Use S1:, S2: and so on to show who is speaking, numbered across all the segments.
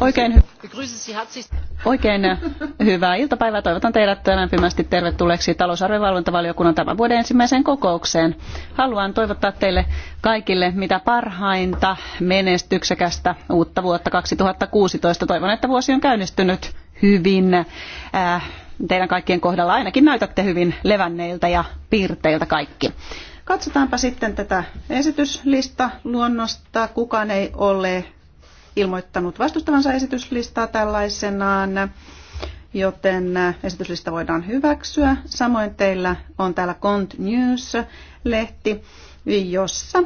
S1: Oikein,
S2: oikein hyvää iltapäivää. Toivotan teidät äh, lämpimästi tervetulleeksi talousarvevalvontavaliokunnan tämän vuoden ensimmäiseen kokoukseen. Haluan toivottaa teille kaikille mitä parhainta menestyksekästä uutta vuotta 2016. Toivon, että vuosi on käynnistynyt hyvin. Äh, teidän kaikkien kohdalla ainakin näytätte hyvin levänneiltä ja piirteiltä kaikki. Katsotaanpa sitten tätä esityslista luonnosta. Kukaan ei ole ilmoittanut vastustavansa esityslistaa tällaisenaan, joten esityslista voidaan hyväksyä. Samoin teillä on täällä Cont News-lehti, jossa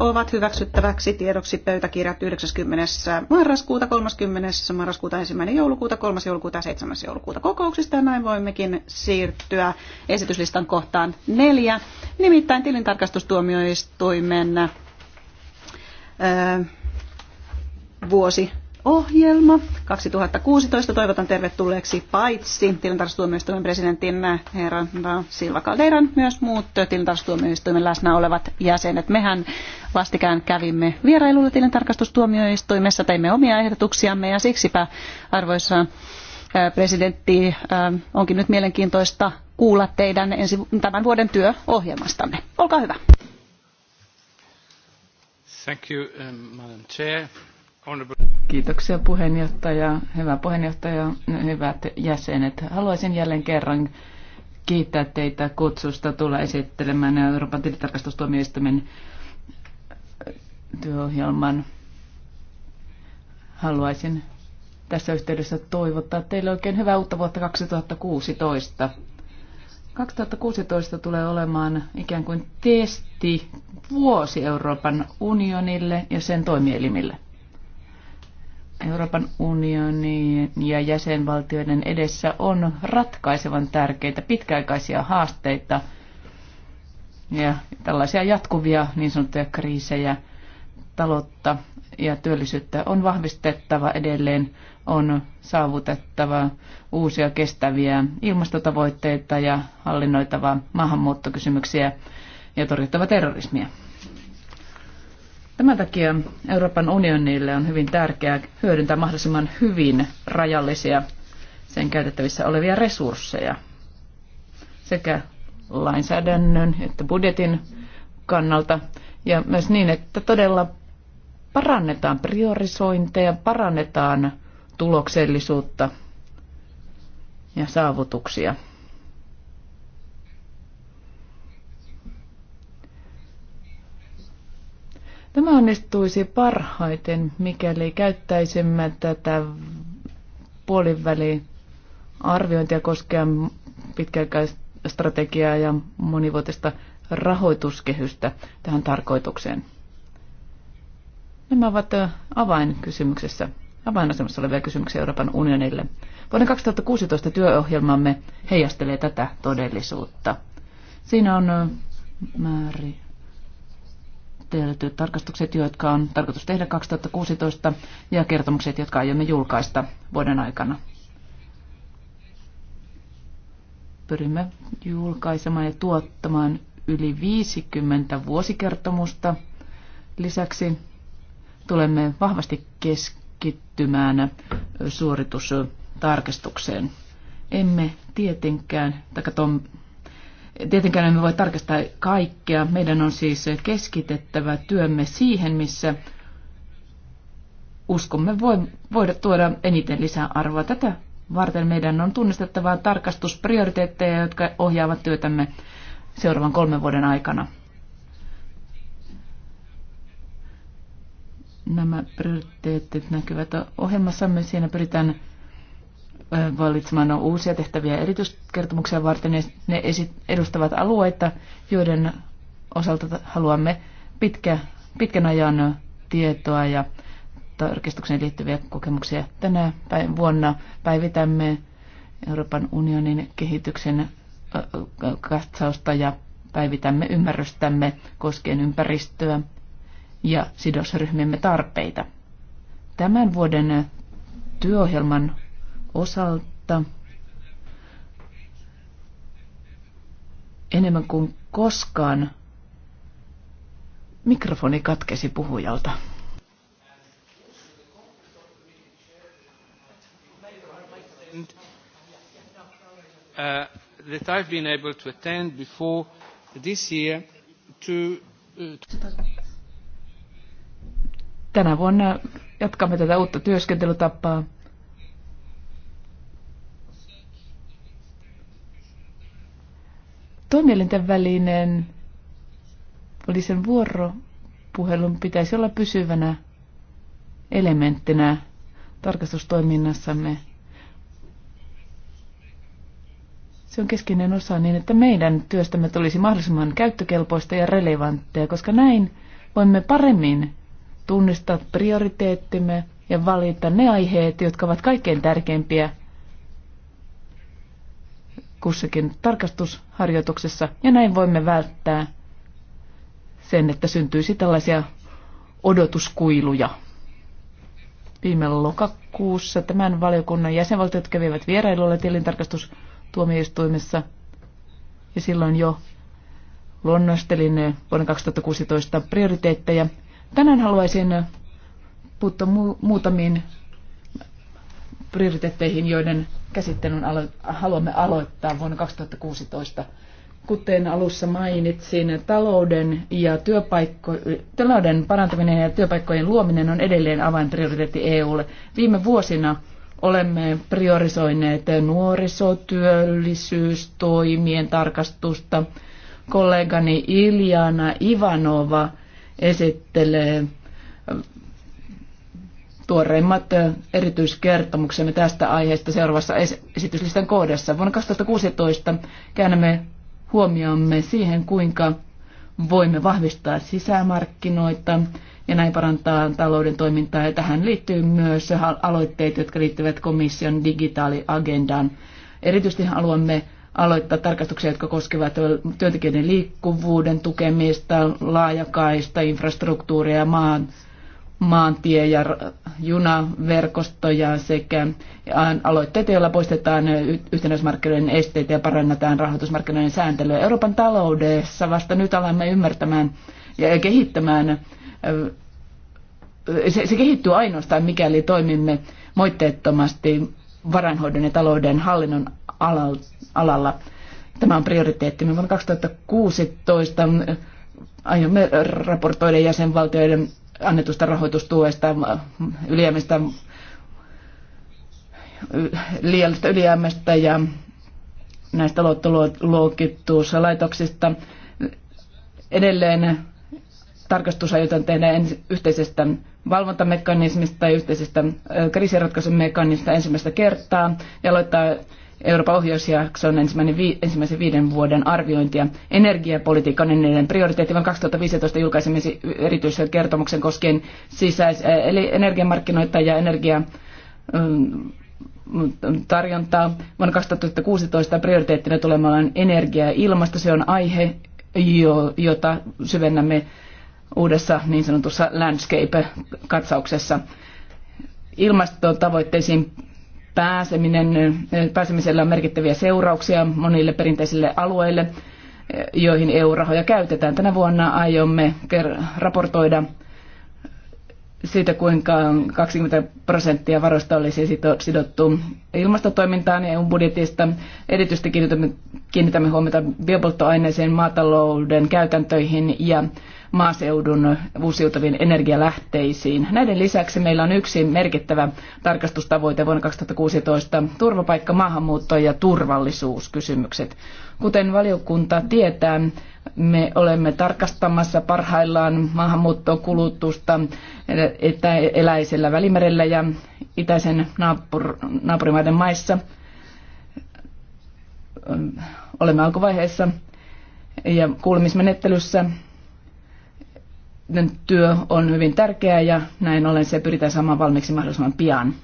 S2: ovat hyväksyttäväksi tiedoksi pöytäkirjat 90. marraskuuta, 30. marraskuuta, 1. joulukuuta, 3. joulukuuta ja 7. joulukuuta kokouksista. Ja näin voimmekin siirtyä esityslistan kohtaan neljä, nimittäin tilintarkastustuomioistuimen ää, vuosi ohjelma 2016. Toivotan tervetulleeksi paitsi tilintarkastustuomioistuimen presidentin äh, herra Silva Calderan, myös muut tilintarkastustuomioistuimen läsnä olevat jäsenet. Mehän vastikään kävimme vierailulla tilintarkastustuomioistuimessa, teimme omia ehdotuksiamme ja siksipä arvoisa äh, presidentti, äh, onkin nyt mielenkiintoista kuulla teidän ensi,
S3: tämän vuoden työohjelmastanne. Olkaa hyvä.
S2: Thank you, um, Madam Chair.
S3: Kiitoksia puheenjohtaja, hyvä puheenjohtaja, hyvät jäsenet. Haluaisin jälleen kerran kiittää teitä kutsusta tulla esittelemään Euroopan tilintarkastustuomioistuimen työohjelman. Haluaisin tässä yhteydessä toivottaa teille oikein hyvää uutta vuotta 2016. 2016 tulee olemaan ikään kuin testi vuosi Euroopan unionille ja sen toimielimille. Euroopan unionin ja jäsenvaltioiden edessä on ratkaisevan tärkeitä pitkäaikaisia haasteita ja tällaisia jatkuvia niin sanottuja kriisejä. Taloutta ja työllisyyttä on vahvistettava edelleen, on saavutettava uusia kestäviä ilmastotavoitteita ja hallinnoitava maahanmuuttokysymyksiä ja torjuttava terrorismia. Tämän takia Euroopan unionille on hyvin tärkeää hyödyntää mahdollisimman hyvin rajallisia sen käytettävissä olevia resursseja sekä lainsäädännön että budjetin kannalta ja myös niin, että todella parannetaan priorisointeja, parannetaan tuloksellisuutta ja saavutuksia. Tämä onnistuisi parhaiten, mikäli käyttäisimme tätä puoliväli arviointia koskien pitkäaikaistrategiaa ja monivuotista rahoituskehystä tähän tarkoitukseen. Nämä ovat avainkysymyksessä, avainasemassa olevia kysymyksiä Euroopan unionille. Vuoden 2016 työohjelmamme heijastelee tätä todellisuutta. Siinä on määrä määritellyt tarkastukset, jotka on tarkoitus tehdä 2016 ja kertomukset, jotka aiomme julkaista vuoden aikana. Pyrimme julkaisemaan ja tuottamaan yli 50 vuosikertomusta. Lisäksi tulemme vahvasti keskittymään suoritustarkastukseen. Emme tietenkään, tai Tietenkään emme voi tarkastaa kaikkea. Meidän on siis keskitettävä työmme siihen, missä uskomme voi, voida tuoda eniten lisää arvoa. Tätä varten meidän on tunnistettava tarkastusprioriteetteja, jotka ohjaavat työtämme seuraavan kolmen vuoden aikana. Nämä prioriteetit näkyvät ohjelmassamme. Siinä pyritään valitsemaan on uusia tehtäviä erityiskertomuksia varten. Ja ne edustavat alueita, joiden osalta haluamme pitkä, pitkän ajan tietoa ja tarkistukseen liittyviä kokemuksia. Tänä vuonna päivitämme Euroopan unionin kehityksen katsausta ja päivitämme ymmärrystämme koskien ympäristöä ja sidosryhmiemme tarpeita. Tämän vuoden työohjelman osalta enemmän kuin koskaan mikrofoni katkesi puhujalta.
S4: Uh, that I've been able to attend
S1: before this year to, uh,
S3: Tänä vuonna jatkamme tätä uutta työskentelytapaa. Toimielinten välinen sen vuoropuhelun pitäisi olla pysyvänä elementtinä tarkastustoiminnassamme. Se on keskeinen osa niin, että meidän työstämme tulisi mahdollisimman käyttökelpoista ja relevantteja, koska näin voimme paremmin tunnistaa prioriteettimme ja valita ne aiheet, jotka ovat kaikkein tärkeimpiä – kussakin tarkastusharjoituksessa ja näin voimme välttää sen, että syntyisi tällaisia odotuskuiluja. Viime lokakuussa tämän valiokunnan jäsenvaltiot kävivät vierailulla tilintarkastustuomioistuimessa ja silloin jo luonnostelin vuonna 2016 prioriteetteja. Tänään haluaisin puuttua mu- muutamiin prioriteetteihin, joiden käsittelyn alo- haluamme aloittaa vuonna 2016. Kuten alussa mainitsin, talouden, ja työpaikko- talouden parantaminen ja työpaikkojen luominen on edelleen avainprioriteetti EUlle. Viime vuosina olemme priorisoineet nuorisotyöllisyystoimien tarkastusta. Kollegani Iljana Ivanova esittelee tuoreimmat erityiskertomuksemme tästä aiheesta seuraavassa esityslistan kohdassa. Vuonna 2016 käännämme huomioimme siihen, kuinka voimme vahvistaa sisämarkkinoita ja näin parantaa talouden toimintaa. Ja tähän liittyy myös aloitteet, jotka liittyvät komission digitaaliagendaan. Erityisesti haluamme aloittaa tarkastuksia, jotka koskevat työntekijöiden liikkuvuuden tukemista, laajakaista, infrastruktuuria ja maan maantie- ja junaverkostoja sekä aloitteita, joilla poistetaan yhtenäismarkkinoiden esteitä ja parannetaan rahoitusmarkkinoiden sääntelyä. Euroopan taloudessa vasta nyt alamme ymmärtämään ja kehittämään, se, se kehittyy ainoastaan mikäli toimimme moitteettomasti varainhoidon ja talouden hallinnon alalla. Tämä on prioriteettimme vuonna 2016 aiomme raportoida jäsenvaltioiden annetusta rahoitustuesta, ylijäämistä, liiallista ylijäämistä ja näistä laitoksista. Edelleen tarkastus aiotaan tehdä yhteisestä valvontamekanismista ja yhteisestä kriisiratkaisumekanismista ensimmäistä kertaa ja aloittaa Euroopan ohjausjakson ensimmäinen vi, ensimmäisen viiden vuoden arviointia. Energiapolitiikka on edelleen prioriteetti, vaan 2015 julkaisemme erityisen kertomuksen koskien sisäis, eh, eli energiamarkkinoita ja energia mm, tarjontaa. Vuonna 2016 prioriteettina tulemaan energia ja ilmasto. Se on aihe, jota syvennämme uudessa niin sanotussa landscape-katsauksessa ilmastotavoitteisiin pääseminen, pääsemisellä on merkittäviä seurauksia monille perinteisille alueille, joihin EU-rahoja käytetään. Tänä vuonna aiomme raportoida siitä, kuinka 20 prosenttia varoista olisi sidottu ilmastotoimintaan ja EU-budjetista. Erityisesti kiinnitämme, kiinnitämme huomiota biopolttoaineeseen, maatalouden käytäntöihin ja maaseudun uusiutuviin energialähteisiin. Näiden lisäksi meillä on yksi merkittävä tarkastustavoite vuonna 2016, turvapaikka, maahanmuutto ja turvallisuuskysymykset. Kuten valiokunta tietää, me olemme tarkastamassa parhaillaan maahanmuuttoon kulutusta eläisellä välimerellä ja itäisen naapur, naapurimaiden maissa. Olemme alkuvaiheessa ja kuulemismenettelyssä työ on hyvin tärkeää ja näin ollen se pyritään saamaan valmiiksi mahdollisimman pian.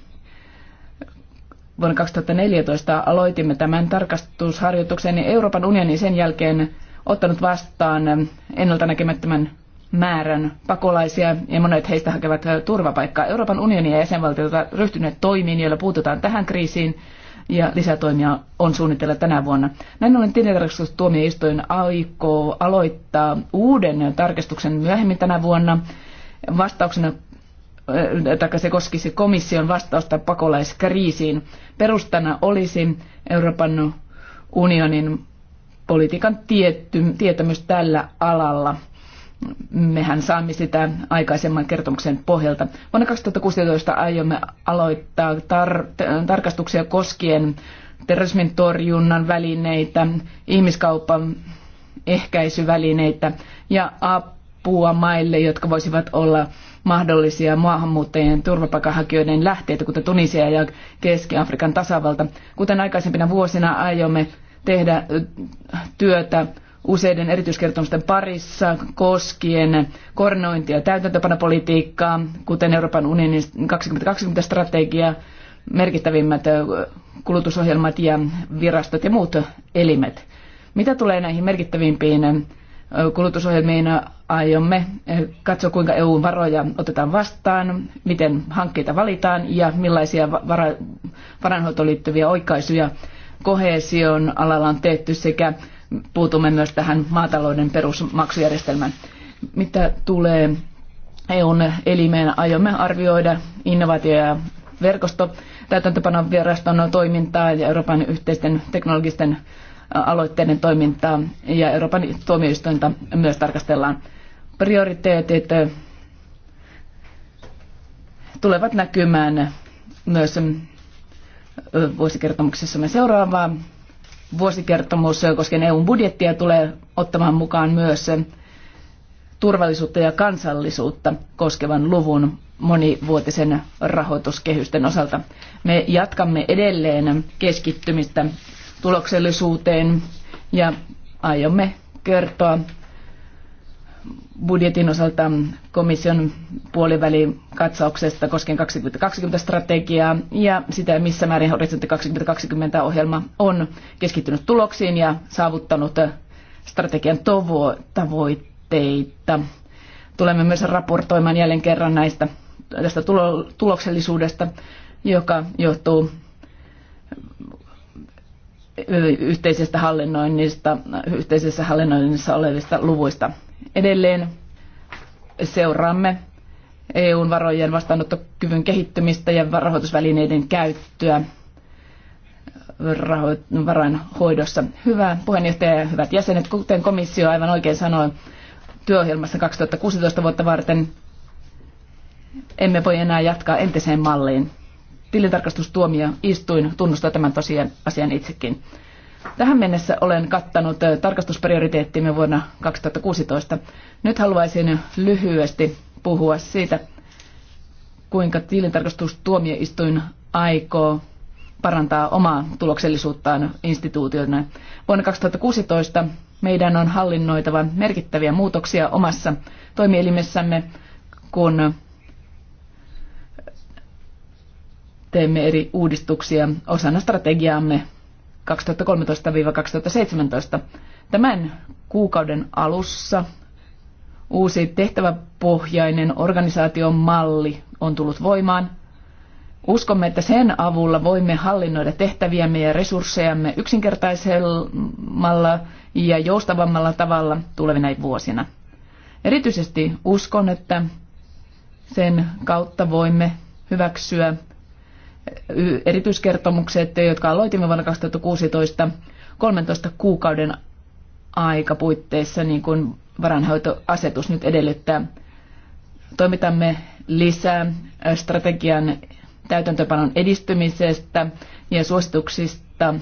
S3: Vuonna 2014 aloitimme tämän tarkastusharjoituksen ja Euroopan unioni sen jälkeen ottanut vastaan ennalta näkemättömän määrän pakolaisia ja monet heistä hakevat turvapaikkaa. Euroopan unioni ja jäsenvaltiot ovat ryhtyneet toimiin, joilla puututaan tähän kriisiin ja lisätoimia on suunnitella tänä vuonna. Näin ollen tilintarkastustuomioistuin aikoo aloittaa uuden tarkastuksen myöhemmin tänä vuonna. Vastauksena äh, tai se koskisi komission vastausta pakolaiskriisiin. Perustana olisi Euroopan unionin politiikan tietty, tietämys tällä alalla mehän saamme sitä aikaisemman kertomuksen pohjalta. Vuonna 2016 aiomme aloittaa tar- tarkastuksia koskien terrorismin torjunnan välineitä, ihmiskaupan ehkäisyvälineitä ja apua maille, jotka voisivat olla mahdollisia maahanmuuttajien turvapaikanhakijoiden lähteitä, kuten Tunisia ja Keski-Afrikan tasavalta. Kuten aikaisempina vuosina aiomme tehdä työtä useiden erityiskertomusten parissa koskien koordinointia ja täytäntöpanopolitiikkaa, kuten Euroopan unionin 2020-strategia, merkittävimmät kulutusohjelmat ja virastot ja muut elimet. Mitä tulee näihin merkittävimpiin kulutusohjelmiin, aiomme katsoa, kuinka EU-varoja otetaan vastaan, miten hankkeita valitaan ja millaisia vara- varanhoitoon liittyviä oikaisuja koheesion alalla on tehty sekä puutumme myös tähän maatalouden perusmaksujärjestelmään. Mitä tulee EUn elimeen, aiomme arvioida innovaatio- ja verkosto täytäntöpanon viraston toimintaa ja Euroopan yhteisten teknologisten aloitteiden toimintaa ja Euroopan tuomioistuinta myös tarkastellaan. Prioriteetit tulevat näkymään myös vuosikertomuksessamme seuraavaa vuosikertomus koskien EUn budjettia tulee ottamaan mukaan myös turvallisuutta ja kansallisuutta koskevan luvun monivuotisen rahoituskehysten osalta. Me jatkamme edelleen keskittymistä tuloksellisuuteen ja aiomme kertoa budjetin osalta komission puolivälin katsauksesta koskien 2020-strategiaa ja sitä, missä määrin horisontti 2020-ohjelma on keskittynyt tuloksiin ja saavuttanut strategian tavoitteita. Tulemme myös raportoimaan jälleen kerran näistä, tästä tuloksellisuudesta, joka johtuu yhteisestä hallinnoinnista, yhteisessä hallinnoinnissa olevista luvuista. Edelleen seuraamme EUn varojen vastaanottokyvyn kehittymistä ja rahoitusvälineiden käyttöä varainhoidossa. Hyvä puheenjohtaja ja hyvät jäsenet, kuten komissio aivan oikein sanoi työohjelmassa 2016 vuotta varten, emme voi enää jatkaa entiseen malliin. Tilintarkastustuomio istuin tunnustaa tämän tosiaan asian itsekin. Tähän mennessä olen kattanut tarkastusprioriteettimme vuonna 2016. Nyt haluaisin lyhyesti puhua siitä, kuinka tilintarkastustuomioistuin aikoo parantaa omaa tuloksellisuuttaan instituutiona. Vuonna 2016 meidän on hallinnoitava merkittäviä muutoksia omassa toimielimessämme, kun teemme eri uudistuksia osana strategiaamme 2013-2017. Tämän kuukauden alussa uusi tehtäväpohjainen organisaation malli on tullut voimaan. Uskomme, että sen avulla voimme hallinnoida tehtäviämme ja resurssejamme yksinkertaisemmalla ja joustavammalla tavalla tulevina vuosina. Erityisesti uskon, että sen kautta voimme hyväksyä erityiskertomukset, jotka aloitimme vuonna 2016 13 kuukauden aikapuitteissa, niin kuin varanhoitoasetus nyt edellyttää. Toimitamme lisää strategian täytäntöpanon edistymisestä ja suosituksista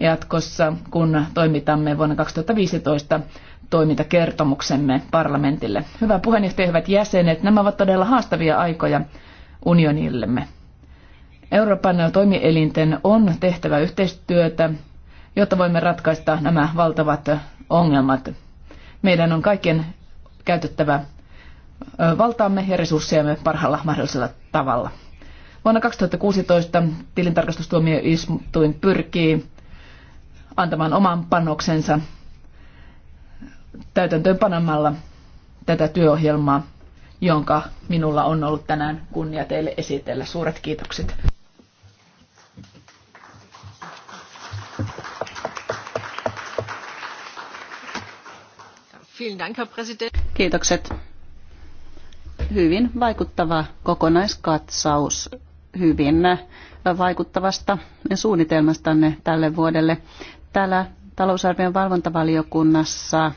S3: jatkossa, kun toimitamme vuonna 2015 toimintakertomuksemme parlamentille. Hyvä puheenjohtaja, hyvät jäsenet, nämä ovat todella haastavia aikoja unionillemme. Euroopan toimielinten on tehtävä yhteistyötä, jotta voimme ratkaista nämä valtavat ongelmat. Meidän on kaikkien käytettävä valtaamme ja resurssejamme parhaalla mahdollisella tavalla. Vuonna 2016 tilintarkastustuomioistuin pyrkii antamaan oman panoksensa täytäntöön panemalla tätä työohjelmaa, jonka minulla on ollut tänään kunnia teille esitellä. Suuret kiitokset.
S2: Kiitokset. Hyvin vaikuttava kokonaiskatsaus hyvin vaikuttavasta suunnitelmastanne tälle vuodelle. Täällä talousarvion valvontavaliokunnassa äh,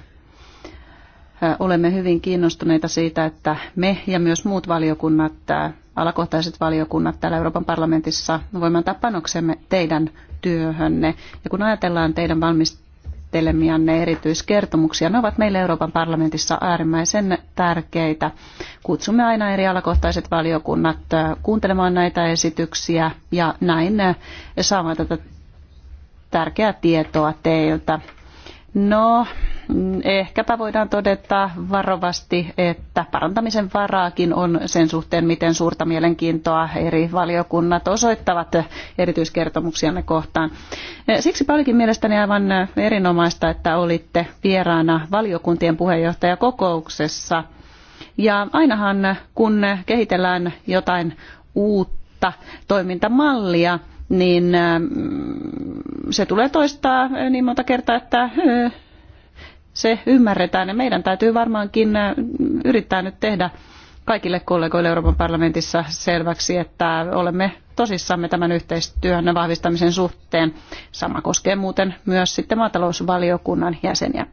S2: olemme hyvin kiinnostuneita siitä, että me ja myös muut valiokunnat, äh, alakohtaiset valiokunnat täällä Euroopan parlamentissa voimme antaa panoksemme teidän työhönne. Ja kun ajatellaan teidän valmist esittelemianne erityiskertomuksia. Ne ovat meille Euroopan parlamentissa äärimmäisen tärkeitä. Kutsumme aina eri alakohtaiset valiokunnat äh, kuuntelemaan näitä esityksiä ja näin äh, saamaan tätä tärkeää tietoa teiltä No, ehkäpä voidaan todeta varovasti, että parantamisen varaakin on sen suhteen, miten suurta mielenkiintoa eri valiokunnat osoittavat erityiskertomuksianne kohtaan. Siksi olikin mielestäni aivan erinomaista, että olitte vieraana valiokuntien puheenjohtajakokouksessa. Ja ainahan, kun kehitellään jotain uutta toimintamallia, niin äh, se tulee toistaa äh, niin monta kertaa, että äh, se ymmärretään. Ja meidän täytyy varmaankin yrittää nyt tehdä kaikille kollegoille Euroopan parlamentissa selväksi, että olemme tosissamme tämän yhteistyön vahvistamisen suhteen. Sama koskee muuten myös sitten maatalousvaliokunnan jäseniä.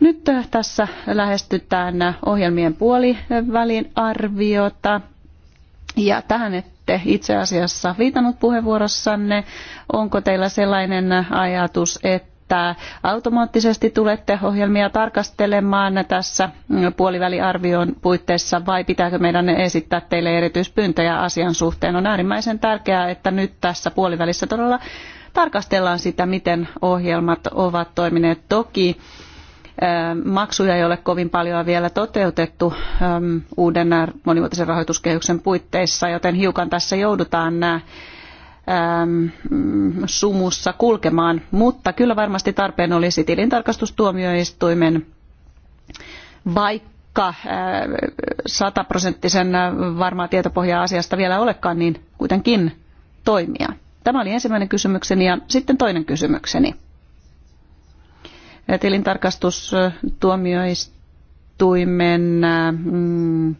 S2: Nyt tässä lähestytään ohjelmien puolivälin arviota. Ja tähän olette itse asiassa viitannut puheenvuorossanne. Onko teillä sellainen ajatus, että automaattisesti tulette ohjelmia tarkastelemaan tässä puoliväliarvion puitteissa vai pitääkö meidän esittää teille erityispyyntöjä asian suhteen? On äärimmäisen tärkeää, että nyt tässä puolivälissä todella tarkastellaan sitä, miten ohjelmat ovat toimineet. Toki Maksuja ei ole kovin paljon vielä toteutettu uuden monivuotisen rahoituskehyksen puitteissa, joten hiukan tässä joudutaan mm, sumussa kulkemaan, mutta kyllä varmasti tarpeen olisi tilintarkastustuomioistuimen vaikka sataprosenttisen varmaa tietopohjaa asiasta vielä olekaan, niin kuitenkin toimia. Tämä oli ensimmäinen kysymykseni ja sitten toinen kysymykseni tilintarkastustuomioistuimen mm,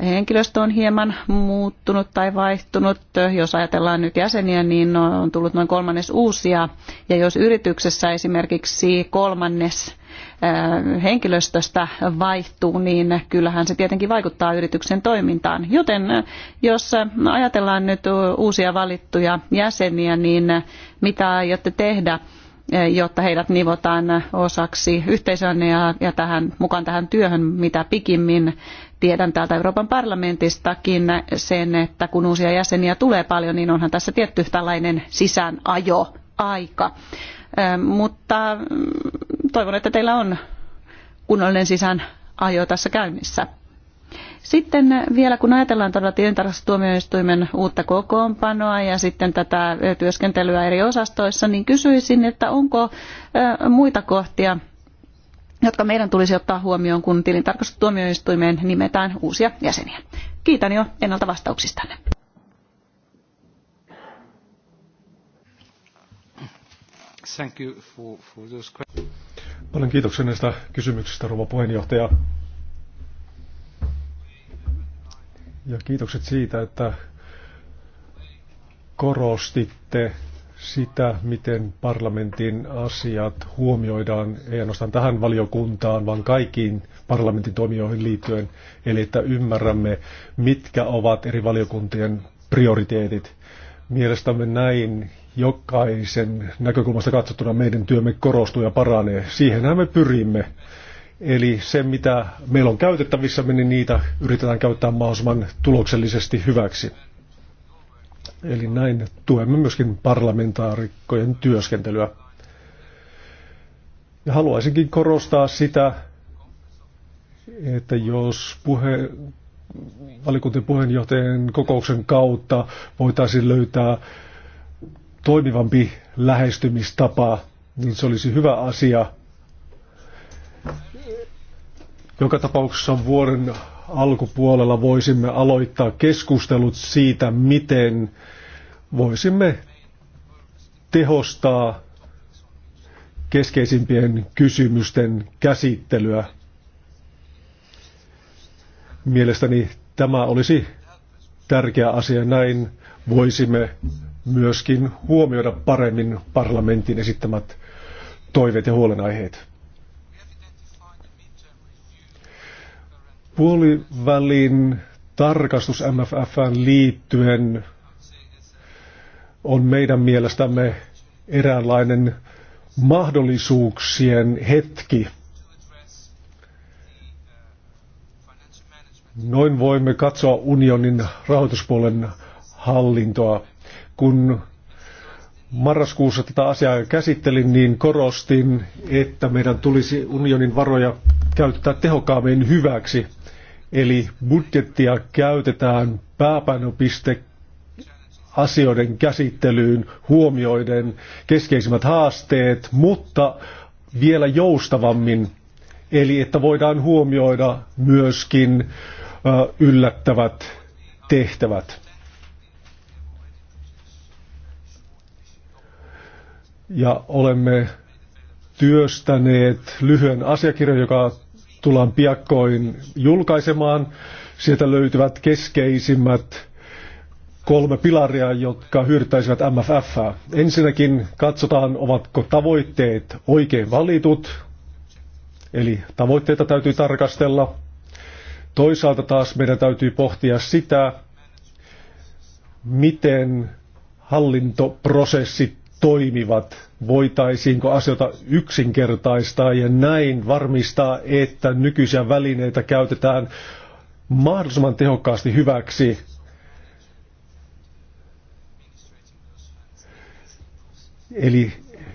S2: henkilöstö on hieman muuttunut tai vaihtunut. Jos ajatellaan nyt jäseniä, niin on tullut noin kolmannes uusia. Ja jos yrityksessä esimerkiksi kolmannes henkilöstöstä vaihtuu, niin kyllähän se tietenkin vaikuttaa yrityksen toimintaan. Joten jos no, ajatellaan nyt uusia valittuja jäseniä, niin mitä aiotte tehdä Eh, jotta heidät nivotaan osaksi yhteisöön ja, ja tähän, mukaan tähän työhön mitä pikimmin. Tiedän täältä Euroopan parlamentistakin sen, että kun uusia jäseniä tulee paljon, niin onhan tässä tietty tällainen sisäänajo aika. Eh, mutta mm, toivon, että teillä on kunnollinen sisäänajo tässä käynnissä. Sitten vielä kun ajatellaan todella tilintarkastustuomioistuimen uutta kokoonpanoa ja sitten tätä työskentelyä eri osastoissa, niin kysyisin, että onko muita kohtia, jotka meidän tulisi ottaa huomioon, kun tilintarkastustuomioistuimeen nimetään uusia jäseniä. Kiitän jo ennalta vastauksistanne.
S4: Thank you for, for those Paljon kiitoksia näistä kysymyksistä, rouva puheenjohtaja. Ja kiitokset siitä, että korostitte sitä, miten parlamentin asiat huomioidaan, ei ainoastaan tähän valiokuntaan, vaan kaikkiin parlamentin toimijoihin liittyen, eli että ymmärrämme, mitkä ovat eri valiokuntien prioriteetit. Mielestämme näin jokaisen näkökulmasta katsottuna meidän työmme korostuu ja paranee. Siihenhän me pyrimme. Eli se, mitä meillä on käytettävissä, niin niitä yritetään käyttää mahdollisimman tuloksellisesti hyväksi. Eli näin tuemme myöskin parlamentaarikkojen työskentelyä. Ja haluaisinkin korostaa sitä, että jos puhe, valikuntien puheenjohtajan kokouksen kautta voitaisiin löytää toimivampi lähestymistapa, niin se olisi hyvä asia – joka tapauksessa vuoden alkupuolella voisimme aloittaa keskustelut siitä, miten voisimme tehostaa keskeisimpien kysymysten käsittelyä. Mielestäni tämä olisi tärkeä asia. Näin voisimme myöskin huomioida paremmin parlamentin esittämät toiveet ja huolenaiheet. Puolivälin tarkastus MFFn liittyen on meidän mielestämme eräänlainen mahdollisuuksien hetki. Noin voimme katsoa unionin rahoituspuolen hallintoa. Kun marraskuussa tätä asiaa käsittelin, niin korostin, että meidän tulisi unionin varoja käyttää tehokkaammin hyväksi. Eli budjettia käytetään pääpainopiste asioiden käsittelyyn huomioiden keskeisimmät haasteet, mutta vielä joustavammin, eli että voidaan huomioida myöskin yllättävät tehtävät. Ja olemme työstäneet lyhyen asiakirjan, joka tullaan piakkoin julkaisemaan. Sieltä löytyvät keskeisimmät kolme pilaria, jotka hyödyttäisivät MFF. Ensinnäkin katsotaan, ovatko tavoitteet oikein valitut, eli tavoitteita täytyy tarkastella. Toisaalta taas meidän täytyy pohtia sitä, miten hallintoprosessit toimivat, voitaisiinko asioita yksinkertaistaa ja näin varmistaa, että nykyisiä välineitä käytetään mahdollisimman tehokkaasti hyväksi Eli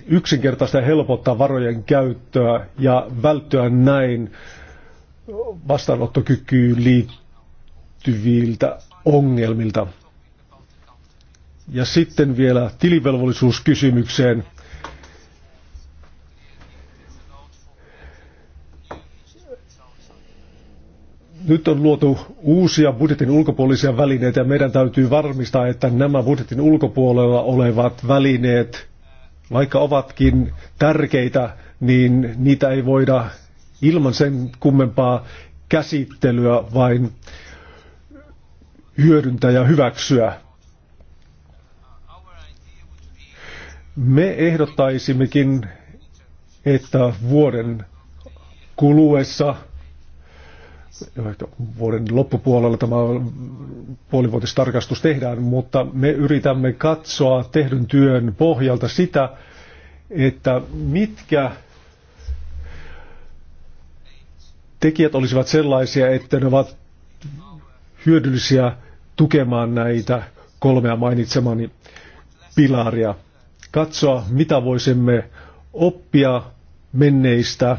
S4: yksinkertaista ja helpottaa varojen käyttöä ja välttyä näin vastaanottokykyyn liittyviltä ongelmilta. Ja sitten vielä tilivelvollisuuskysymykseen. Nyt on luotu uusia budjetin ulkopuolisia välineitä ja meidän täytyy varmistaa, että nämä budjetin ulkopuolella olevat välineet, vaikka ovatkin tärkeitä, niin niitä ei voida ilman sen kummempaa käsittelyä vain hyödyntää ja hyväksyä. Me ehdottaisimmekin, että vuoden kuluessa, vuoden loppupuolella tämä puolivuotistarkastus tehdään, mutta me yritämme katsoa tehdyn työn pohjalta sitä, että mitkä tekijät olisivat sellaisia, että ne ovat hyödyllisiä tukemaan näitä kolmea mainitsemani pilaria katsoa, mitä voisimme oppia menneistä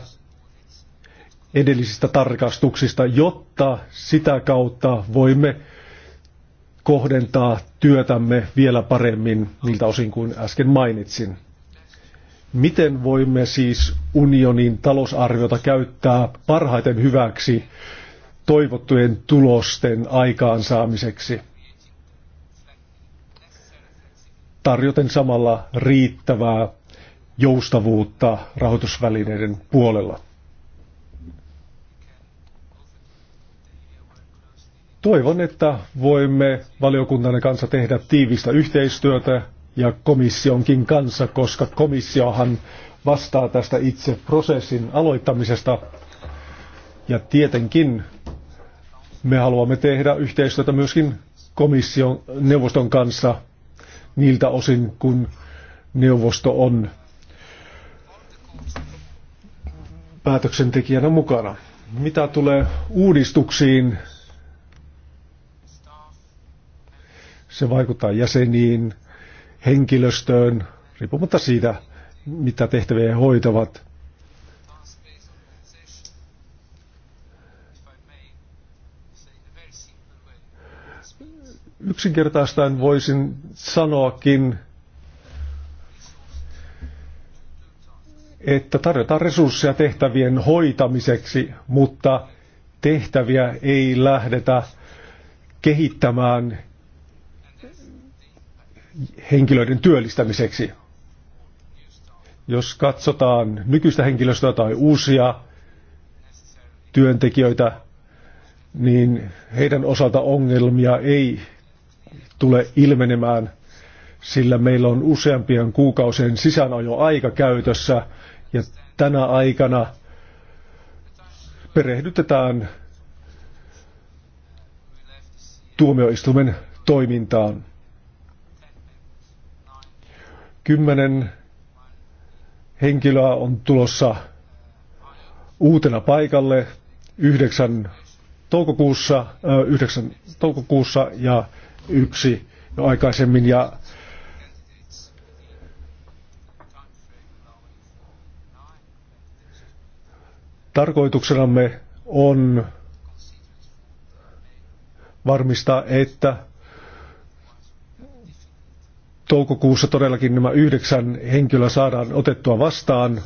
S4: edellisistä tarkastuksista, jotta sitä kautta voimme kohdentaa työtämme vielä paremmin niiltä osin kuin äsken mainitsin. Miten voimme siis unionin talousarviota käyttää parhaiten hyväksi toivottujen tulosten aikaansaamiseksi? tarjoten samalla riittävää joustavuutta rahoitusvälineiden puolella. Toivon, että voimme valiokuntanne kanssa tehdä tiivistä yhteistyötä ja komissionkin kanssa, koska komissiohan vastaa tästä itse prosessin aloittamisesta. Ja tietenkin me haluamme tehdä yhteistyötä myöskin komission neuvoston kanssa niiltä osin, kun neuvosto on päätöksentekijänä mukana. Mitä tulee uudistuksiin, se vaikuttaa jäseniin, henkilöstöön, riippumatta siitä, mitä tehtäviä he hoitavat. yksinkertaistaan voisin sanoakin, että tarjotaan resursseja tehtävien hoitamiseksi, mutta tehtäviä ei lähdetä kehittämään henkilöiden työllistämiseksi. Jos katsotaan nykyistä henkilöstöä tai uusia työntekijöitä, niin heidän osalta ongelmia ei tule ilmenemään, sillä meillä on useampien kuukausien sisäänajo aika käytössä ja tänä aikana perehdytetään tuomioistuimen toimintaan. Kymmenen henkilöä on tulossa uutena paikalle 9 toukokuussa, 9 toukokuussa ja yksi jo aikaisemmin ja tarkoituksenamme on varmistaa, että toukokuussa todellakin nämä yhdeksän henkilöä saadaan otettua vastaan –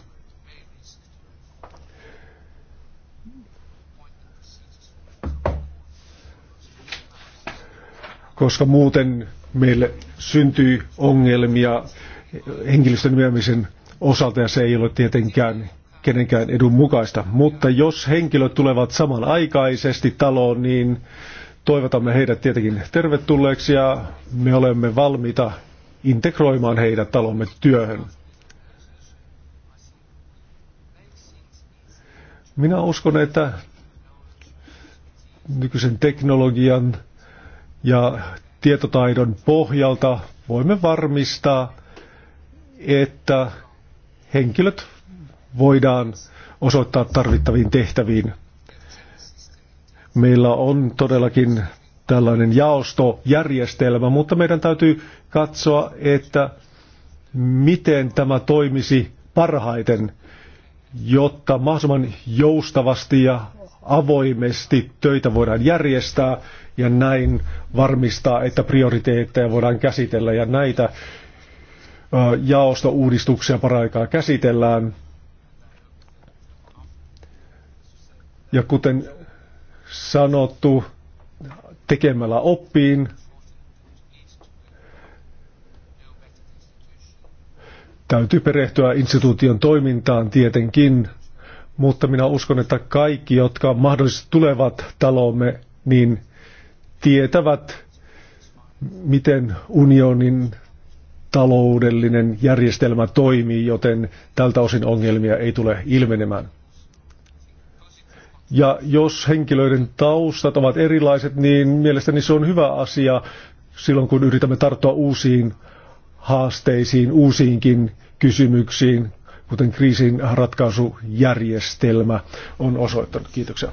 S4: koska muuten meille syntyy ongelmia henkilöstön myymisen osalta ja se ei ole tietenkään kenenkään edun mukaista. Mutta jos henkilöt tulevat samanaikaisesti taloon, niin toivotamme heidät tietenkin tervetulleeksi ja me olemme valmiita integroimaan heidät talomme työhön. Minä uskon, että nykyisen teknologian ja tietotaidon pohjalta voimme varmistaa, että henkilöt voidaan osoittaa tarvittaviin tehtäviin. Meillä on todellakin tällainen jaostojärjestelmä, mutta meidän täytyy katsoa, että miten tämä toimisi parhaiten, jotta mahdollisimman joustavasti ja avoimesti töitä voidaan järjestää ja näin varmistaa, että prioriteetteja voidaan käsitellä ja näitä jaostouudistuksia paraikaa käsitellään. Ja kuten sanottu, tekemällä oppiin. Täytyy perehtyä instituution toimintaan tietenkin mutta minä uskon, että kaikki, jotka mahdollisesti tulevat talomme, niin tietävät, miten unionin taloudellinen järjestelmä toimii, joten tältä osin ongelmia ei tule ilmenemään. Ja jos henkilöiden taustat ovat erilaiset, niin mielestäni se on hyvä asia silloin, kun yritämme tarttua uusiin haasteisiin, uusiinkin kysymyksiin, kuten kriisin ratkaisujärjestelmä on osoittanut. Kiitoksia.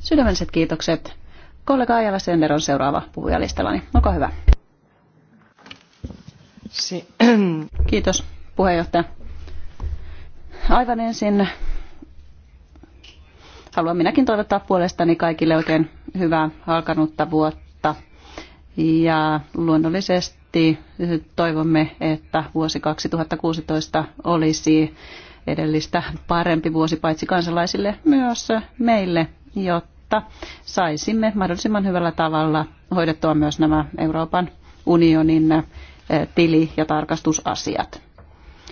S2: Sydämelliset kiitokset. Kollega Ajala Sender on seuraava puhujalistallani. Olkaa hyvä. Kiitos puheenjohtaja. Aivan ensin haluan minäkin toivottaa puolestani kaikille oikein hyvää alkanutta vuotta. Ja luonnollisesti budjetti. Toivomme, että vuosi 2016 olisi edellistä parempi vuosi paitsi kansalaisille myös meille, jotta saisimme mahdollisimman hyvällä tavalla hoidettua myös nämä Euroopan unionin eh, tili- ja tarkastusasiat.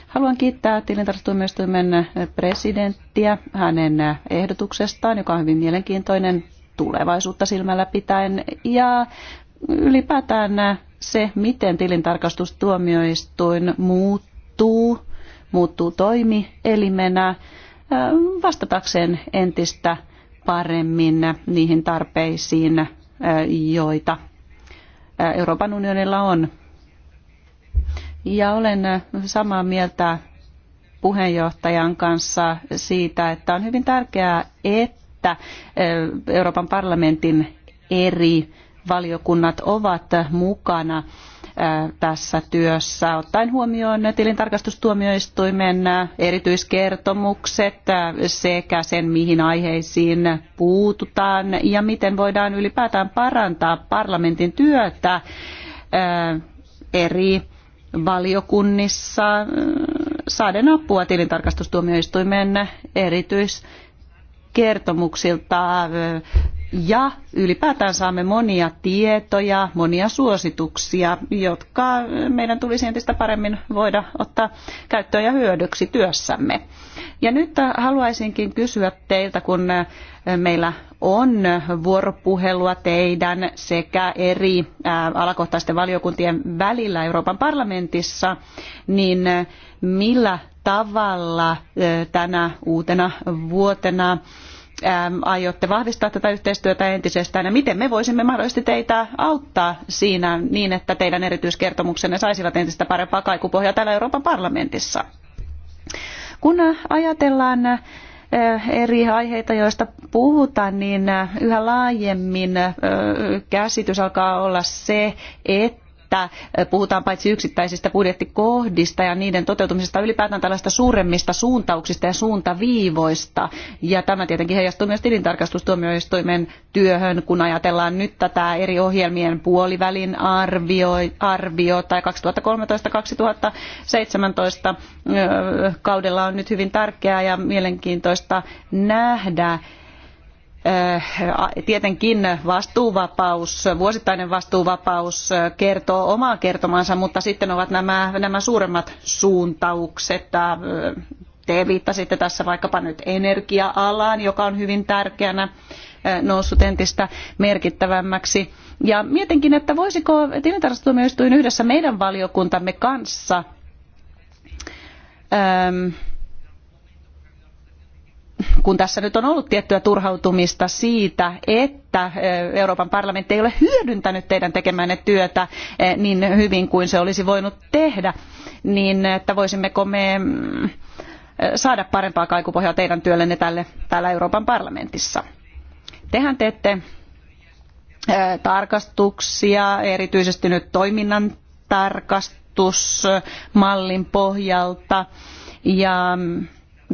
S2: Haluan kiittää tilintarkastustuomioistuimen eh, presidenttiä hänen eh, ehdotuksestaan, joka on hyvin mielenkiintoinen tulevaisuutta silmällä pitäen ja ylipäätään se, miten tilintarkastustuomioistuin muuttuu, muuttuu toimielimenä äh, vastatakseen entistä paremmin niihin tarpeisiin, äh, joita äh, Euroopan unionilla on. Ja olen samaa mieltä puheenjohtajan kanssa siitä, että on hyvin tärkeää, että Euroopan parlamentin eri valiokunnat ovat mukana äh, tässä työssä, ottaen huomioon tilintarkastustuomioistuimen äh, erityiskertomukset äh, sekä sen, mihin aiheisiin puututaan ja miten voidaan ylipäätään parantaa parlamentin työtä eri valiokunnissa saaden apua tilintarkastustuomioistuimen erityiskertomuksilta ja ylipäätään saamme monia tietoja, monia suosituksia, jotka meidän tulisi entistä paremmin voida ottaa käyttöön ja hyödyksi työssämme. Ja nyt haluaisinkin kysyä teiltä, kun meillä on vuoropuhelua teidän sekä eri alakohtaisten valiokuntien välillä Euroopan parlamentissa, niin millä tavalla tänä uutena vuotena Ähm, aiotte vahvistaa tätä yhteistyötä entisestään ja miten me voisimme mahdollisesti teitä auttaa siinä niin, että teidän erityiskertomuksenne saisivat entistä parempaa kaikupohjaa täällä Euroopan parlamentissa. Kun ajatellaan äh, eri aiheita, joista puhutaan, niin äh, yhä laajemmin äh, käsitys alkaa olla se, että että eh, puhutaan paitsi yksittäisistä budjettikohdista ja niiden toteutumisesta ylipäätään tällaista suuremmista suuntauksista ja suuntaviivoista. Ja tämä tietenkin heijastuu myös tilintarkastustuomioistuimen työhön, kun ajatellaan nyt tätä eri ohjelmien puolivälin arvio, arviota tai 2013-2017 eh, kaudella on nyt hyvin tärkeää ja mielenkiintoista nähdä, Äh, tietenkin vastuuvapaus, vuosittainen vastuuvapaus äh, kertoo omaa kertomansa, mutta sitten ovat nämä, nämä suuremmat suuntaukset. Äh, te viittasitte tässä vaikkapa nyt energia-alaan, joka on hyvin tärkeänä noussut entistä merkittävämmäksi. Ja mietinkin, että voisiko tilintarkastustuomioistuin yhdessä meidän valiokuntamme kanssa ähm, kun tässä nyt on ollut tiettyä turhautumista siitä, että eh, Euroopan parlamentti ei ole hyödyntänyt teidän tekemänne työtä eh, niin hyvin kuin se olisi voinut tehdä, niin että voisimmeko me eh, saada parempaa kaikupohjaa teidän työllenne tälle, täällä Euroopan parlamentissa. Tehän teette tarkastuksia, erityisesti nyt toiminnan tarkastusmallin pohjalta. Ja mm,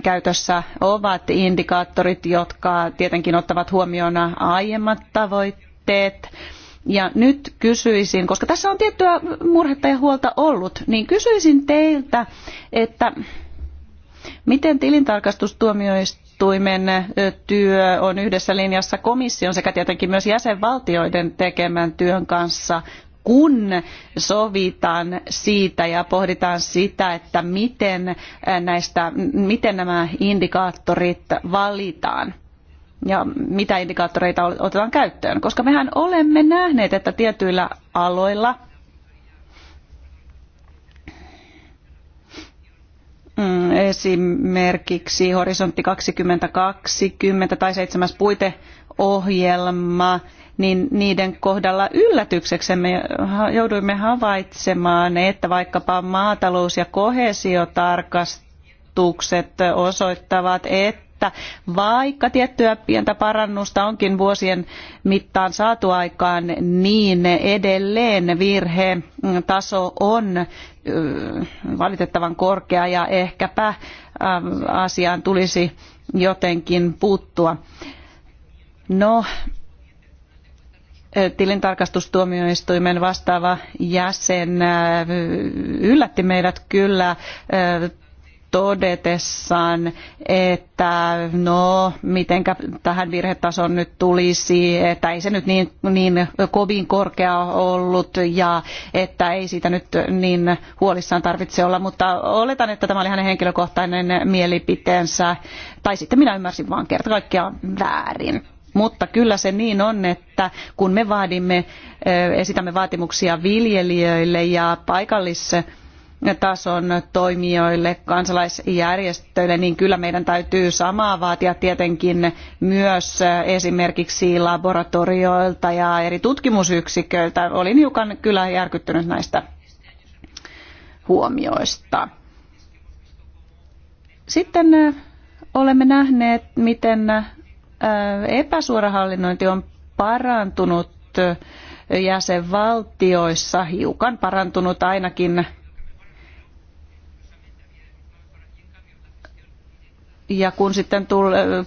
S2: käytössä ovat indikaattorit, jotka tietenkin ottavat huomioon aiemmat tavoitteet. Ja nyt kysyisin, koska tässä on tiettyä murhetta ja huolta ollut, niin kysyisin teiltä, että miten tilintarkastustuomioistuimen työ on yhdessä linjassa komission sekä tietenkin myös jäsenvaltioiden tekemän työn kanssa kun sovitaan siitä ja pohditaan sitä, että miten, näistä, miten nämä indikaattorit valitaan ja mitä indikaattoreita otetaan käyttöön, koska mehän olemme nähneet, että tietyillä aloilla mm, esimerkiksi Horisontti 2020 tai seitsemäs puite ohjelma, niin niiden kohdalla yllätykseksemme jouduimme havaitsemaan, että vaikkapa maatalous- ja kohesiotarkastukset osoittavat, että vaikka tiettyä pientä parannusta onkin vuosien mittaan saatu aikaan, niin edelleen virhetaso on valitettavan korkea ja ehkäpä asiaan tulisi jotenkin puuttua. No, eh, tilintarkastustuomioistuimen vastaava jäsen eh, yllätti meidät kyllä eh, todetessaan, että no, mitenkä tähän virhetason nyt tulisi, että ei se nyt niin, niin kovin korkea ollut ja että ei siitä nyt niin huolissaan tarvitse olla, mutta oletan, että tämä oli hänen henkilökohtainen mielipiteensä, tai sitten minä ymmärsin vaan kerta kaikkiaan väärin. Mutta kyllä se niin on, että kun me vaadimme, eh, esitämme vaatimuksia viljelijöille ja paikallistason toimijoille, kansalaisjärjestöille, niin kyllä meidän täytyy samaa vaatia tietenkin myös eh, esimerkiksi laboratorioilta ja eri tutkimusyksiköiltä. Olin hiukan kyllä järkyttynyt näistä huomioista. Sitten eh, olemme nähneet, miten epäsuora hallinnointi on parantunut jäsenvaltioissa, hiukan parantunut ainakin. Ja kun sitten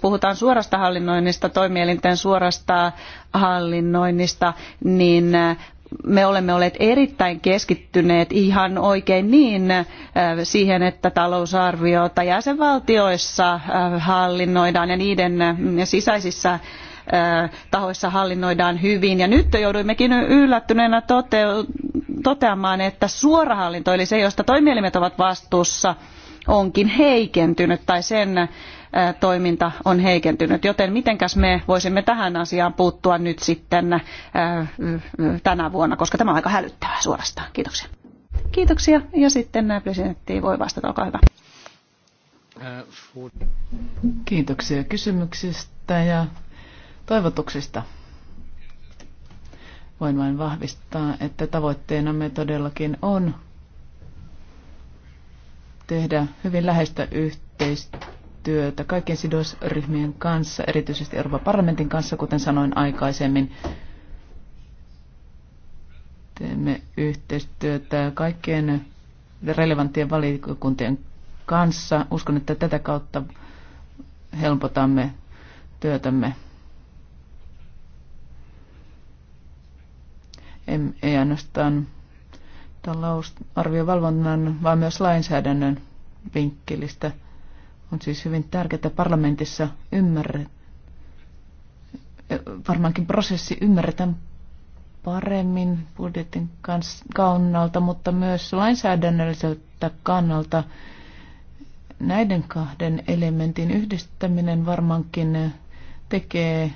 S2: puhutaan suorasta hallinnoinnista, toimielinten suorasta hallinnoinnista, niin me olemme olleet erittäin keskittyneet ihan oikein niin äh, siihen, että talousarviota jäsenvaltioissa äh, hallinnoidaan ja niiden mm, sisäisissä äh, tahoissa hallinnoidaan hyvin. Ja nyt jouduimmekin yllättyneenä toteamaan, että suorahallinto, eli se, josta toimielimet ovat vastuussa, onkin heikentynyt tai sen toiminta on heikentynyt. Joten mitenkäs me voisimme tähän asiaan puuttua nyt sitten tänä vuonna, koska tämä on aika hälyttävää suorastaan. Kiitoksia. Kiitoksia ja sitten
S3: presidentti voi vastata, olkaa hyvä. Kiitoksia kysymyksistä ja toivotuksista. Voin vain vahvistaa, että tavoitteenamme todellakin on tehdä hyvin läheistä yhteistyötä yhteistyötä kaikkien sidosryhmien kanssa, erityisesti Euroopan parlamentin kanssa, kuten sanoin aikaisemmin. Teemme yhteistyötä kaikkien relevanttien valiokuntien kanssa. Uskon, että tätä kautta helpotamme työtämme. Ei ainoastaan talousarviovalvonnan, vaan myös lainsäädännön vinkkelistä – on siis hyvin tärkeää, että parlamentissa ymmärret, varmaankin prosessi ymmärretään paremmin budjetin kannalta, mutta myös lainsäädännölliseltä kannalta näiden kahden elementin yhdistäminen varmaankin tekee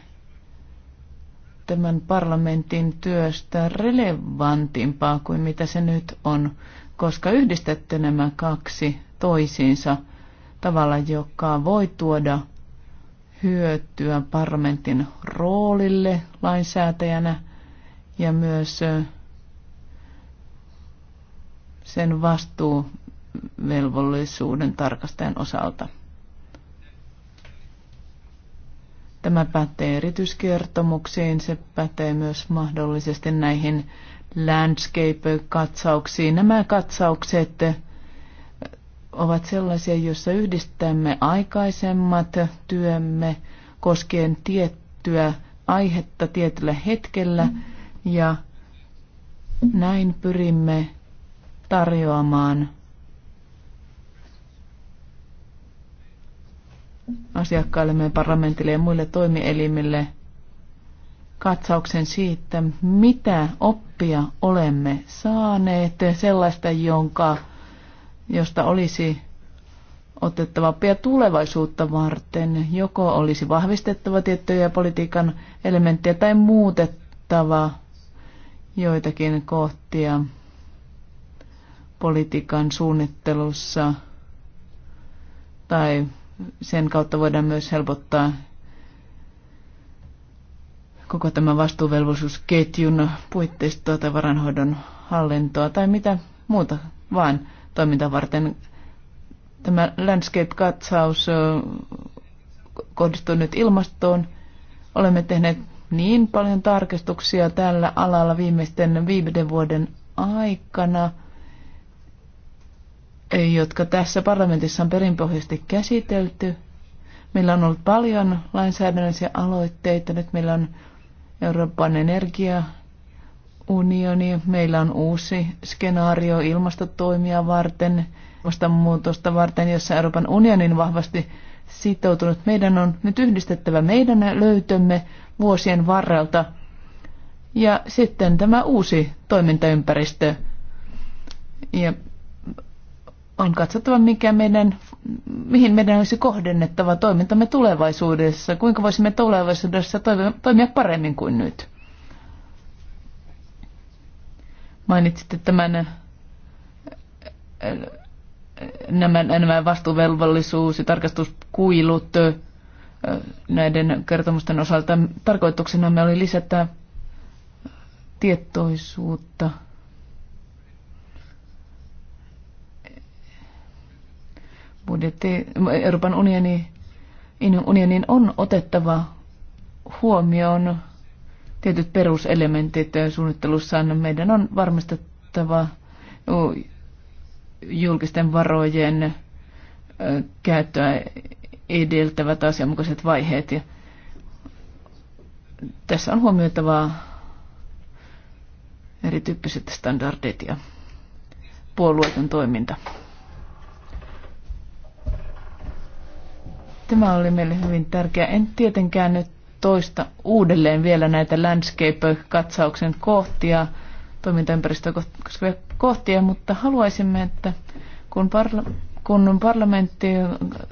S3: tämän parlamentin työstä relevantimpaa kuin mitä se nyt on, koska yhdistätte nämä kaksi toisiinsa – tavalla, joka voi tuoda hyötyä parlamentin roolille lainsäätäjänä ja myös sen vastuuvelvollisuuden tarkastajan osalta. Tämä pätee erityiskertomuksiin, se pätee myös mahdollisesti näihin landscape-katsauksiin. Nämä katsaukset ovat sellaisia, joissa yhdistämme aikaisemmat työmme koskien tiettyä aihetta tietyllä hetkellä ja näin pyrimme tarjoamaan asiakkaillemme, parlamentille ja muille toimielimille katsauksen siitä, mitä oppia olemme saaneet, sellaista, jonka josta olisi otettava oppia tulevaisuutta varten. Joko olisi vahvistettava tiettyjä politiikan elementtejä tai muutettava joitakin kohtia politiikan suunnittelussa tai sen kautta voidaan myös helpottaa koko tämän vastuuvelvollisuusketjun puitteistoa tai varanhoidon hallintoa tai mitä muuta vaan toimintaa varten. Tämä landscape-katsaus kohdistuu nyt ilmastoon. Olemme tehneet niin paljon tarkistuksia tällä alalla viimeisten viiden vuoden aikana, jotka tässä parlamentissa on perinpohjaisesti käsitelty. Meillä on ollut paljon lainsäädännöllisiä aloitteita. Nyt meillä on Euroopan energia unioni. Meillä on uusi skenaario ilmastotoimia varten, ilmastonmuutosta varten, jossa Euroopan unionin vahvasti sitoutunut. Meidän on nyt yhdistettävä meidän löytömme vuosien varrelta. Ja sitten tämä uusi toimintaympäristö. Ja on katsottava, mikä meidän, mihin meidän olisi kohdennettava toimintamme tulevaisuudessa, kuinka voisimme tulevaisuudessa toimia paremmin kuin nyt. Mainitsitte tämän äh, nämä, nämä vastuvelvollisuus ja tarkastuskuilut äh, näiden kertomusten osalta. Tarkoituksena me oli lisätä tietoisuutta. Budjetti, Euroopan unioni, unionin on otettava huomioon tietyt peruselementit eh, suunnittelussa meidän on varmistettava julkisten varojen eh, käyttöä edeltävät asianmukaiset vaiheet. Ja tässä on huomioitava erityyppiset standardit ja puolueiden toiminta. Tämä oli meille hyvin tärkeä. En tietenkään nyt toista uudelleen vielä näitä landscape-katsauksen kohtia, toimintaympäristöä koskevia kohtia, mutta haluaisimme, että kun, parla- kun parlamentti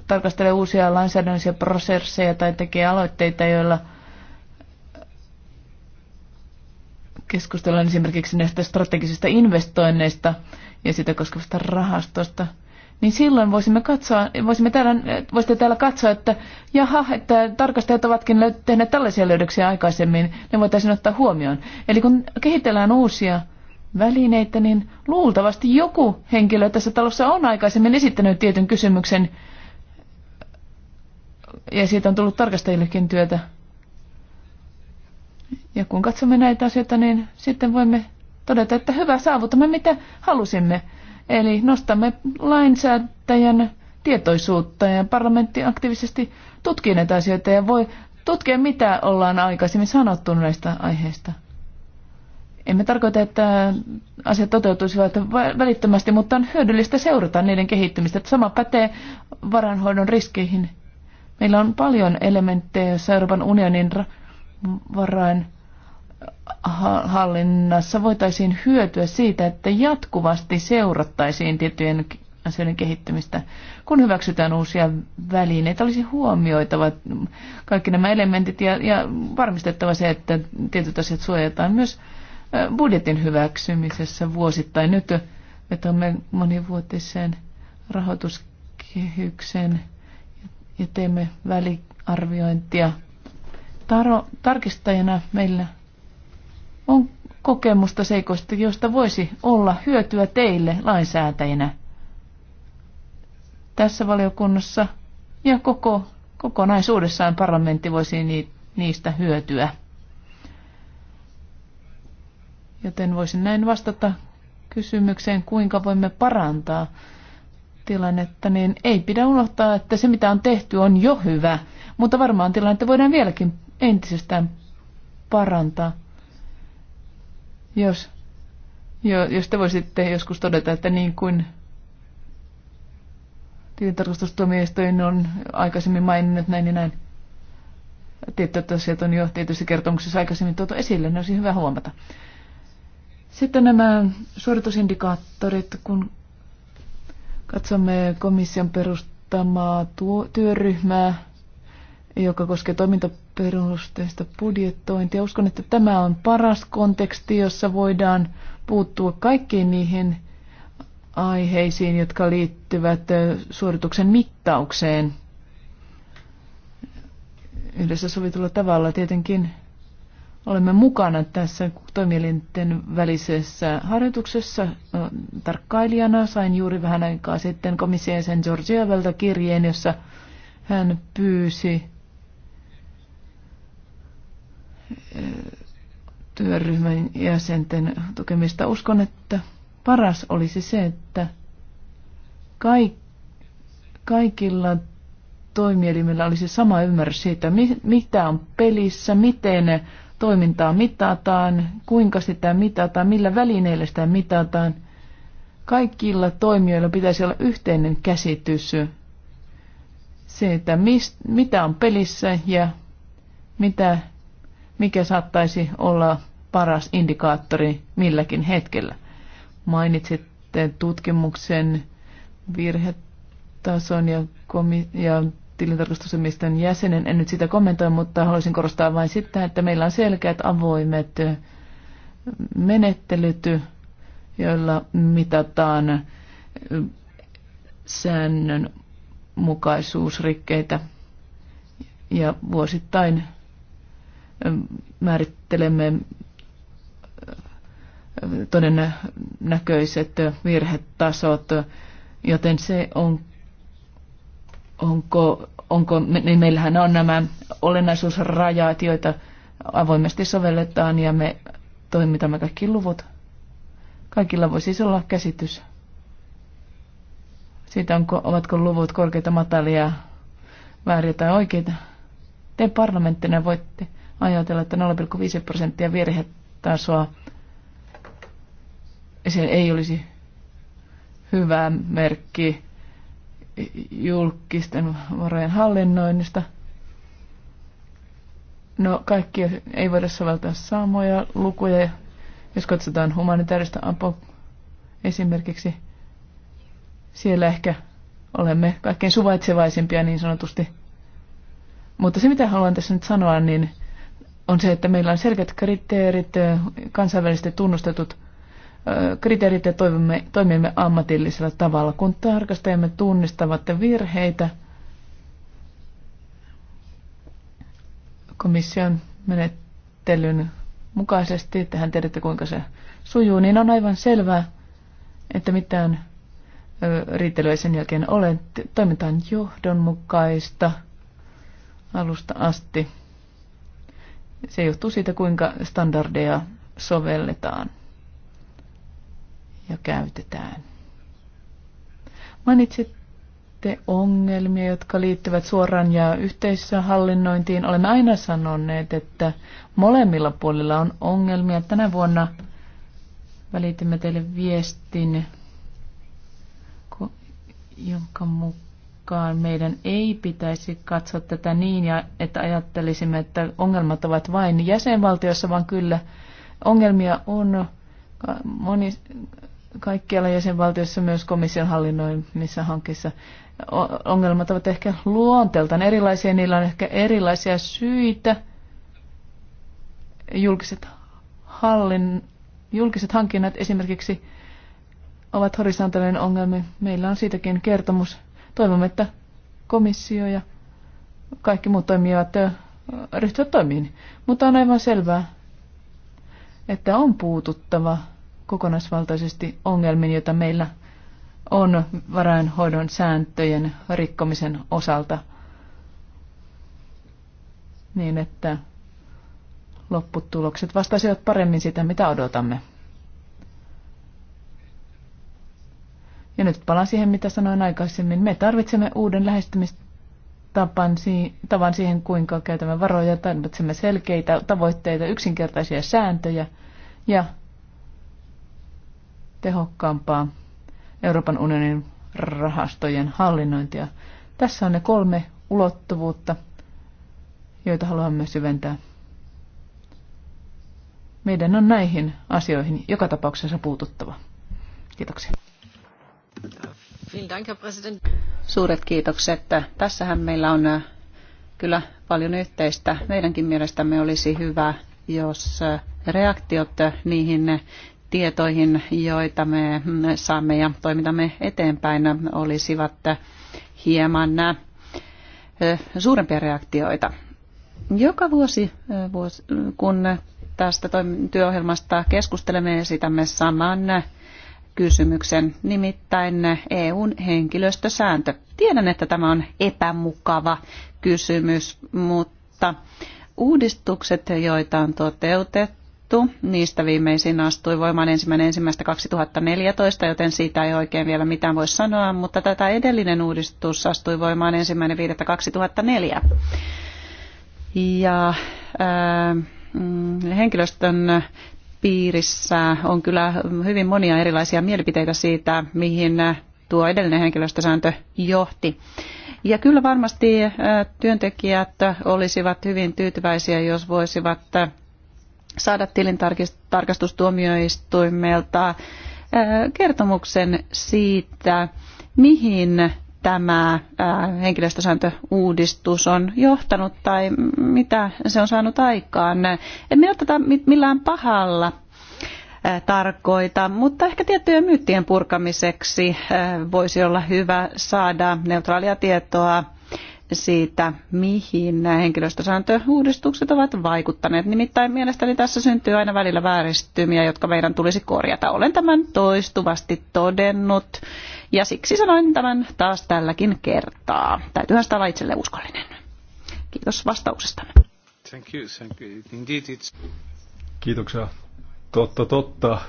S3: tarkastelee uusia lainsäädännöllisiä prosesseja tai tekee aloitteita, joilla keskustellaan esimerkiksi näistä strategisista investoinneista ja sitä koskevasta rahastosta – niin silloin voisimme katsoa, voisimme täällä, voisitte täällä katsoa, että jaha, että tarkastajat ovatkin tehneet tällaisia löydöksiä aikaisemmin, ne voitaisiin ottaa huomioon. Eli kun kehitellään uusia välineitä, niin luultavasti joku henkilö tässä talossa on aikaisemmin esittänyt tietyn kysymyksen, ja siitä on tullut tarkastajillekin työtä. Ja kun katsomme näitä asioita, niin sitten voimme todeta, että hyvä, saavutamme mitä halusimme. Eli nostamme lainsäätäjän tietoisuutta ja parlamentti aktiivisesti tutkii näitä asioita ja voi tutkia, mitä ollaan aikaisemmin sanottu näistä aiheista. Emme tarkoita, että asiat toteutuisivat välittömästi, mutta on hyödyllistä seurata niiden kehittymistä. Sama pätee varanhoidon riskeihin. Meillä on paljon elementtejä, joissa Euroopan unionin varain hallinnassa voitaisiin hyötyä siitä, että jatkuvasti seurattaisiin tiettyjen asioiden kehittymistä. Kun hyväksytään uusia välineitä, olisi huomioitava kaikki nämä elementit ja, ja varmistettava se, että tietyt asiat suojataan myös budjetin hyväksymisessä vuosittain. Nyt vetomme monivuotiseen rahoituskehykseen ja teemme väliarviointia. Taro, tarkistajana meillä on kokemusta seikoista, joista voisi olla hyötyä teille lainsäätäjinä tässä valiokunnassa ja koko, kokonaisuudessaan parlamentti voisi niistä hyötyä. Joten voisin näin vastata kysymykseen, kuinka voimme parantaa tilannetta, niin ei pidä unohtaa, että se mitä on tehty on jo hyvä, mutta varmaan tilannetta voidaan vieläkin entisestään parantaa. Jos, jo, jos te voisitte joskus todeta, että niin kuin tilintarkastustuomioistuin on aikaisemmin maininnut näin ja näin, tietyt asiat on jo tietysti kertomuksessa aikaisemmin tuotu esille, ne olisi hyvä huomata. Sitten nämä suoritusindikaattorit, kun katsomme komission perustamaa tuo, työryhmää, joka koskee toimintaa perusteista ja Uskon, että tämä on paras konteksti, jossa voidaan puuttua kaikkiin niihin aiheisiin, jotka liittyvät suorituksen mittaukseen yhdessä sovitulla tavalla. Tietenkin olemme mukana tässä toimielinten välisessä harjoituksessa no, tarkkailijana. Sain juuri vähän aikaa sitten komissiaisen Georgiavelta kirjeen, jossa hän pyysi työryhmän jäsenten tukemista. Uskon, että paras olisi se, että kaikilla toimielimillä olisi sama ymmärrys siitä, mitä on pelissä, miten toimintaa mitataan, kuinka sitä mitataan, millä välineillä sitä mitataan. Kaikilla toimijoilla pitäisi olla yhteinen käsitys siitä, mitä on pelissä ja mitä mikä saattaisi olla paras indikaattori milläkin hetkellä. Mainitsitte tutkimuksen virhetason ja, komi- ja tilintarkastusemistön jäsenen. En nyt sitä kommentoi, mutta haluaisin korostaa vain sitä, että meillä on selkeät avoimet menettelyt, joilla mitataan säännönmukaisuusrikkeitä ja vuosittain määrittelemme äh, todennäköiset virhetasot, joten se on, onko, onko niin meillähän on nämä olennaisuusrajat, joita avoimesti sovelletaan ja me toimitamme kaikki luvut. Kaikilla voi siis olla käsitys siitä, onko, ovatko luvut korkeita, matalia, vääriä tai oikeita. Te parlamenttina voitte ajatella, että 0,5 prosenttia virhetasoa se ei olisi hyvä merkki julkisten varojen hallinnoinnista. No kaikki ei voida soveltaa samoja lukuja. Jos katsotaan humanitaarista apua esimerkiksi, siellä ehkä olemme kaikkein suvaitsevaisimpia niin sanotusti. Mutta se mitä haluan tässä nyt sanoa, niin on se, että meillä on selkeät kriteerit, kansainvälisesti tunnustetut kriteerit ja toimimme, toimimme ammatillisella tavalla. Kun tarkastajamme tunnistavat virheitä, komission menettelyn mukaisesti, että hän tiedätte kuinka se sujuu, niin on aivan selvää, että mitään riittelyä sen jälkeen ole. Toiminta on johdonmukaista alusta asti. Se johtuu siitä, kuinka standardeja sovelletaan ja käytetään. Mainitsitte ongelmia, jotka liittyvät suoraan ja hallinnointiin. Olemme aina sanoneet, että molemmilla puolilla on ongelmia. Tänä vuonna välitimme teille viestin, jonka mukaan mukaan meidän ei pitäisi katsoa tätä niin, ja että ajattelisimme, että ongelmat ovat vain jäsenvaltioissa, vaan kyllä ongelmia on moni, kaikkialla jäsenvaltioissa myös komission hallinnoimissa hankkeissa. Ongelmat ovat ehkä luonteeltaan erilaisia, niillä on ehkä erilaisia syitä. Julkiset, hallin, julkiset hankinnat esimerkiksi ovat horisontaalinen ongelmi. Meillä on siitäkin kertomus. Toivomme, että komissio ja kaikki muut toimijat ryhtyvät toimiin. Mutta on aivan selvää, että on puututtava kokonaisvaltaisesti ongelmiin, joita meillä on varainhoidon sääntöjen rikkomisen osalta niin, että lopputulokset vastaisivat paremmin sitä, mitä odotamme. Ja nyt palaan siihen, mitä sanoin aikaisemmin. Me tarvitsemme uuden lähestymistavan tavan siihen, kuinka käytämme varoja. Tarvitsemme selkeitä tavoitteita, yksinkertaisia sääntöjä ja tehokkaampaa Euroopan unionin rahastojen hallinnointia. Tässä on ne kolme ulottuvuutta, joita haluamme syventää. Meidän on näihin asioihin joka tapauksessa puututtava. Kiitoksia.
S2: Suuret kiitokset. Tässähän meillä on äh, kyllä paljon yhteistä. Meidänkin mielestämme olisi hyvä, jos äh, reaktiot äh, niihin tietoihin, joita me mm, saamme ja toimitamme eteenpäin, olisivat hieman suurempia reaktioita. Joka vuosi, kun tästä työohjelmasta keskustelemme, esitämme saman kysymyksen, nimittäin EUn henkilöstösääntö. Tiedän, että tämä on epämukava kysymys, mutta uudistukset, joita on toteutettu, niistä viimeisin astui voimaan ensimmäinen ensimmäistä 2014, joten siitä ei oikein vielä mitään voi sanoa, mutta tätä edellinen uudistus astui voimaan ensimmäinen 5.2004. Ja äh, henkilöstön piirissä on kyllä hyvin monia erilaisia mielipiteitä siitä, mihin tuo edellinen henkilöstösääntö johti. Ja kyllä varmasti eh, työntekijät olisivat hyvin tyytyväisiä, jos voisivat eh, saada tilintarkastustuomioistuimelta eh, kertomuksen siitä, mihin tämä henkilöstösääntöuudistus on johtanut tai mitä se on saanut aikaan. En minä tätä millään pahalla tarkoita, mutta ehkä tiettyjen myyttien purkamiseksi voisi olla hyvä saada neutraalia tietoa siitä, mihin nämä henkilöstösääntöuudistukset ovat vaikuttaneet. Nimittäin mielestäni tässä syntyy aina välillä vääristymiä, jotka meidän tulisi korjata. Olen tämän toistuvasti todennut ja siksi sanoin tämän taas tälläkin kertaa. Täytyyhän sitä olla itselle uskollinen. Kiitos
S4: vastauksesta. Thank you, thank you. Indeed it's... Kiitoksia. Totta, totta.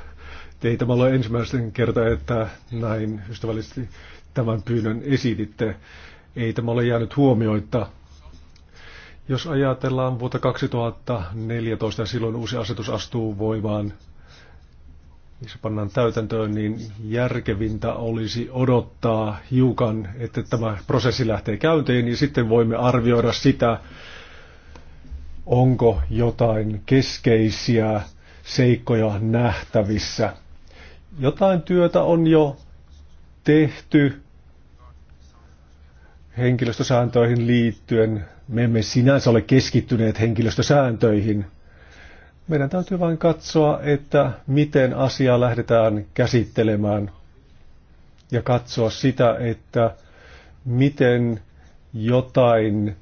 S4: Ei tämä ole ensimmäisen kerta, että näin ystävällisesti tämän pyynnön esititte. Ei tämä ole jäänyt huomioita. Jos ajatellaan vuotta 2014, silloin uusi asetus astuu voimaan jos pannaan täytäntöön, niin järkevintä olisi odottaa hiukan, että tämä prosessi lähtee käyntiin, niin sitten voimme arvioida sitä, onko jotain keskeisiä seikkoja nähtävissä. Jotain työtä on jo tehty henkilöstösääntöihin liittyen. Me emme sinänsä ole keskittyneet henkilöstösääntöihin – meidän täytyy vain katsoa, että miten asiaa lähdetään käsittelemään ja katsoa sitä, että miten jotain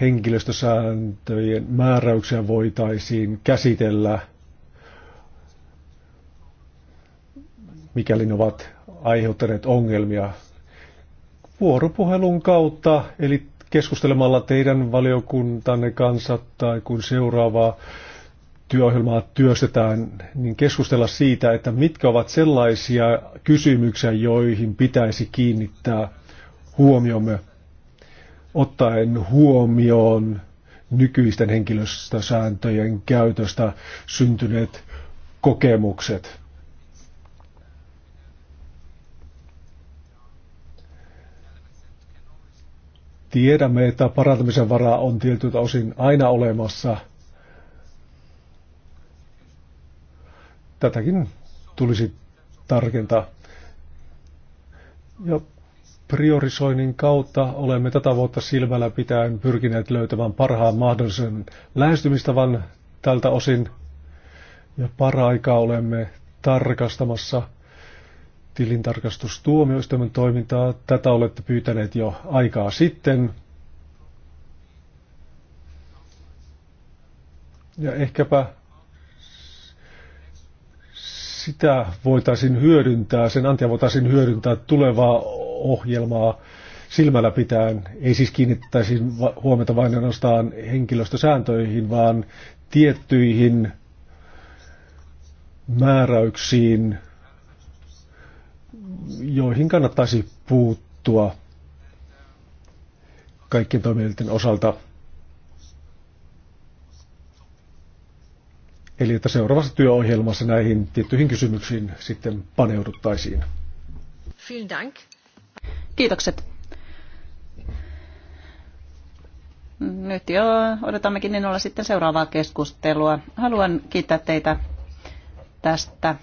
S4: henkilöstösääntöjen määräyksiä voitaisiin käsitellä, mikäli ne ovat aiheuttaneet ongelmia. Vuoropuhelun kautta, eli keskustelemalla teidän valiokuntanne kanssa tai kun seuraavaa työohjelmaa työstetään, niin keskustella siitä, että mitkä ovat sellaisia kysymyksiä, joihin pitäisi kiinnittää huomiomme, ottaen huomioon nykyisten henkilöstösääntöjen käytöstä syntyneet kokemukset. Tiedämme, että parantamisen varaa on tietyltä osin aina olemassa – Tätäkin tulisi tarkentaa. Ja priorisoinnin kautta olemme tätä vuotta silmällä pitäen pyrkineet löytämään parhaan mahdollisen lähestymistavan tältä osin. Ja paraikaa olemme tarkastamassa tilintarkastustuomioistuimen toimintaa. Tätä olette pyytäneet jo aikaa sitten. Ja ehkäpä sitä voitaisiin hyödyntää, sen antia voitaisiin hyödyntää tulevaa ohjelmaa silmällä pitäen. Ei siis kiinnittäisi huomiota vain ainoastaan henkilöstösääntöihin, vaan tiettyihin määräyksiin, joihin kannattaisi puuttua kaikkien toimielinten osalta – Eli että seuraavassa työohjelmassa näihin tiettyihin kysymyksiin sitten paneuduttaisiin.
S2: Kiitokset. Nyt jo odotammekin olla sitten seuraavaa keskustelua. Haluan kiittää teitä tästä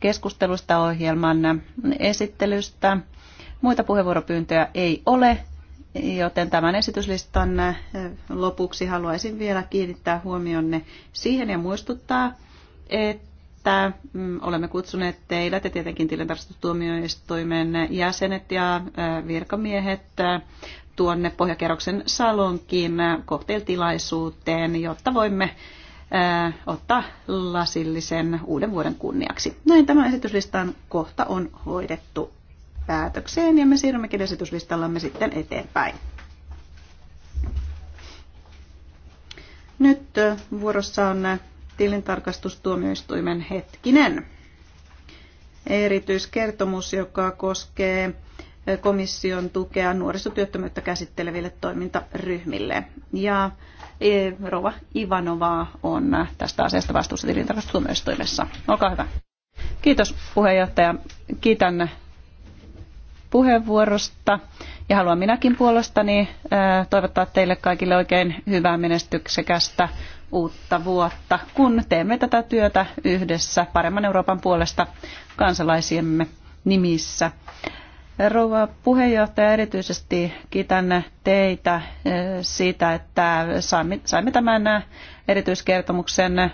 S2: keskustelusta ohjelman esittelystä. Muita puheenvuoropyyntöjä ei ole. Joten tämän esityslistan äh, lopuksi haluaisin vielä kiinnittää huomionne siihen ja muistuttaa, että mm, olemme kutsuneet teidät ja tietenkin tilintarkastustuomioistuimen jäsenet ja äh, virkamiehet äh, tuonne pohjakerroksen salonkiin kohteiltilaisuuteen, jotta voimme ottaa lasillisen uuden vuoden kunniaksi. Näin tämä esityslistan kohta on hoidettu päätökseen ja me siirrymmekin esityslistallamme sitten eteenpäin. Nyt vuorossa on tilintarkastustuomioistuimen hetkinen erityiskertomus, joka koskee komission tukea nuorisotyöttömyyttä käsitteleville toimintaryhmille. Ja e, Rova Ivanova on tästä asiasta vastuussa tilintarkastustuomioistuimessa. Olkaa hyvä. Kiitos puheenjohtaja. Kiitän puheenvuorosta. Ja haluan minäkin puolestani toivottaa teille kaikille oikein hyvää menestyksekästä uutta vuotta, kun teemme tätä työtä yhdessä paremman Euroopan puolesta kansalaisiemme nimissä. Rouva puheenjohtaja, erityisesti kiitän teitä siitä, että saimme tämän erityiskertomuksen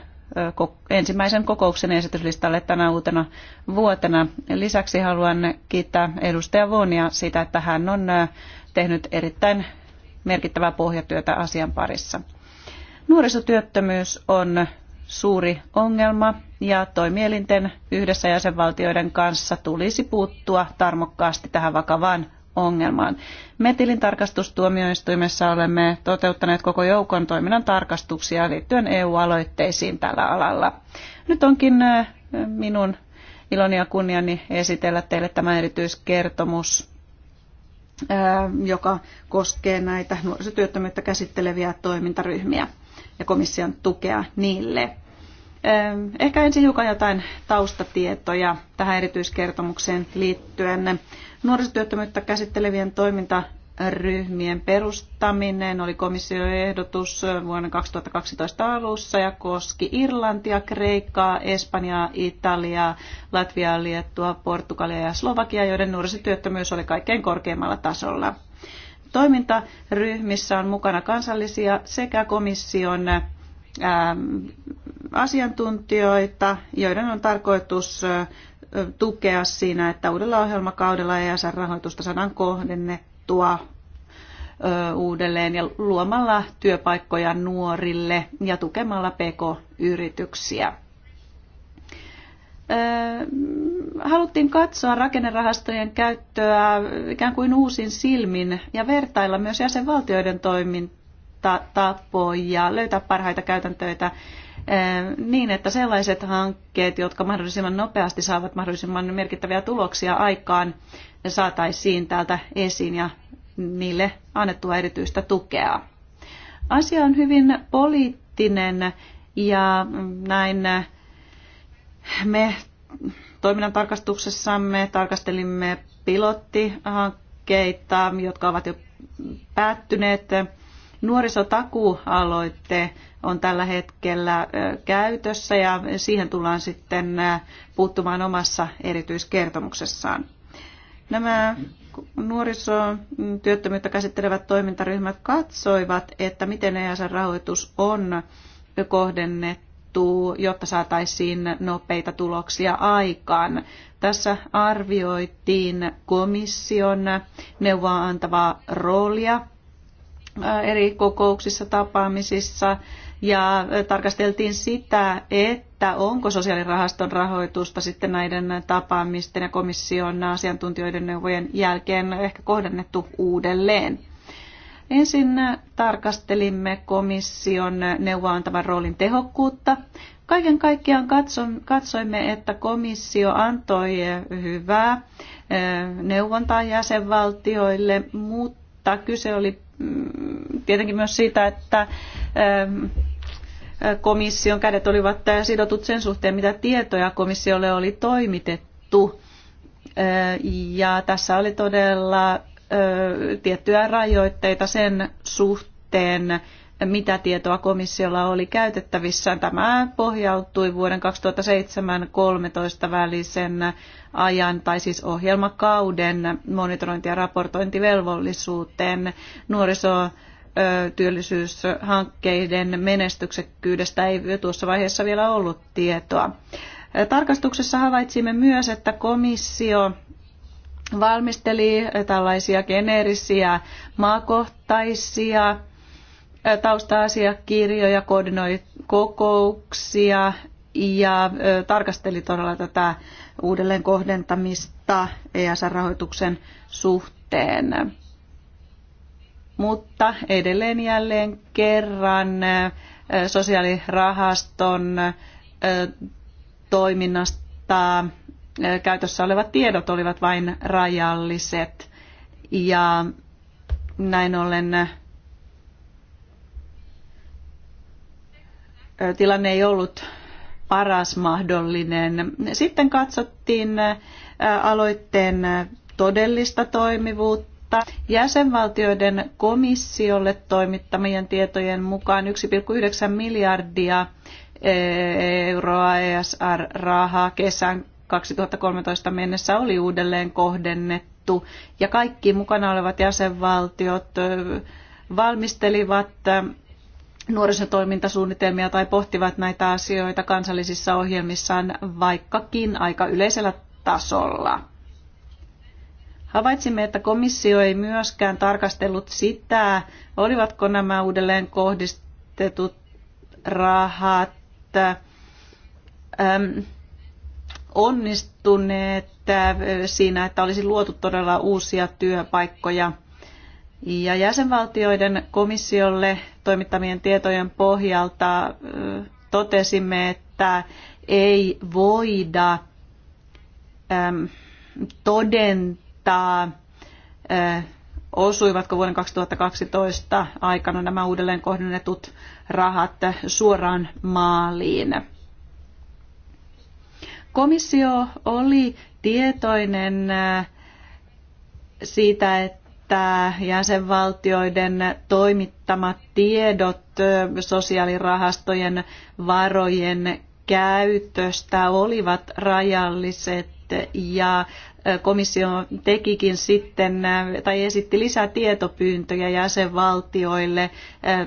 S2: ensimmäisen kokouksen esityslistalle tänä uutena vuotena. Lisäksi haluan kiittää edustaja Vuonia siitä, että hän on tehnyt erittäin merkittävää pohjatyötä asian parissa. Nuorisotyöttömyys on suuri ongelma ja toimielinten yhdessä jäsenvaltioiden kanssa tulisi puuttua tarmokkaasti tähän vakavaan ongelmaan. Me tilintarkastustuomioistuimessa olemme toteuttaneet koko joukon toiminnan tarkastuksia liittyen EU-aloitteisiin tällä alalla. Nyt onkin minun iloni ja kunniani esitellä teille tämä erityiskertomus, joka koskee näitä nuorisotyöttömyyttä käsitteleviä toimintaryhmiä ja komission tukea niille. Ehkä ensin hiukan jotain taustatietoja tähän erityiskertomukseen liittyen. Nuorisotyöttömyyttä käsittelevien toimintaryhmien perustaminen oli komission ehdotus vuonna 2012 alussa ja koski Irlantia, Kreikkaa, Espanjaa, Italiaa, Latviaa, Liettua, Portugalia ja Slovakiaa, joiden nuorisotyöttömyys oli kaikkein korkeimmalla tasolla. Toimintaryhmissä on mukana kansallisia sekä komission ähm, asiantuntijoita, joiden on tarkoitus tukea siinä, että uudella ohjelmakaudella ESR-rahoitusta saadaan kohdennettua uudelleen ja luomalla työpaikkoja nuorille ja tukemalla pk-yrityksiä. Haluttiin katsoa rakennerahastojen käyttöä ikään kuin uusin silmin ja vertailla myös jäsenvaltioiden toimintatapoja, tapoja, löytää parhaita käytäntöitä Ehm, niin, että sellaiset hankkeet, jotka mahdollisimman nopeasti saavat mahdollisimman merkittäviä tuloksia aikaan, saataisiin täältä esiin ja niille annettua erityistä tukea. Asia on hyvin poliittinen ja näin eh, me toiminnan tarkastuksessamme tarkastelimme pilottihankkeita, jotka ovat jo päättyneet Nuorisotakuualoitte on tällä hetkellä käytössä ja siihen tullaan sitten puuttumaan omassa erityiskertomuksessaan. Nämä nuorisotyöttömyyttä käsittelevät toimintaryhmät katsoivat, että miten EAS-rahoitus on kohdennettu, jotta saataisiin nopeita tuloksia aikaan. Tässä arvioitiin komission neuvoa antavaa roolia eri kokouksissa, tapaamisissa ja tarkasteltiin sitä, että onko sosiaalirahaston rahoitusta sitten näiden tapaamisten ja komission asiantuntijoiden neuvojen jälkeen ehkä kohdennettu uudelleen. Ensin tarkastelimme komission neuvoantavan roolin tehokkuutta. Kaiken kaikkiaan katsoimme, että komissio antoi hyvää neuvontaa jäsenvaltioille, mutta kyse oli Mm, tietenkin myös siitä, että ähm, komission kädet olivat sidotut sen suhteen, mitä tietoja komissiolle oli toimitettu. Äh, ja tässä oli todella äh, tiettyjä rajoitteita sen suhteen, mitä tietoa komissiolla oli käytettävissä. Tämä pohjautui vuoden 2007-2013 välisen ajan, tai siis ohjelmakauden monitorointi- ja raportointivelvollisuuteen nuoriso työllisyyshankkeiden menestyksekkyydestä ei tuossa vaiheessa vielä ollut tietoa. Tarkastuksessa havaitsimme myös, että komissio valmisteli tällaisia geneerisiä maakohtaisia tausta-asiakirjoja, koordinoi kokouksia ja tarkasteli todella tätä uudelleen kohdentamista ESR-rahoituksen suhteen. Mutta edelleen jälleen kerran sosiaalirahaston toiminnasta käytössä olevat tiedot olivat vain rajalliset. Ja näin ollen tilanne ei ollut paras mahdollinen. Sitten katsottiin aloitteen todellista toimivuutta jäsenvaltioiden komissiolle toimittamien tietojen mukaan 1,9 miljardia euroa ESR-rahaa kesän 2013 mennessä oli uudelleen kohdennettu ja kaikki mukana olevat jäsenvaltiot valmistelivat nuorisotoimintasuunnitelmia tai pohtivat näitä asioita kansallisissa ohjelmissaan, vaikkakin aika yleisellä tasolla. Havaitsimme, että komissio ei myöskään tarkastellut sitä, olivatko nämä uudelleen kohdistetut rahat äm, onnistuneet siinä, että olisi luotu todella uusia työpaikkoja. Ja jäsenvaltioiden komissiolle toimittamien tietojen pohjalta totesimme, että ei voida todentaa, osuivatko vuoden 2012 aikana nämä uudelleen kohdennetut rahat suoraan maaliin. Komissio oli tietoinen siitä, että että jäsenvaltioiden toimittamat tiedot sosiaalirahastojen varojen käytöstä olivat rajalliset ja komissio tekikin sitten tai esitti lisätietopyyntöjä jäsenvaltioille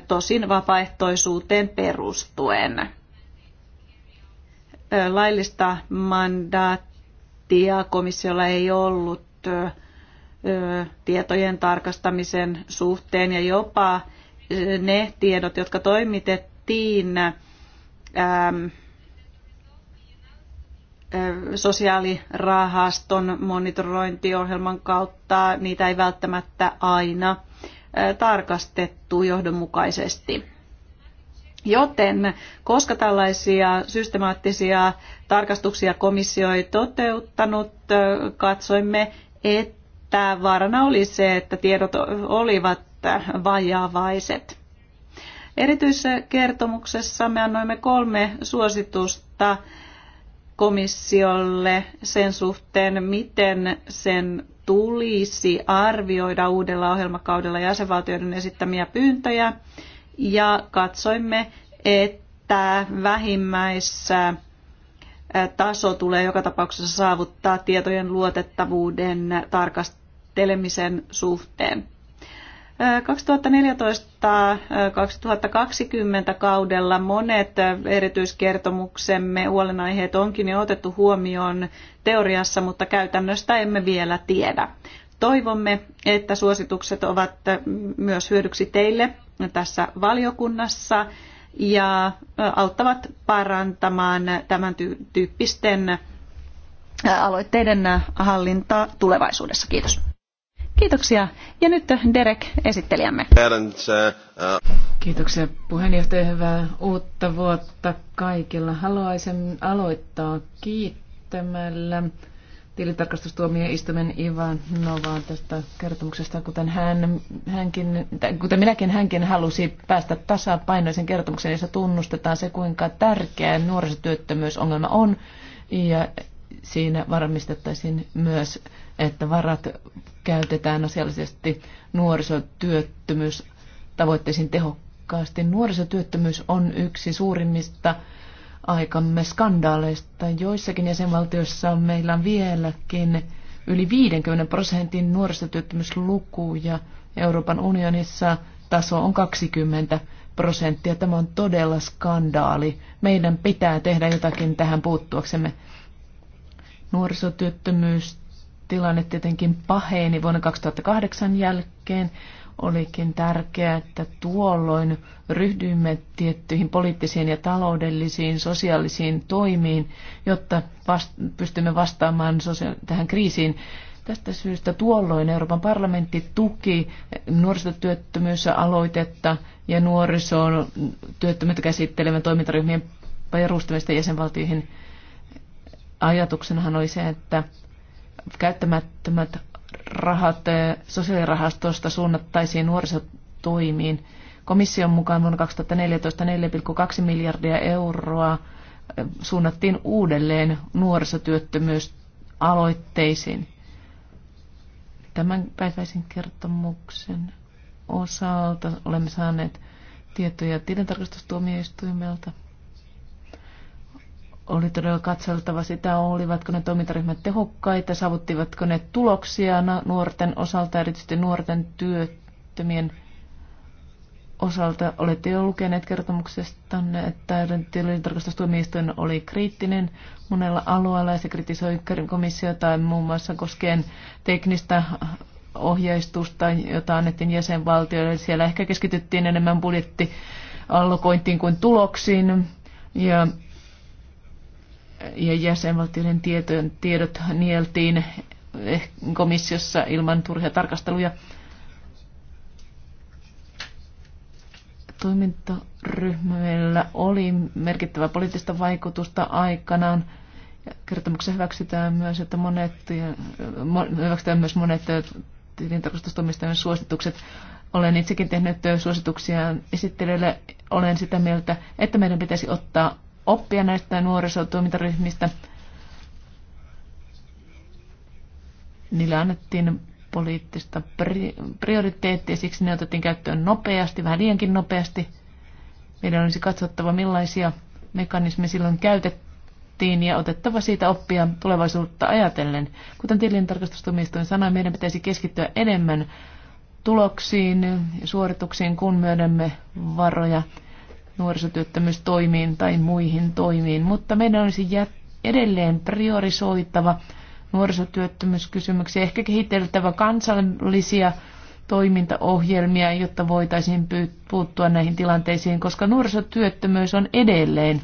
S2: tosin vapaaehtoisuuteen perustuen. Laillista mandaattia komissiolla ei ollut tietojen tarkastamisen suhteen ja jopa ne tiedot, jotka toimitettiin sosiaalirahaston monitorointiohjelman kautta, niitä ei välttämättä aina tarkastettu johdonmukaisesti. Joten koska tällaisia systemaattisia tarkastuksia komissio ei toteuttanut, katsoimme, että että vaarana oli se, että tiedot olivat vajavaiset. kertomuksessa me annoimme kolme suositusta komissiolle sen suhteen, miten sen tulisi arvioida uudella ohjelmakaudella jäsenvaltioiden esittämiä pyyntöjä. Ja katsoimme, että vähimmäissä taso tulee joka tapauksessa saavuttaa tietojen luotettavuuden tarkastelemisen suhteen. 2014-2020 kaudella monet erityiskertomuksemme huolenaiheet onkin jo otettu huomioon teoriassa, mutta käytännöstä emme vielä tiedä. Toivomme, että suositukset ovat myös hyödyksi teille tässä valiokunnassa ja auttavat parantamaan tämän tyyppisten aloitteiden hallintaa tulevaisuudessa. Kiitos. Kiitoksia.
S3: Ja nyt Derek esittelijämme. Kiitoksia puheenjohtaja. Hyvää uutta vuotta kaikilla. Haluaisin aloittaa kiittämällä tilintarkastustuomioistuimen Ivan Novaan tästä kertomuksesta, kuten, hän, hänkin, kuten minäkin hänkin halusi päästä tasapainoisen kertomuksen, jossa tunnustetaan se, kuinka tärkeä nuorisotyöttömyysongelma on ja siinä varmistettaisiin myös, että varat käytetään asiallisesti nuorisotyöttömyystavoitteisiin tehokkaasti. Nuorisotyöttömyys on yksi suurimmista aikamme skandaaleista. Joissakin jäsenvaltioissa meillä on vieläkin yli 50 prosentin ja Euroopan unionissa taso on 20 prosenttia. Tämä on todella skandaali. Meidän pitää tehdä jotakin tähän puuttuaksemme. Nuorisotyöttömyystilanne tietenkin paheeni vuonna 2008 jälkeen. Olikin tärkeää, että tuolloin ryhdyimme tiettyihin poliittisiin ja taloudellisiin, sosiaalisiin toimiin, jotta vast- pystymme vastaamaan tähän kriisiin. Tästä syystä tuolloin Euroopan parlamentti tuki nuorisotyöttömyysaloitetta ja nuorisoon työttömyyttä käsittelevän toimintaryhmien perustamista jäsenvaltioihin. Ajatuksenahan oli se, että käyttämättömät rahat eh, sosiaalirahastosta suunnattaisiin nuorisotoimiin. Komission mukaan vuonna 2014 4,2 miljardia euroa eh, suunnattiin uudelleen nuorisotyöttömyysaloitteisiin. Tämän päiväisen kertomuksen osalta olemme saaneet tietoja tilintarkastustuomioistuimelta oli todella katseltava sitä, olivatko ne toimintaryhmät tehokkaita, saavuttivatko ne tuloksia nuorten osalta, erityisesti nuorten työttömien osalta. Olette jo lukeneet kertomuksesta, että tilintarkastustuomioistuin oli kriittinen monella alueella ja se kritisoi komissiota muun muassa koskien teknistä ohjeistusta, jota annettiin jäsenvaltioille. Siellä ehkä keskityttiin enemmän budjettiallokointiin kuin tuloksiin. Ja ja jäsenvaltioiden tietojen, tiedot nieltiin eh, komissiossa ilman turhia tarkasteluja. Toimintaryhmällä oli merkittävä poliittista vaikutusta aikanaan. Kertomuksessa hyväksytään myös, että monet, hyväksytään myös monet tilintarkastustoimistajien suositukset. Olen itsekin tehnyt suosituksia esittelijöille. Olen sitä mieltä, että meidän pitäisi ottaa oppia näistä nuorisotoimintaryhmistä. Niille annettiin poliittista prioriteettia, siksi ne otettiin käyttöön nopeasti, vähän liiankin nopeasti. Meidän olisi katsottava, millaisia mekanismeja silloin käytettiin ja otettava siitä oppia tulevaisuutta ajatellen. Kuten tilintarkastustuomioistuin sanoi, meidän pitäisi keskittyä enemmän tuloksiin ja suorituksiin, kun myönnämme varoja nuorisotyöttömyystoimiin tai muihin toimiin, mutta meidän olisi edelleen priorisoitava nuorisotyöttömyyskysymyksiä, ehkä kehiteltävä kansallisia toimintaohjelmia, jotta voitaisiin puuttua näihin tilanteisiin, koska nuorisotyöttömyys on edelleen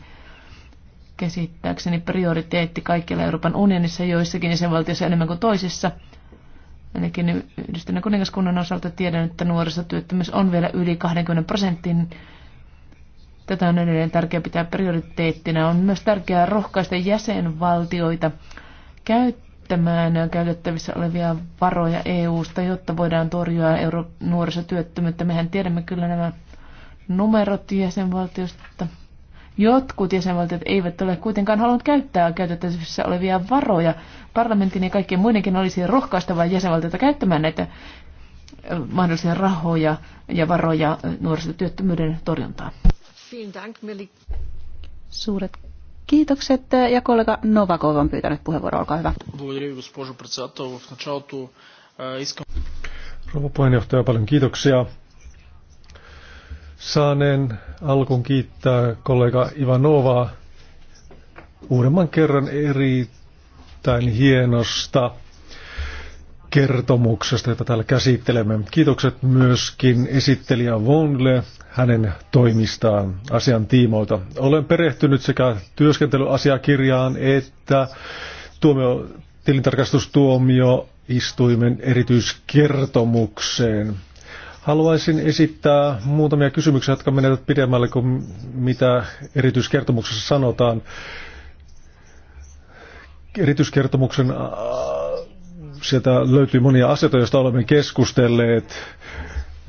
S3: käsittääkseni prioriteetti kaikilla Euroopan unionissa, joissakin jäsenvaltioissa enemmän kuin toisissa. Ainakin yhdistyneen kuningaskunnan osalta tiedän, että nuorisotyöttömyys on vielä yli 20 prosentin Tätä on edelleen tärkeää pitää prioriteettina. On myös tärkeää rohkaista jäsenvaltioita käyttämään käytettävissä olevia varoja EU-sta, jotta voidaan torjua euro- nuorisotyöttömyyttä. Mehän tiedämme kyllä nämä numerot jäsenvaltiosta. Jotkut jäsenvaltiot eivät ole kuitenkaan halunnut käyttää käytettävissä olevia varoja. Parlamentin ja kaikkien muidenkin olisi rohkaistava jäsenvaltioita käyttämään näitä eh, mahdollisia rahoja ja varoja eh, nuorisotyöttömyyden torjuntaan. Suuret kiitokset. Ja kollega Novakov on
S4: pyytänyt puheenvuoroa. Olkaa hyvä. Rouva puheenjohtaja, paljon kiitoksia. Saaneen alkuun kiittää kollega Ivanovaa uudemman kerran erittäin hienosta kertomuksesta, jota täällä käsittelemme. Kiitokset myöskin esittelijä Vonle hänen toimistaan asian tiimoilta. Olen perehtynyt sekä työskentelyasiakirjaan että tuomio, tilintarkastustuomioistuimen erityiskertomukseen. Haluaisin esittää muutamia kysymyksiä, jotka menevät pidemmälle kuin mitä erityiskertomuksessa sanotaan. Erityiskertomuksen sieltä löytyy monia asioita, joista olemme keskustelleet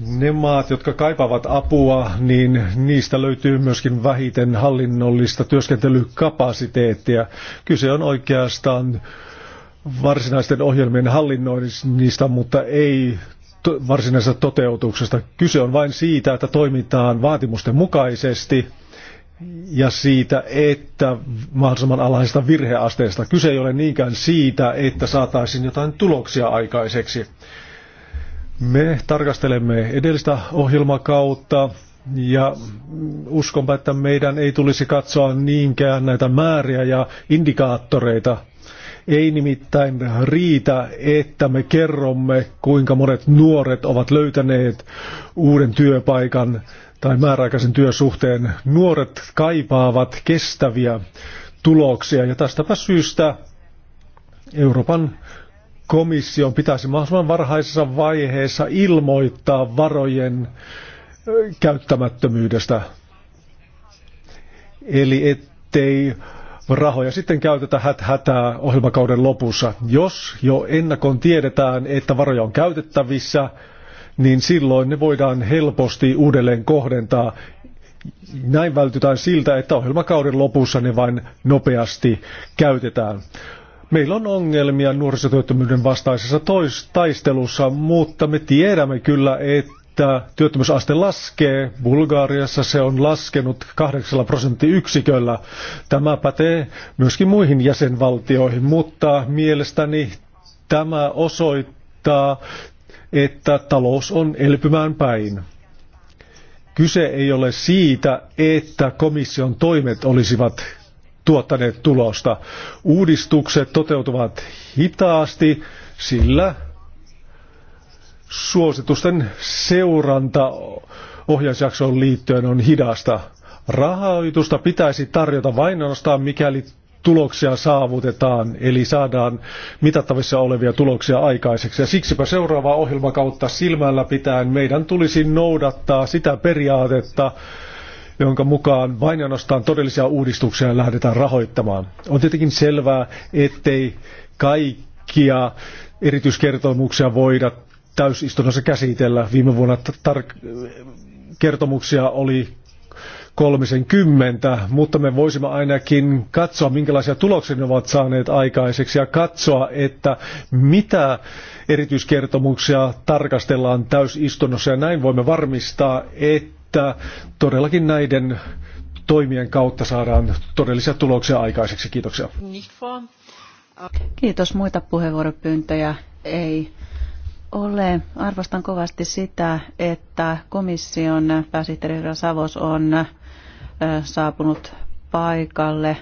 S4: ne maat, jotka kaipaavat apua, niin niistä löytyy myöskin vähiten hallinnollista työskentelykapasiteettia. Kyse on oikeastaan varsinaisten ohjelmien hallinnoinnista, mutta ei varsinaisesta toteutuksesta. Kyse on vain siitä, että toimitaan vaatimusten mukaisesti ja siitä, että mahdollisimman alhaisesta virheasteesta. Kyse ei ole niinkään siitä, että saataisiin jotain tuloksia aikaiseksi. Me tarkastelemme edellistä ohjelmakautta ja uskonpa, että meidän ei tulisi katsoa niinkään näitä määriä ja indikaattoreita. Ei nimittäin riitä, että me kerromme, kuinka monet nuoret ovat löytäneet uuden työpaikan tai määräaikaisen työsuhteen. Nuoret kaipaavat kestäviä tuloksia ja tästäpä syystä Euroopan komission pitäisi mahdollisimman varhaisessa vaiheessa ilmoittaa varojen käyttämättömyydestä. Eli ettei rahoja sitten käytetä hätää ohjelmakauden lopussa. Jos jo ennakon tiedetään, että varoja on käytettävissä, niin silloin ne voidaan helposti uudelleen kohdentaa. Näin vältytään siltä, että ohjelmakauden lopussa ne vain nopeasti käytetään. Meillä on ongelmia nuorisotyöttömyyden vastaisessa tois- taistelussa, mutta me tiedämme kyllä, että työttömyysaste laskee. Bulgaariassa se on laskenut kahdeksalla prosenttiyksiköllä. Tämä pätee myöskin muihin jäsenvaltioihin, mutta mielestäni tämä osoittaa, että talous on elpymään päin. Kyse ei ole siitä, että komission toimet olisivat tuottaneet tulosta. Uudistukset toteutuvat hitaasti, sillä suositusten seuranta ohjausjaksoon liittyen on hidasta. Rahoitusta pitäisi tarjota vain ainoastaan, mikäli tuloksia saavutetaan, eli saadaan mitattavissa olevia tuloksia aikaiseksi. Ja siksipä seuraavaa ohjelmakautta silmällä pitäen meidän tulisi noudattaa sitä periaatetta, jonka mukaan vain ainoastaan todellisia uudistuksia lähdetään rahoittamaan. On tietenkin selvää, ettei kaikkia erityiskertomuksia voida täysistunnossa käsitellä. Viime vuonna kertomuksia oli kolmisenkymmentä, mutta me voisimme ainakin katsoa, minkälaisia tuloksia ne ovat saaneet aikaiseksi ja katsoa, että mitä erityiskertomuksia tarkastellaan täysistunnossa ja näin voimme varmistaa, että että todellakin näiden toimien kautta saadaan todellisia tuloksia aikaiseksi. Kiitoksia.
S2: Kiitos. Muita puheenvuoropyyntöjä ei ole. Arvostan kovasti sitä, että komission pääsihteeri Savos on saapunut paikalle.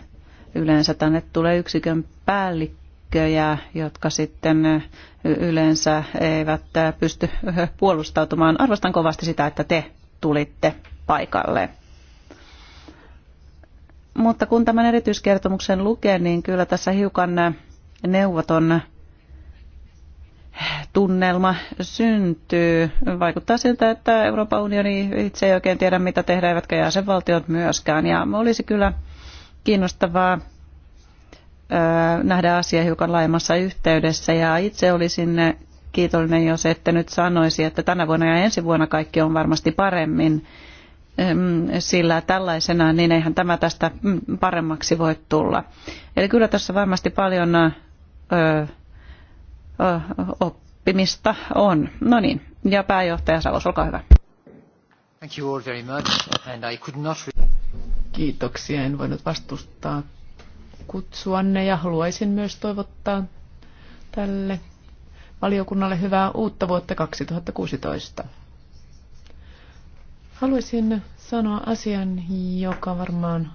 S2: Yleensä tänne tulee yksikön päällikköjä, jotka sitten yleensä eivät pysty puolustautumaan. Arvostan kovasti sitä, että te tulitte paikalle. Mutta kun tämän erityiskertomuksen lukee, niin kyllä tässä hiukan neuvoton tunnelma syntyy. Vaikuttaa siltä, että Euroopan unioni itse ei oikein tiedä, mitä tehdä, eivätkä jäsenvaltiot myöskään. Ja olisi kyllä kiinnostavaa nähdä asia hiukan laajemmassa yhteydessä. Ja itse olisin kiitollinen, jos ette nyt sanoisi, että tänä vuonna ja ensi vuonna kaikki on varmasti paremmin, sillä tällaisena, niin eihän tämä tästä mm, paremmaksi voi tulla. Eli kyllä tässä varmasti paljon ö, oppimista on. No niin, ja pääjohtaja Savos, olkaa hyvä.
S1: Thank you all very much, and I could not...
S3: Kiitoksia, en voinut vastustaa kutsuanne ja haluaisin myös toivottaa tälle valiokunnalle hyvää uutta vuotta 2016. Haluaisin sanoa asian, joka varmaan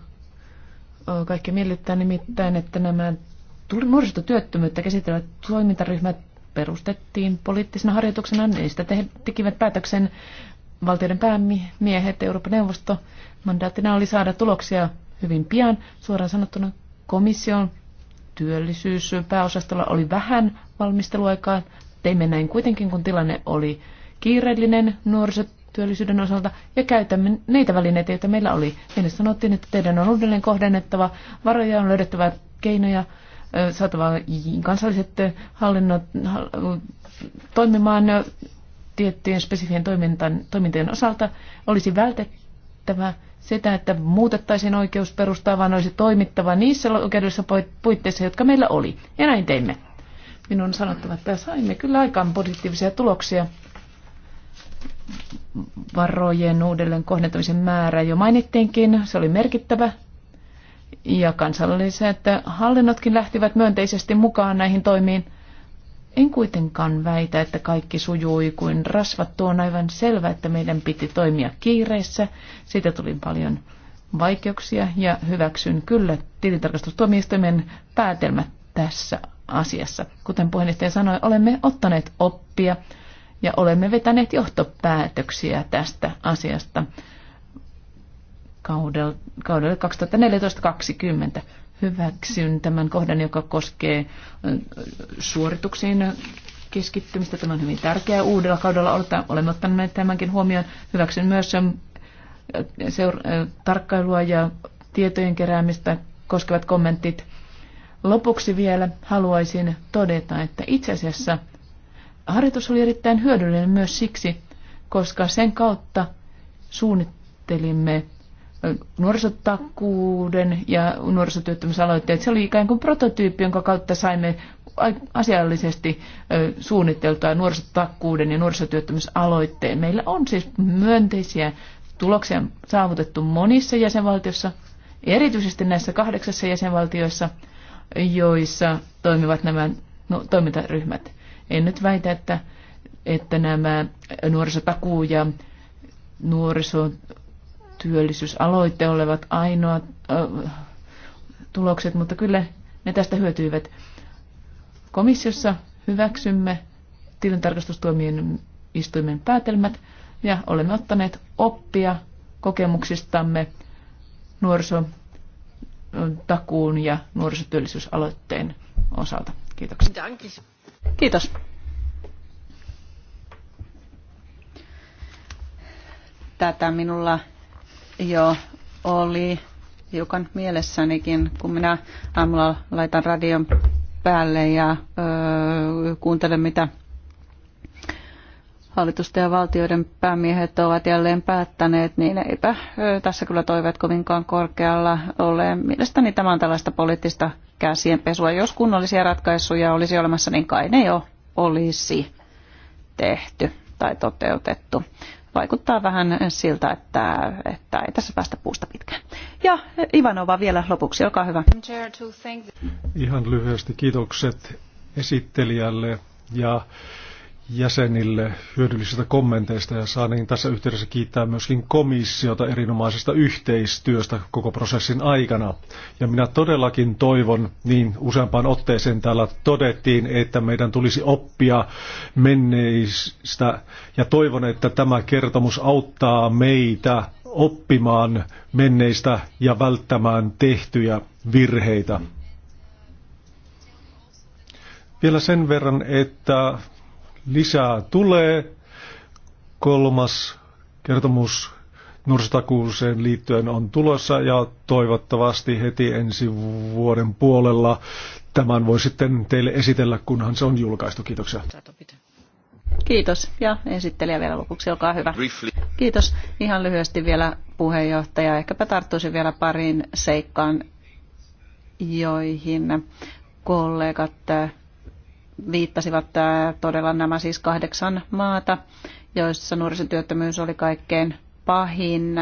S3: kaikki miellyttää nimittäin, että nämä nuorisotyöttömyyttä käsittelevät toimintaryhmät perustettiin poliittisena harjoituksena. Niistä te- tekivät päätöksen valtioiden päämiehet, Euroopan neuvosto. Mandaattina oli saada tuloksia hyvin pian, suoraan sanottuna komission pääosastolla oli vähän valmisteluaikaa. Teimme näin kuitenkin, kun tilanne oli kiireellinen nuorisotyöllisyyden osalta ja käytämme niitä välineitä, joita meillä oli. Meille sanottiin, että teidän on uudelleen kohdennettava, varoja on löydettävä keinoja, saatava kansalliset hallinnot toimimaan tiettyjen spesifien toimintojen osalta. Olisi vältetty mietittävä sitä, että muutettaisiin oikeusperustaa, vaan olisi toimittava niissä oikeudellisissa puitteissa, jotka meillä oli. Ja näin teimme. Minun on sanottava, että saimme kyllä aikaan positiivisia tuloksia. Varojen uudelleen kohdentamisen määrä jo mainittiinkin, se oli merkittävä. Ja kansalliset hallinnotkin lähtivät myönteisesti mukaan näihin toimiin – en kuitenkaan väitä, että kaikki sujui kuin rasvattu. On aivan selvä, että meidän piti toimia kiireessä. Siitä tuli paljon vaikeuksia ja hyväksyn kyllä tilintarkastustuomioistuimen päätelmät tässä asiassa. Kuten puheenjohtaja sanoi, olemme ottaneet oppia ja olemme vetäneet johtopäätöksiä tästä asiasta kaudelle 2014-2020 hyväksyn tämän kohdan, joka koskee suorituksiin keskittymistä. Tämä on hyvin tärkeää. Uudella kaudella olemme ottaneet tämänkin huomioon. Hyväksyn myös tarkkailua ja tietojen keräämistä koskevat kommentit. Lopuksi vielä haluaisin todeta, että itse asiassa harjoitus oli erittäin hyödyllinen myös siksi, koska sen kautta suunnittelimme nuorisotakuuden ja nuorisotyöttömyysaloitteet. Se oli ikään kuin prototyyppi, jonka kautta saimme asiallisesti suunniteltua nuorisotakuuden ja nuorisotyöttömyysaloitteen. Meillä on siis myönteisiä tuloksia saavutettu monissa jäsenvaltiossa, erityisesti näissä kahdeksassa jäsenvaltioissa, joissa toimivat nämä no, toimintaryhmät. En nyt väitä, että, että nämä nuorisotakuu ja nuoriso työllisyysaloitte olevat ainoat äh, tulokset, mutta kyllä ne tästä hyötyivät. Komissiossa hyväksymme tilintarkastustuomioistuimen päätelmät ja olemme ottaneet oppia kokemuksistamme nuorisotakuun ja nuorisotyöllisyysaloitteen osalta. Kiitoksia. Kiitos.
S2: Tätä minulla jo oli hiukan mielessänikin, kun minä aamulla laitan radion päälle ja öö, kuuntelen, mitä hallitusten ja valtioiden päämiehet ovat jälleen päättäneet, niin eipä tässä kyllä toiveet kovinkaan korkealla ole. Mielestäni tämä on tällaista poliittista käsienpesua. Jos kunnollisia ratkaisuja olisi olemassa, niin kai ne jo olisi tehty tai toteutettu vaikuttaa vähän siltä, että, että ei tässä päästä puusta pitkään. Ja Ivanova vielä lopuksi, olkaa hyvä.
S4: Ihan lyhyesti kiitokset esittelijälle ja jäsenille hyödyllisistä kommenteista ja niin tässä yhteydessä kiittää myöskin komissiota erinomaisesta yhteistyöstä koko prosessin aikana. Ja minä todellakin toivon, niin useampaan otteeseen täällä todettiin, että meidän tulisi oppia menneistä ja toivon, että tämä kertomus auttaa meitä oppimaan menneistä ja välttämään tehtyjä virheitä. Vielä sen verran, että lisää tulee. Kolmas kertomus nuorisotakuuseen liittyen on tulossa ja toivottavasti heti ensi vuoden puolella tämän voi sitten teille esitellä, kunhan se on julkaistu. Kiitoksia.
S2: Kiitos. Ja esittelijä vielä lopuksi, olkaa hyvä. Kiitos. Ihan lyhyesti vielä puheenjohtaja. Ehkäpä tarttuisin vielä pariin seikkaan, joihin kollegat viittasivat äh, todella nämä siis kahdeksan maata, joissa nuorisotyöttömyys oli kaikkein pahin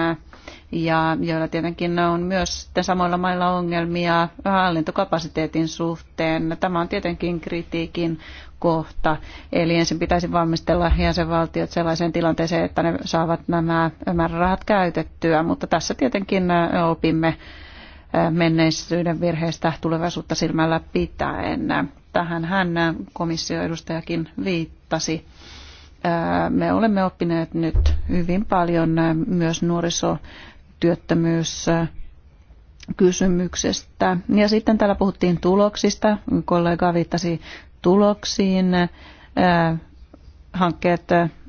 S2: ja joilla tietenkin on myös samoilla mailla ongelmia hallintokapasiteetin suhteen. Tämä on tietenkin kritiikin kohta. Eli ensin pitäisi valmistella jäsenvaltiot sellaiseen tilanteeseen, että ne saavat nämä määrärahat käytettyä, mutta tässä tietenkin äh, opimme äh, menneisyyden virheistä tulevaisuutta silmällä pitäen tähän hän komissioedustajakin viittasi. Me olemme oppineet nyt hyvin paljon myös nuorisotyöttömyys kysymyksestä. Ja sitten täällä puhuttiin tuloksista. Kollega viittasi tuloksiin. Hankkeet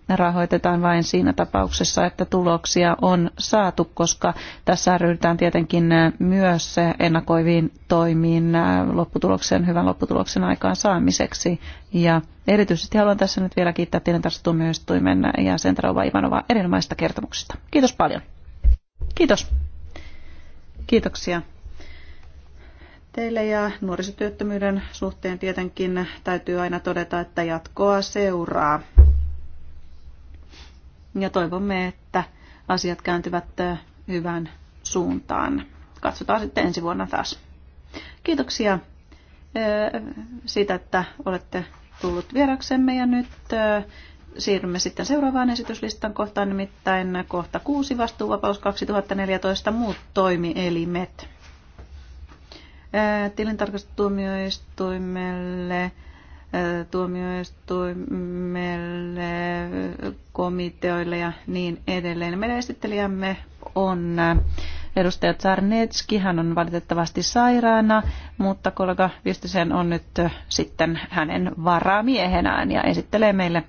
S2: rahoitetaan vain siinä tapauksessa, että tuloksia on saatu, koska tässä ryhdytään tietenkin äh, myös ennakoiviin toimiin äh, lopputuloksen, hyvän lopputuloksen aikaan saamiseksi. Ja erityisesti haluan tässä nyt vielä kiittää tilintarkastustuomioistuimen ja Sentrauva Ivanova erinomaisista kertomuksista. Kiitos paljon. Kiitos. Kiitoksia teille ja nuorisotyöttömyyden suhteen tietenkin täytyy aina todeta, että jatkoa seuraa ja toivomme, että asiat kääntyvät hyvään suuntaan. Katsotaan sitten ensi vuonna taas. Kiitoksia siitä, että olette tullut vieraksemme ja nyt siirrymme sitten seuraavaan esityslistan kohtaan, nimittäin kohta 6, vastuuvapaus 2014, muut toimielimet. Tilintarkastustuomioistuimelle tuomioistuimelle, komiteoille ja niin edelleen. Meidän esittelijämme on äh, edustaja Tsarnetski, hän on valitettavasti sairaana, mutta kollega Vistisen on nyt äh, sitten hänen varamiehenään ja esittelee meille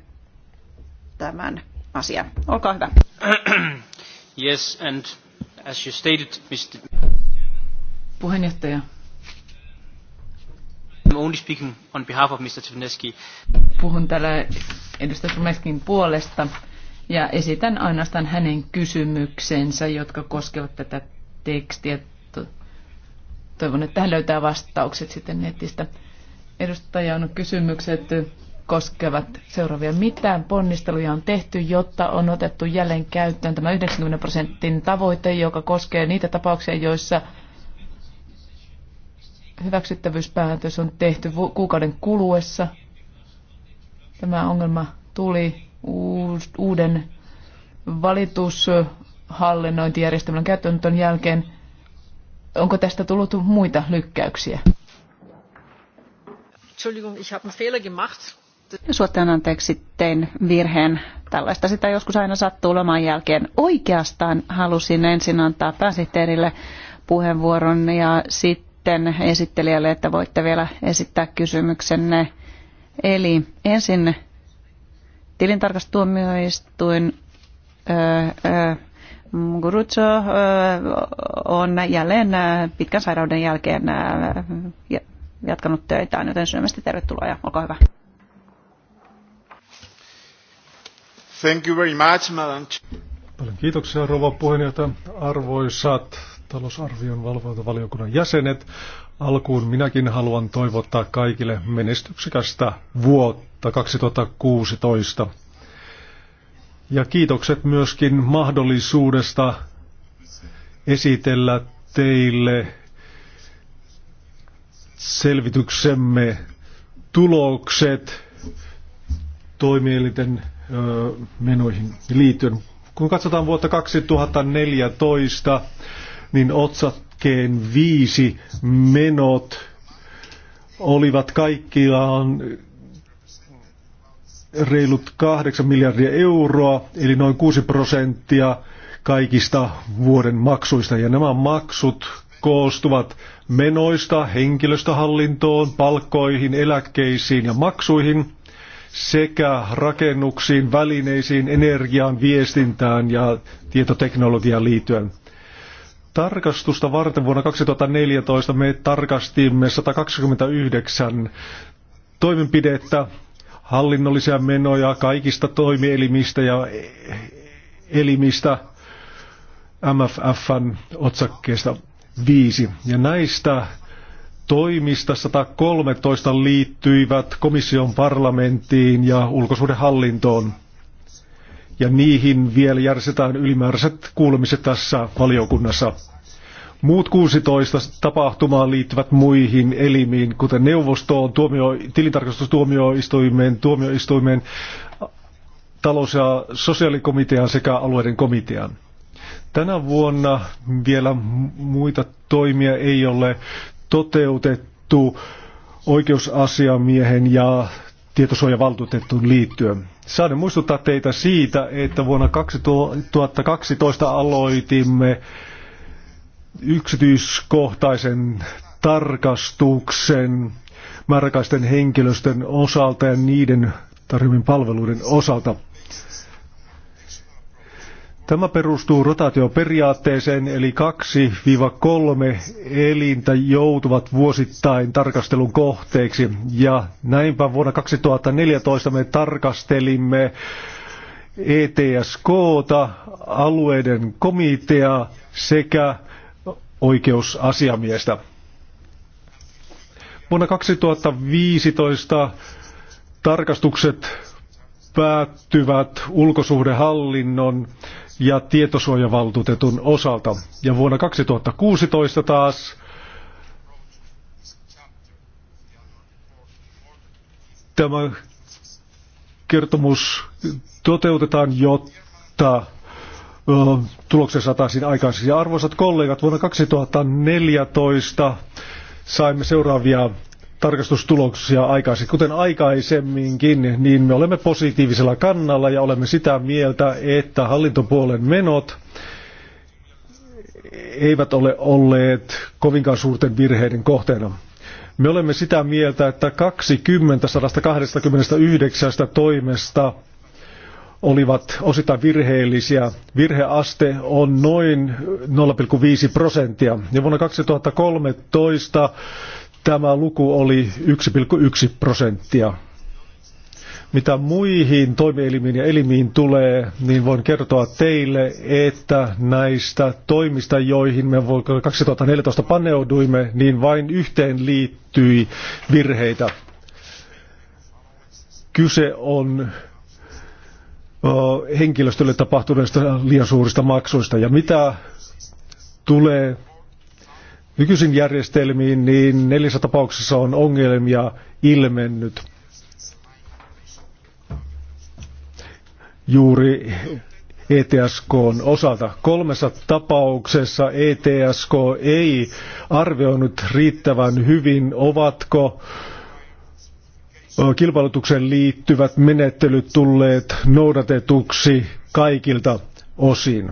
S2: tämän asian. Olkaa hyvä.
S1: yes, and as you stated,
S2: Mr.
S3: Puheenjohtaja, Puhun täällä edustaja Tveneskin puolesta ja esitän ainoastaan hänen kysymyksensä, jotka koskevat tätä tekstiä. Toivon, että hän löytää vastaukset sitten netistä. Edustajan kysymykset koskevat seuraavia. Mitään ponnisteluja on tehty, jotta on otettu jälleen käyttöön tämä 90 prosentin tavoite, joka koskee niitä tapauksia, joissa hyväksyttävyyspäätös on tehty kuukauden kuluessa. Tämä ongelma tuli uuden valitushallinnointijärjestelmän käyttöönoton jälkeen. Onko tästä tullut muita lykkäyksiä?
S1: Entschuldigung,
S2: Suotan anteeksi, tein virheen. Tällaista sitä joskus aina sattuu loman jälkeen. Oikeastaan halusin ensin antaa pääsihteerille puheenvuoron ja sitten sitten esittelijälle, että voitte vielä esittää kysymyksenne. Eli ensin tilintarkastuomioistuin Mugurucho on jälleen pitkän sairauden jälkeen jatkanut töitään, joten syömästi tervetuloa ja olkaa hyvä.
S4: Thank you very much, madam. Paljon kiitoksia, rouva puheenjohtaja. Arvoisat talousarvion valvontavaliokunnan jäsenet. Alkuun minäkin haluan toivottaa kaikille menestyksekästä vuotta 2016. Ja kiitokset myöskin mahdollisuudesta esitellä teille selvityksemme tulokset toimielinten menoihin liittyen. Kun katsotaan vuotta 2014, niin otsakkeen viisi menot olivat kaikkiaan reilut 8 miljardia euroa, eli noin 6 prosenttia kaikista vuoden maksuista. Ja nämä maksut koostuvat menoista henkilöstöhallintoon, palkkoihin, eläkkeisiin ja maksuihin sekä rakennuksiin, välineisiin, energiaan, viestintään ja tietoteknologiaan liittyen. Tarkastusta varten vuonna 2014 me tarkastimme 129 toimenpidettä, hallinnollisia menoja kaikista toimielimistä ja e- elimistä MFFn otsakkeesta 5. Ja näistä toimista 113 liittyivät komission parlamenttiin ja ulkosuhdehallintoon ja niihin vielä järjestetään ylimääräiset kuulemiset tässä valiokunnassa. Muut 16 tapahtumaan liittyvät muihin elimiin, kuten neuvostoon, tuomio, tilintarkastustuomioistuimeen, tuomioistuimeen, talous- ja sosiaalikomitean sekä alueiden komitean. Tänä vuonna vielä muita toimia ei ole toteutettu oikeusasiamiehen ja tietosuojavaltuutettuun liittyen. Saan muistuttaa teitä siitä, että vuonna 2012 aloitimme yksityiskohtaisen tarkastuksen määräkaisten henkilöstön osalta ja niiden tarjoamien palveluiden osalta. Tämä perustuu rotaatioperiaatteeseen, eli 2-3 elintä joutuvat vuosittain tarkastelun kohteeksi. Ja näinpä vuonna 2014 me tarkastelimme ETSKta, alueiden komiteaa sekä oikeusasiamiestä. Vuonna 2015 tarkastukset päättyvät ulkosuhdehallinnon ja tietosuojavaltuutetun osalta. Ja vuonna 2016 taas tämä kertomus toteutetaan, jotta tuloksen saataisiin aikaisin. Ja arvoisat kollegat, vuonna 2014 saimme seuraavia tarkastustuloksia aikaiseksi. Kuten aikaisemminkin, niin me olemme positiivisella kannalla ja olemme sitä mieltä, että hallintopuolen menot eivät ole olleet kovinkaan suurten virheiden kohteena. Me olemme sitä mieltä, että 20 129 toimesta olivat osittain virheellisiä. Virheaste on noin 0,5 prosenttia. Ja vuonna 2013 Tämä luku oli 1,1 prosenttia. Mitä muihin toimielimiin ja elimiin tulee, niin voin kertoa teille, että näistä toimista, joihin me 2014 paneuduimme, niin vain yhteen liittyi virheitä. Kyse on henkilöstölle tapahtuneista liian suurista maksuista. Ja mitä tulee nykyisin järjestelmiin, niin neljässä tapauksessa on ongelmia ilmennyt. Juuri ETSK on osalta. Kolmessa tapauksessa ETSK ei arvioinut riittävän hyvin, ovatko kilpailutukseen liittyvät menettelyt tulleet noudatetuksi kaikilta osin.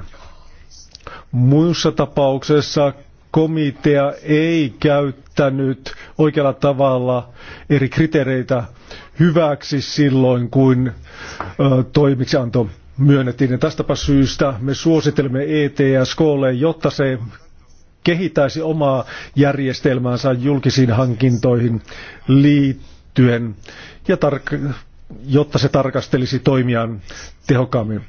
S4: Muissa tapauksessa komitea ei käyttänyt oikealla tavalla eri kriteereitä hyväksi silloin, kun toimiksianto myönnettiin. Ja tästäpä syystä me suosittelemme ETSKlle, jotta se kehittäisi omaa järjestelmäänsä julkisiin hankintoihin liittyen, ja jotta se tarkastelisi toimiaan tehokkaammin.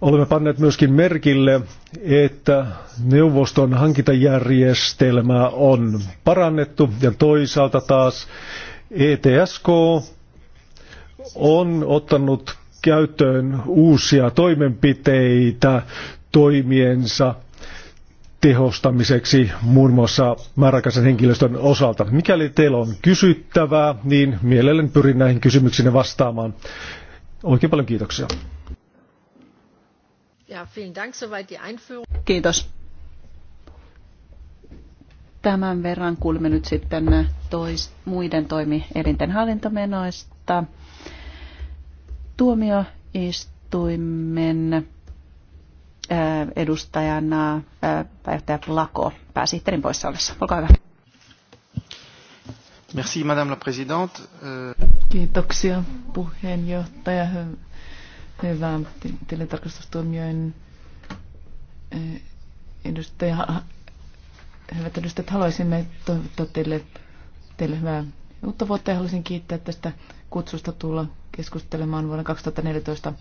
S4: Olemme panneet myöskin merkille, että neuvoston hankintajärjestelmää on parannettu ja toisaalta taas ETSK on ottanut käyttöön uusia toimenpiteitä toimiensa tehostamiseksi muun muassa määräaikaisen henkilöstön osalta. Mikäli teillä on kysyttävää, niin mielellään pyrin näihin kysymyksiin vastaamaan. Oikein paljon kiitoksia.
S2: Kiitos. Tämän verran kuulemme nyt sitten tois, muiden toimielinten hallintomenoista. Tuomioistuimen äh, edustajana äh, pääjohtaja Plako pääsihteerin poissa ollessa. Olkaa hyvä.
S4: Merci, Madame la Présidente. Euh,
S1: Kiitoksia
S3: puheenjohtaja. Hyvä. Tilintarkastustuomioin eh, edustaja, hyvät edustajat, haluaisimme toivottaa teille, teille hyvää uutta vuotta ja haluaisin kiittää tästä kutsusta tulla keskustelemaan vuoden 2014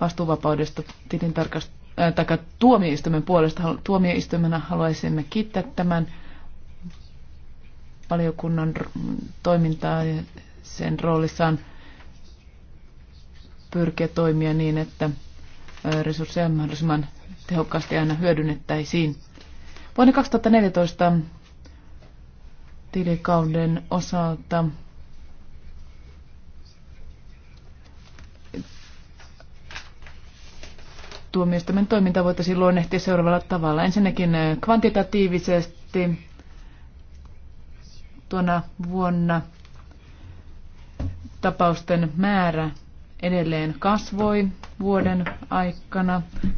S3: vastuuvapaudesta tilintarkast- äh, eh, taka, tuomioistuimen puolesta. Tuomioistuimena haluaisimme kiittää tämän valiokunnan toimintaa ja sen roolissaan pyrkiä toimia niin, että resursseja mahdollisimman tehokkaasti aina hyödynnettäisiin. Vuonna 2014 tilikauden osalta tuomioistuimen toiminta voitaisiin luonnehtia seuraavalla tavalla. Ensinnäkin kvantitatiivisesti tuona vuonna tapausten määrä edelleen kasvoi vuoden aikana 2,5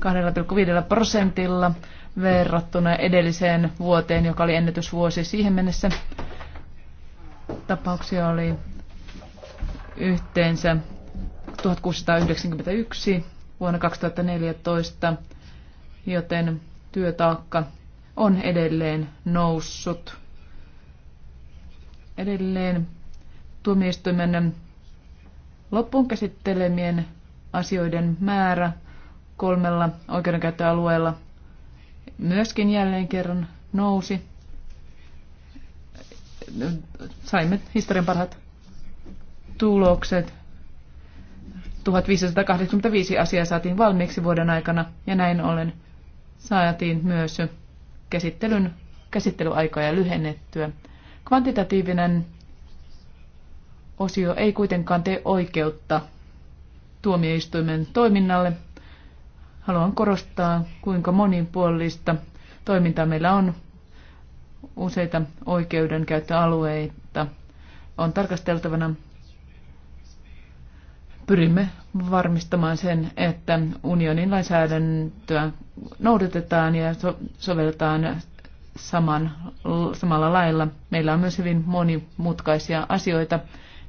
S3: prosentilla verrattuna edelliseen vuoteen, joka oli ennätysvuosi siihen mennessä. Tapauksia oli yhteensä 1691 vuonna 2014, joten työtaakka on edelleen noussut. Edelleen tuomioistuimen Loppuun käsittelemien asioiden määrä kolmella oikeudenkäyttöalueella myöskin jälleen kerran nousi. Saimme historian parhaat tulokset. 1585 asiaa saatiin valmiiksi vuoden aikana ja näin ollen saatiin myös käsittelyn, käsittelyaikoja lyhennettyä. Kvantitatiivinen osio ei kuitenkaan tee oikeutta tuomioistuimen toiminnalle. Haluan korostaa, kuinka monipuolista toimintaa meillä on. Useita oikeudenkäyttöalueita on tarkasteltavana. Pyrimme varmistamaan sen, että unionin lainsäädäntöä noudatetaan ja so- sovelletaan saman, samalla lailla. Meillä on myös hyvin monimutkaisia asioita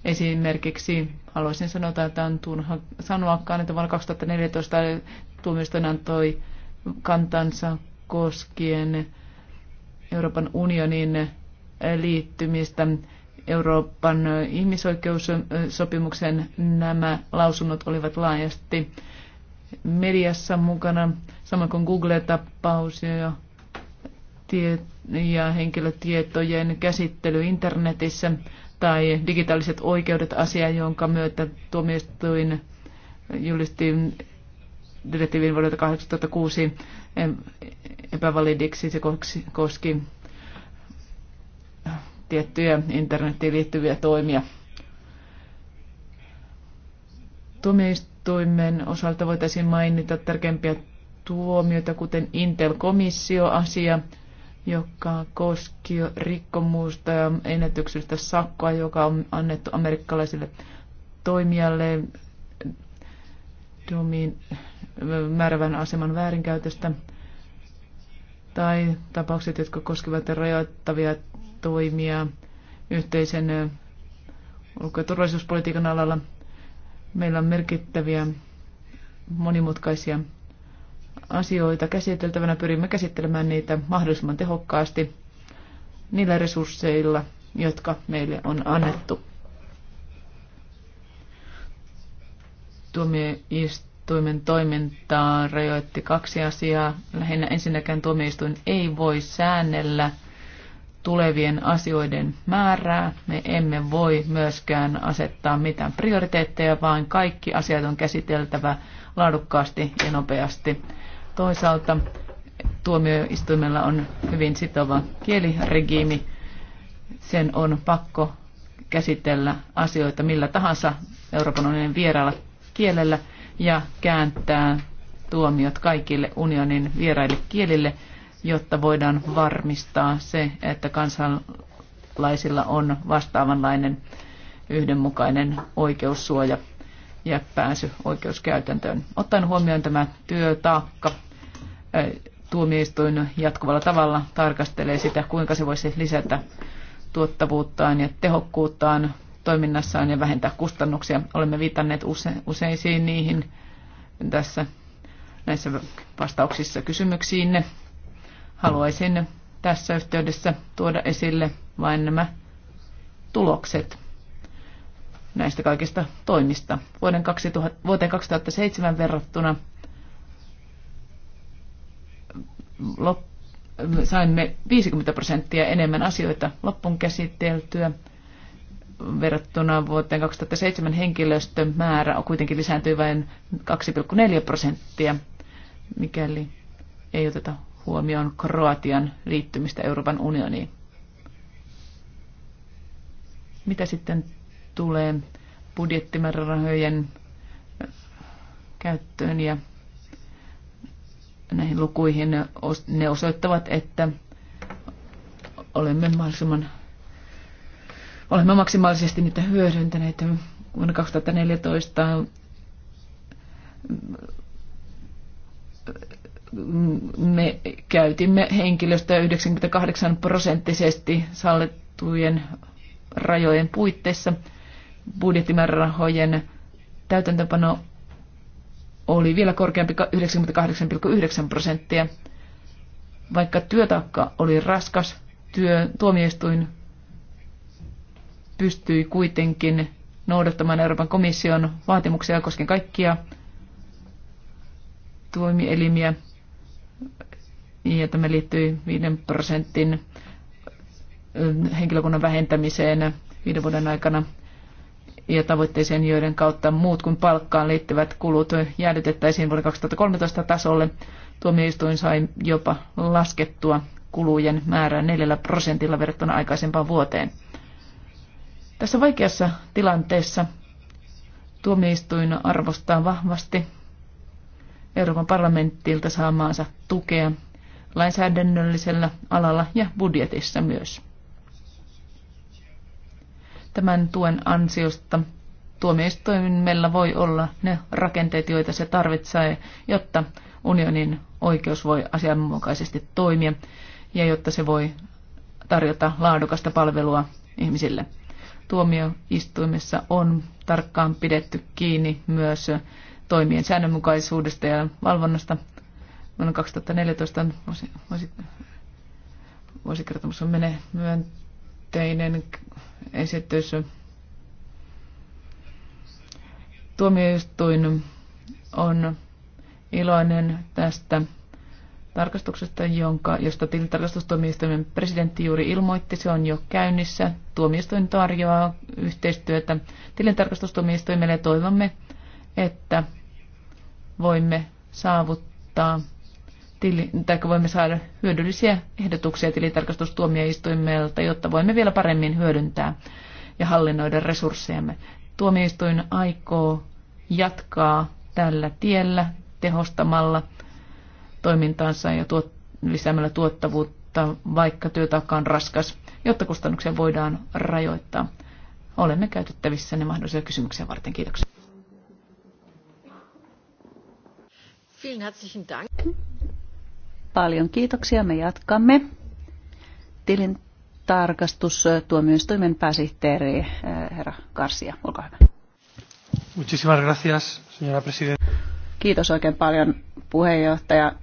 S3: Esimerkiksi haluaisin sanoa, että on turha sanoakaan, että vuonna 2014 tuomioistuin antoi kantansa koskien Euroopan unionin liittymistä Euroopan ihmisoikeussopimuksen nämä lausunnot olivat laajasti mediassa mukana, samoin kuin Google-tapaus ja, ja henkilötietojen käsittely internetissä tai digitaaliset oikeudet asia, jonka myötä tuomioistuin julisti direktiivin vuodelta 2006 epävalidiksi. Se koski tiettyjä internettiin liittyviä toimia. Tuomioistuimen osalta voitaisiin mainita tärkeimpiä tuomioita, kuten intel komissioasia asia joka koski rikkomuusta ja ennätyksestä sakkoa, joka on annettu amerikkalaiselle toimijalle domin äh, määrävän aseman väärinkäytöstä tai tapaukset, jotka koskevat rajoittavia toimia yhteisen äh, ulko- ja turvallisuuspolitiikan alalla. Meillä on merkittäviä monimutkaisia asioita käsiteltävänä. Pyrimme käsittelemään niitä mahdollisimman tehokkaasti niillä resursseilla, jotka meille on annettu. Tuomioistuimen toimintaa rajoitti kaksi asiaa. Lähinnä ensinnäkään tuomioistuin ei voi säännellä tulevien asioiden määrää. Me emme voi myöskään asettaa mitään prioriteetteja, vaan kaikki asiat on käsiteltävä laadukkaasti ja nopeasti. Toisaalta tuomioistuimella on hyvin sitova kieliregiimi. Sen on pakko käsitellä asioita millä tahansa Euroopan unionin vieraalla kielellä ja kääntää tuomiot kaikille unionin vieraille kielille, jotta voidaan varmistaa se, että kansalaisilla on vastaavanlainen yhdenmukainen oikeussuoja ja pääsy oikeuskäytäntöön. Ottaen huomioon tämä työtaakka, tuomioistuin jatkuvalla tavalla tarkastelee sitä, kuinka se voisi lisätä tuottavuuttaan ja tehokkuuttaan toiminnassaan ja vähentää kustannuksia. Olemme viitanneet use, useisiin niihin tässä näissä vastauksissa kysymyksiinne. Haluaisin tässä yhteydessä tuoda esille vain nämä tulokset näistä kaikista toimista. Vuoden 2000, vuoteen 2007 verrattuna lop, saimme 50 prosenttia enemmän asioita loppuun käsiteltyä verrattuna vuoteen 2007 henkilöstön määrä on kuitenkin lisääntyi vain 2,4 prosenttia, mikäli ei oteta huomioon Kroatian liittymistä Euroopan unioniin. Mitä sitten tulee budjettimäärärahojen käyttöön ja näihin lukuihin ne osoittavat, että olemme mahdollisimman olemme maksimaalisesti niitä hyödyntäneet. Vuonna 2014 me käytimme henkilöstöä 98 prosenttisesti sallittujen rajojen puitteissa – budjettimäärärahojen täytäntöpano oli vielä korkeampi 98,9 prosenttia. Vaikka työtaakka oli raskas, työ, tuomioistuin pystyi kuitenkin noudattamaan Euroopan komission vaatimuksia koskien kaikkia tuomielimiä. Ja tämä liittyi 5 prosentin henkilökunnan vähentämiseen viiden vuoden aikana ja tavoitteeseen, joiden kautta muut kuin palkkaan liittyvät kulut jäädytettäisiin vuoden 2013 tasolle. Tuomioistuin sai jopa laskettua kulujen määrää neljällä prosentilla verrattuna aikaisempaan vuoteen. Tässä vaikeassa tilanteessa tuomioistuin arvostaa vahvasti Euroopan parlamenttilta saamaansa tukea lainsäädännöllisellä alalla ja budjetissa myös. Tämän tuen ansiosta tuomioistuimella voi olla ne rakenteet, joita se tarvitsee, jotta unionin oikeus voi asianmukaisesti toimia ja jotta se voi tarjota laadukasta palvelua ihmisille. Tuomioistuimessa on tarkkaan pidetty kiinni myös toimien säännönmukaisuudesta ja valvonnasta. Vuonna 2014 vuosikertomus on menee myönteinen esitys. Tuomioistuin on iloinen tästä tarkastuksesta, jonka, josta tilintarkastustuomioistuimen presidentti juuri ilmoitti. Se on jo käynnissä. Tuomioistuin tarjoaa yhteistyötä tilintarkastustuomioistuimelle ja toivomme, että voimme saavuttaa tili, tai voimme saada hyödyllisiä ehdotuksia tilintarkastustuomioistuimelta, jotta voimme vielä paremmin hyödyntää ja hallinnoida resurssejamme. Tuomioistuin aikoo jatkaa tällä tiellä tehostamalla toimintaansa ja tuot, lisäämällä tuottavuutta, vaikka työtaakka on raskas, jotta kustannuksia voidaan rajoittaa. Olemme käytettävissä ne mahdollisia kysymyksiä varten. Kiitoksia.
S2: Paljon kiitoksia. Me jatkamme. Tilin tuomioistuimen pääsihteeri eh, herra Karsia, olkaa hyvä.
S4: Muchísimas gracias, señora presidenta.
S2: Kiitos oikein paljon puheenjohtaja.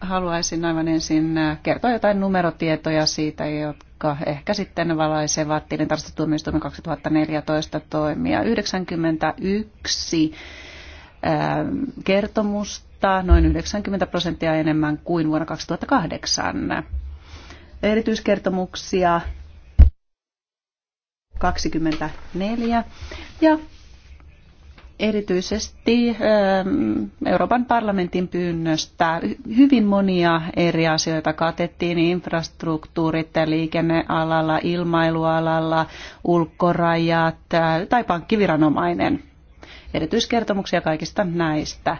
S2: Haluaisin aivan ensin eh, kertoa jotain numerotietoja siitä, jotka ehkä sitten valaisevat tilintarkastustuomioistuimen 2014 toimia. 91 eh, kertomusta tuottaa noin 90 prosenttia enemmän kuin vuonna 2008. Erityiskertomuksia 24 ja erityisesti ähm, Euroopan parlamentin pyynnöstä hyvin monia eri asioita katettiin, infrastruktuurit liikennealalla, ilmailualalla, ulkorajat äh, tai pankkiviranomainen. Erityiskertomuksia kaikista näistä.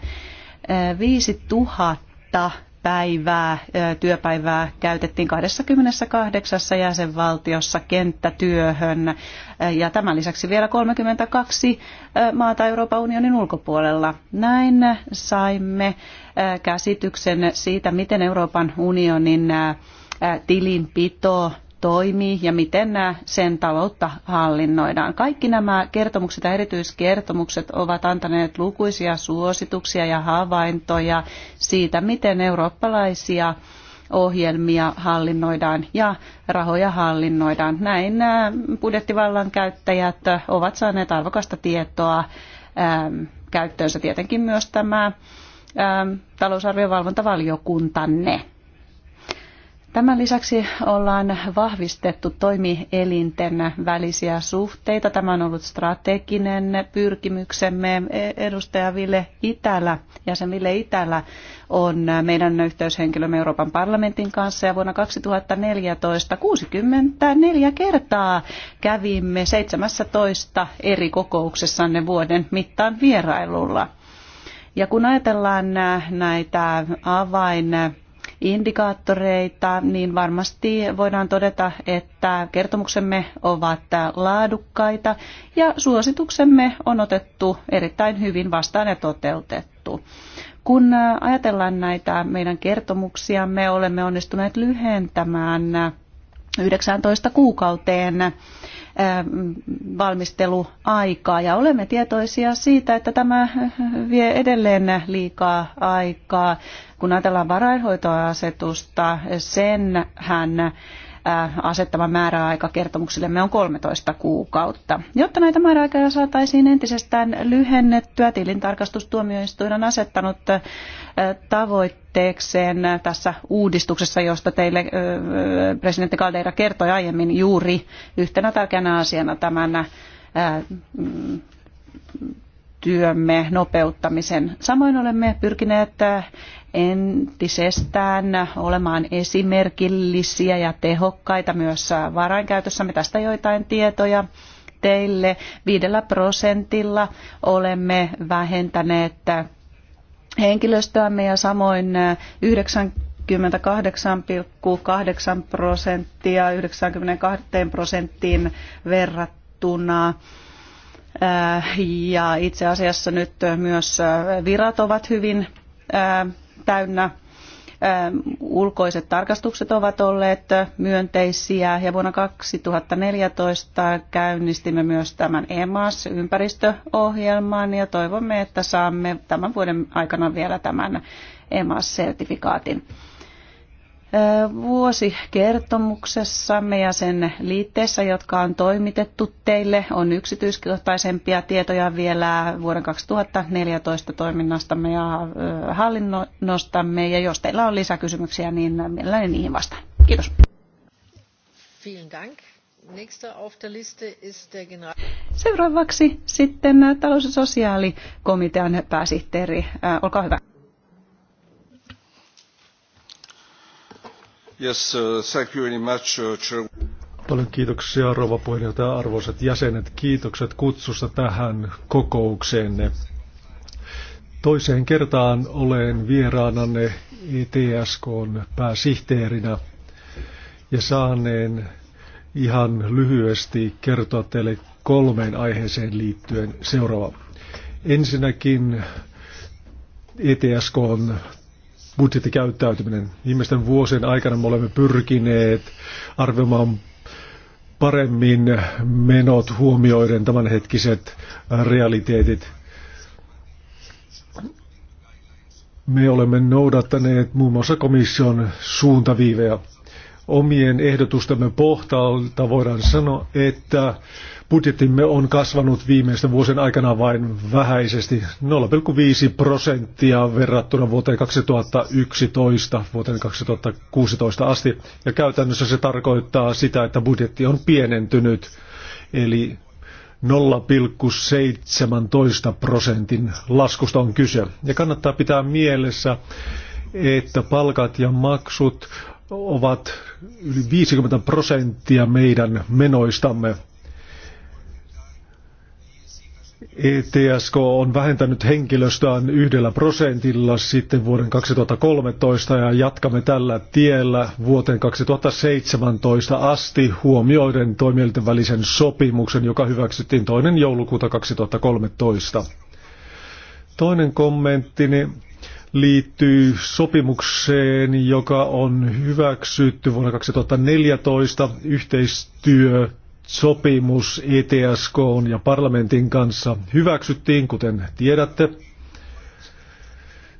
S2: 5000 päivää, työpäivää käytettiin 28 jäsenvaltiossa kenttätyöhön ja tämän lisäksi vielä 32 maata Euroopan unionin ulkopuolella. Näin saimme käsityksen siitä, miten Euroopan unionin tilinpito toimii ja miten sen taloutta hallinnoidaan. Kaikki nämä kertomukset ja erityiskertomukset ovat antaneet lukuisia suosituksia ja havaintoja siitä, miten eurooppalaisia ohjelmia hallinnoidaan ja rahoja hallinnoidaan. Näin nämä budjettivallan käyttäjät ovat saaneet arvokasta tietoa käyttöönsä tietenkin myös tämä talousarviovalvontavaliokuntanne. Tämän lisäksi ollaan vahvistettu toimielinten välisiä suhteita. Tämä on ollut strateginen pyrkimyksemme. Edustaja Ville Itälä, jäsen Ville Itälä on meidän yhteyshenkilömme Euroopan parlamentin kanssa ja vuonna 2014 64 kertaa kävimme 17 eri kokouksessanne vuoden mittaan vierailulla. Ja kun ajatellaan näitä avain indikaattoreita, niin varmasti voidaan todeta, että kertomuksemme ovat laadukkaita ja suosituksemme on otettu erittäin hyvin vastaan ja toteutettu. Kun ajatellaan näitä meidän kertomuksia, me olemme onnistuneet lyhentämään 19 kuukauteen valmisteluaikaa ja olemme tietoisia siitä, että tämä vie edelleen liikaa aikaa. Kun ajatellaan varainhoitoasetusta, senhän Äh, asettama määräaika kertomuksillemme on 13 kuukautta. Jotta näitä määräaikoja saataisiin entisestään lyhennettyä, tilintarkastustuomioistuin on asettanut äh, tavoitteekseen tässä uudistuksessa, josta teille äh, presidentti Caldeira kertoi aiemmin juuri yhtenä tärkeänä asiana tämän mm, työmme nopeuttamisen. Samoin olemme pyrkineet entisestään olemaan esimerkillisiä ja tehokkaita myös varainkäytössämme. Tästä joitain tietoja teille. Viidellä prosentilla olemme vähentäneet henkilöstöämme ja samoin 98,8 prosenttia 92 prosenttiin verrattuna ja itse asiassa nyt myös virat ovat hyvin täynnä. Ulkoiset tarkastukset ovat olleet myönteisiä ja vuonna 2014 käynnistimme myös tämän EMAS-ympäristöohjelman ja toivomme, että saamme tämän vuoden aikana vielä tämän EMAS-sertifikaatin. Vuosikertomuksessamme ja sen liitteessä, jotka on toimitettu teille, on yksityiskohtaisempia tietoja vielä vuoden 2014 toiminnastamme ja hallinnostamme. Ja jos teillä on lisäkysymyksiä, niin mielelläni niihin vastaan. Kiitos. Seuraavaksi sitten talous- ja sosiaalikomitean pääsihteeri. Olkaa hyvä.
S4: Yes, uh, thank you very much, uh, chair. Paljon kiitoksia rouva puheenjohtaja, arvoisat jäsenet. Kiitokset kutsusta tähän kokoukseenne. Toiseen kertaan olen vieraananne ETSKn pääsihteerinä ja saaneen ihan lyhyesti kertoa teille kolmeen aiheeseen liittyen seuraava. Ensinnäkin ETSK on budjettikäyttäytyminen. Viimeisten vuosien aikana me olemme pyrkineet arvioimaan paremmin menot huomioiden tämänhetkiset äh, realiteetit. Me olemme noudattaneet muun muassa komission suuntaviivejä. Omien ehdotustemme pohtalta voidaan sanoa, että Budjettimme on kasvanut viimeisten vuosien aikana vain vähäisesti 0,5 prosenttia verrattuna vuoteen 2011 vuoteen 2016 asti. Ja käytännössä se tarkoittaa sitä, että budjetti on pienentynyt, eli 0,17 prosentin laskusta on kyse. Ja kannattaa pitää mielessä, että palkat ja maksut ovat yli 50 prosenttia meidän menoistamme. ETSK on vähentänyt henkilöstöään yhdellä prosentilla sitten vuoden 2013 ja jatkamme tällä tiellä vuoteen 2017 asti huomioiden toimielinten välisen sopimuksen, joka hyväksyttiin toinen joulukuuta 2013. Toinen kommenttini liittyy sopimukseen, joka on hyväksytty vuonna 2014 yhteistyö sopimus ETSK ja parlamentin kanssa hyväksyttiin, kuten tiedätte.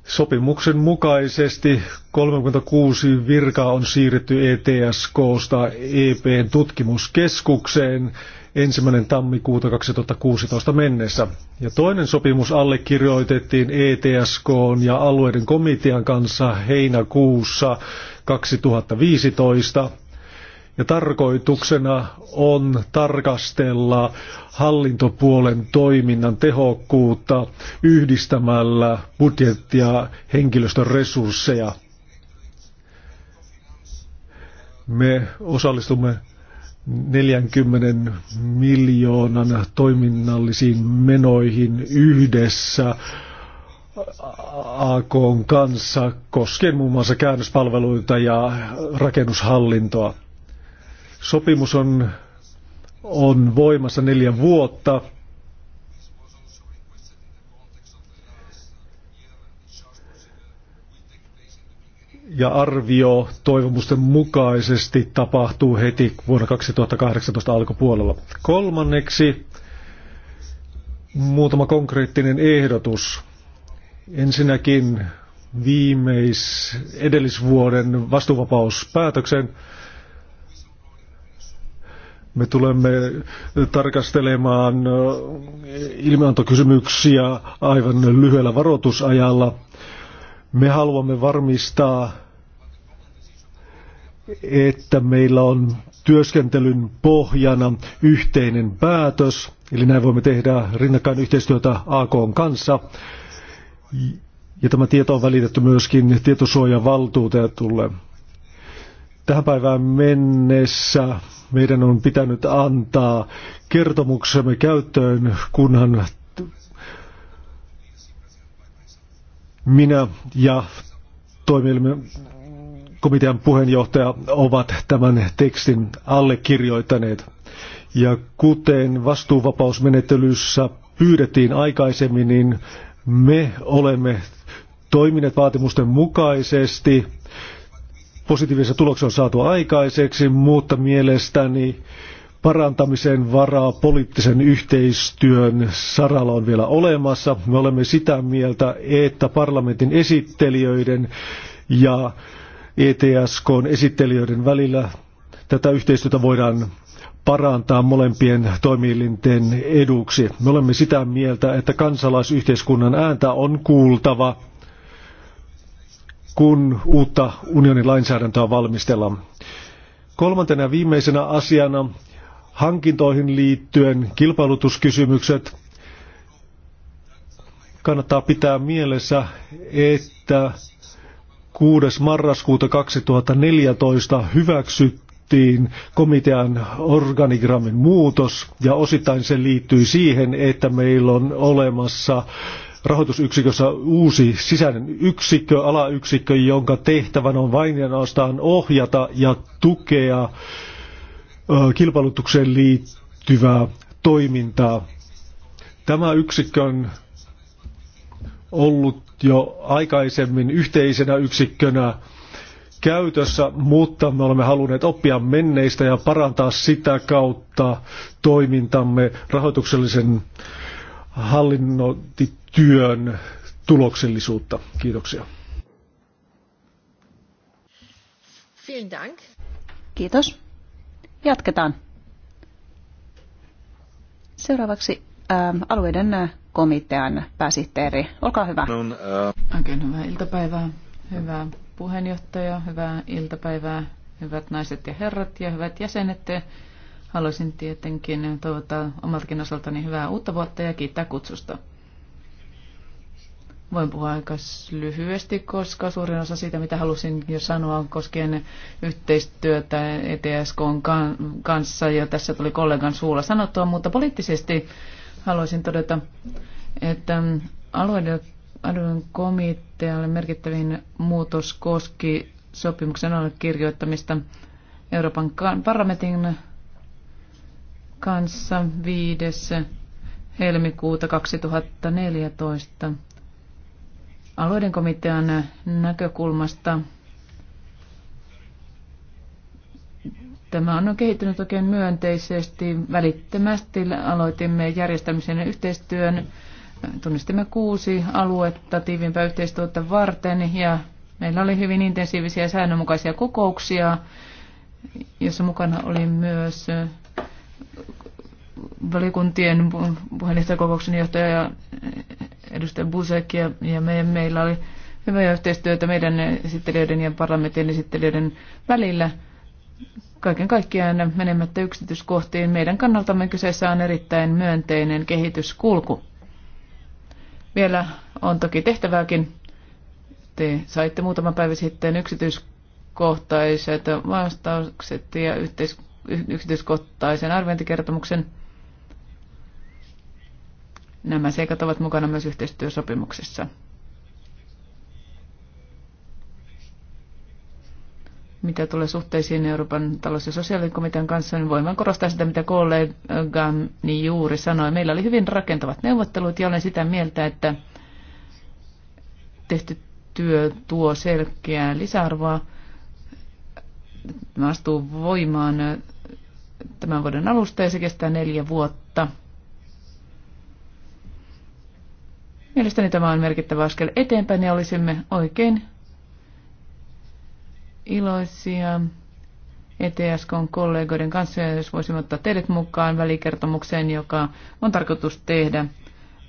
S4: Sopimuksen mukaisesti 36 virkaa on siirretty ETSKsta EPn tutkimuskeskukseen ensimmäinen tammikuuta 2016 mennessä. Ja toinen sopimus allekirjoitettiin ETSK ja alueiden komitean kanssa heinäkuussa 2015 – ja tarkoituksena on tarkastella hallintopuolen toiminnan tehokkuutta yhdistämällä budjetti- ja henkilöstön resursseja. Me osallistumme 40 miljoonan toiminnallisiin menoihin yhdessä AK kanssa koskien muun muassa käännöspalveluita ja rakennushallintoa. Sopimus on, on voimassa neljä vuotta. ja arvio toivomusten mukaisesti tapahtuu heti vuonna 2018 alkupuolella. Kolmanneksi muutama konkreettinen ehdotus. Ensinnäkin viimeis edellisvuoden vastuuvapauspäätöksen me tulemme tarkastelemaan ilmiantokysymyksiä aivan lyhyellä varoitusajalla. Me haluamme varmistaa, että meillä on työskentelyn pohjana yhteinen päätös, eli näin voimme tehdä rinnakkain yhteistyötä AKn kanssa. Ja tämä tieto on välitetty myöskin tietosuojavaltuutetulle. Tähän päivään mennessä meidän on pitänyt antaa kertomuksemme käyttöön, kunhan minä ja toimielimme komitean puheenjohtaja ovat tämän tekstin allekirjoittaneet. Ja kuten vastuuvapausmenettelyssä pyydettiin aikaisemmin, niin me olemme toimineet vaatimusten mukaisesti positiivisia tuloksia on saatu aikaiseksi, mutta mielestäni parantamisen varaa poliittisen yhteistyön saralla on vielä olemassa. Me olemme sitä mieltä, että parlamentin esittelijöiden ja ETSKn esittelijöiden välillä tätä yhteistyötä voidaan parantaa molempien toimielinten eduksi. Me olemme sitä mieltä, että kansalaisyhteiskunnan ääntä on kuultava kun uutta unionin lainsäädäntöä valmistellaan. Kolmantena viimeisenä asiana hankintoihin liittyen kilpailutuskysymykset. Kannattaa pitää mielessä, että 6. marraskuuta 2014 hyväksyttiin komitean organigrammin muutos ja osittain se liittyy siihen, että meillä on olemassa rahoitusyksikössä uusi sisäinen yksikkö, alayksikkö, jonka tehtävänä on vain ja ainoastaan ohjata ja tukea kilpailutukseen liittyvää toimintaa. Tämä yksikkö on ollut jo aikaisemmin yhteisenä yksikkönä käytössä, mutta me olemme halunneet oppia menneistä ja parantaa sitä kautta toimintamme rahoituksellisen hallinnointi työn tuloksellisuutta. Kiitoksia.
S2: Kiitos. Jatketaan. Seuraavaksi ä, ähm, alueiden äh, komitean pääsihteeri. Olkaa hyvä.
S3: Äh, Oikein hyvää iltapäivää, hyvää puheenjohtaja, hyvää iltapäivää, hyvät naiset ja herrat ja hyvät jäsenet. Haluaisin tietenkin toivottaa omaltakin osaltani hyvää uutta vuotta ja kiittää kutsusta. Voin puhua aika lyhyesti, koska suurin osa siitä, mitä halusin jo sanoa, on koskien yhteistyötä ETSK kanssa, ja tässä tuli kollegan suulla sanottua, mutta poliittisesti haluaisin todeta, että alueiden komitealle merkittävin muutos koski sopimuksen allekirjoittamista Euroopan parlamentin kanssa 5. helmikuuta 2014 Alueiden komitean näkökulmasta Tämä on kehittynyt oikein myönteisesti. Välittömästi aloitimme järjestämisen ja yhteistyön. Tunnistimme kuusi aluetta tiiviimpää yhteistyötä varten ja meillä oli hyvin intensiivisiä säännönmukaisia kokouksia, jossa mukana oli myös valiokuntien puheenjohtajakokouksen johtaja ja edustaja Busek ja, ja me, meillä oli hyvää yhteistyötä meidän esittelijöiden ja parlamentin esittelijöiden välillä. Kaiken kaikkiaan menemättä yksityiskohtiin, meidän kannaltamme kyseessä on erittäin myönteinen kehityskulku. Vielä on toki tehtävääkin. Te saitte muutama päivä sitten yksityiskohtaiset vastaukset ja yhteis- yksityiskohtaisen arviointikertomuksen – Nämä seikat ovat mukana myös yhteistyösopimuksessa. Mitä tulee suhteisiin Euroopan talous- ja sosiaalikomitean kanssa, niin voin vain korostaa sitä, mitä kollegani juuri sanoi. Meillä oli hyvin rakentavat neuvottelut ja olen sitä mieltä, että tehty työ tuo selkeää lisäarvoa. Tämä astuu voimaan tämän vuoden alusta ja se kestää neljä vuotta. Mielestäni tämä on merkittävä askel eteenpäin ja olisimme oikein iloisia ETSKn kollegoiden kanssa, jos voisimme ottaa teidät mukaan välikertomukseen, joka on tarkoitus tehdä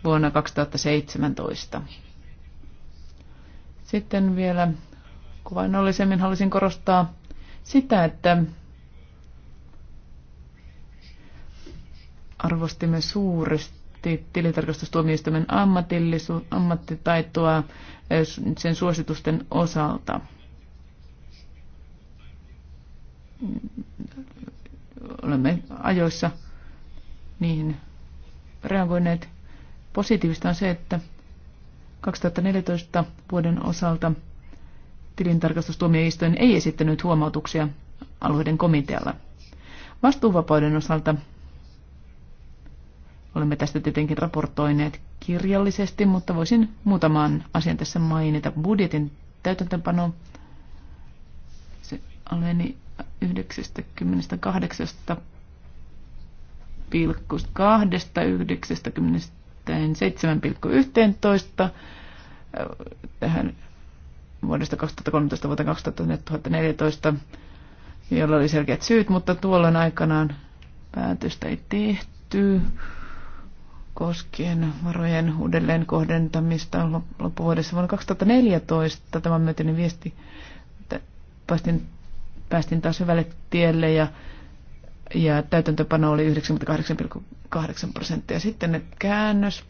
S3: vuonna 2017. Sitten vielä kuvainnollisemmin haluaisin korostaa sitä, että arvostimme suuresti tilintarkastustuomioistuimen ammattitaitoa eh, sen suositusten osalta. Olemme ajoissa niihin reagoineet. Positiivista on se, että 2014 vuoden osalta tilintarkastustuomioistuin ei esittänyt huomautuksia alueiden komitealla. Vastuuvapauden osalta Olemme tästä tietenkin raportoineet kirjallisesti, mutta voisin muutaman asian tässä mainita. Budjetin täytäntöpano se aleni 98,2 97,11 tähän vuodesta 2013 vuoteen 2014, jolla oli selkeät syyt, mutta tuolloin aikanaan päätöstä ei tehty koskien varojen uudelleen kohdentamista loppuvuodessa vuonna 2014. Tämä myöten viesti, että päästiin, päästiin taas hyvälle tielle ja, ja täytäntöpano oli 98,8 prosenttia. Sitten ne käännös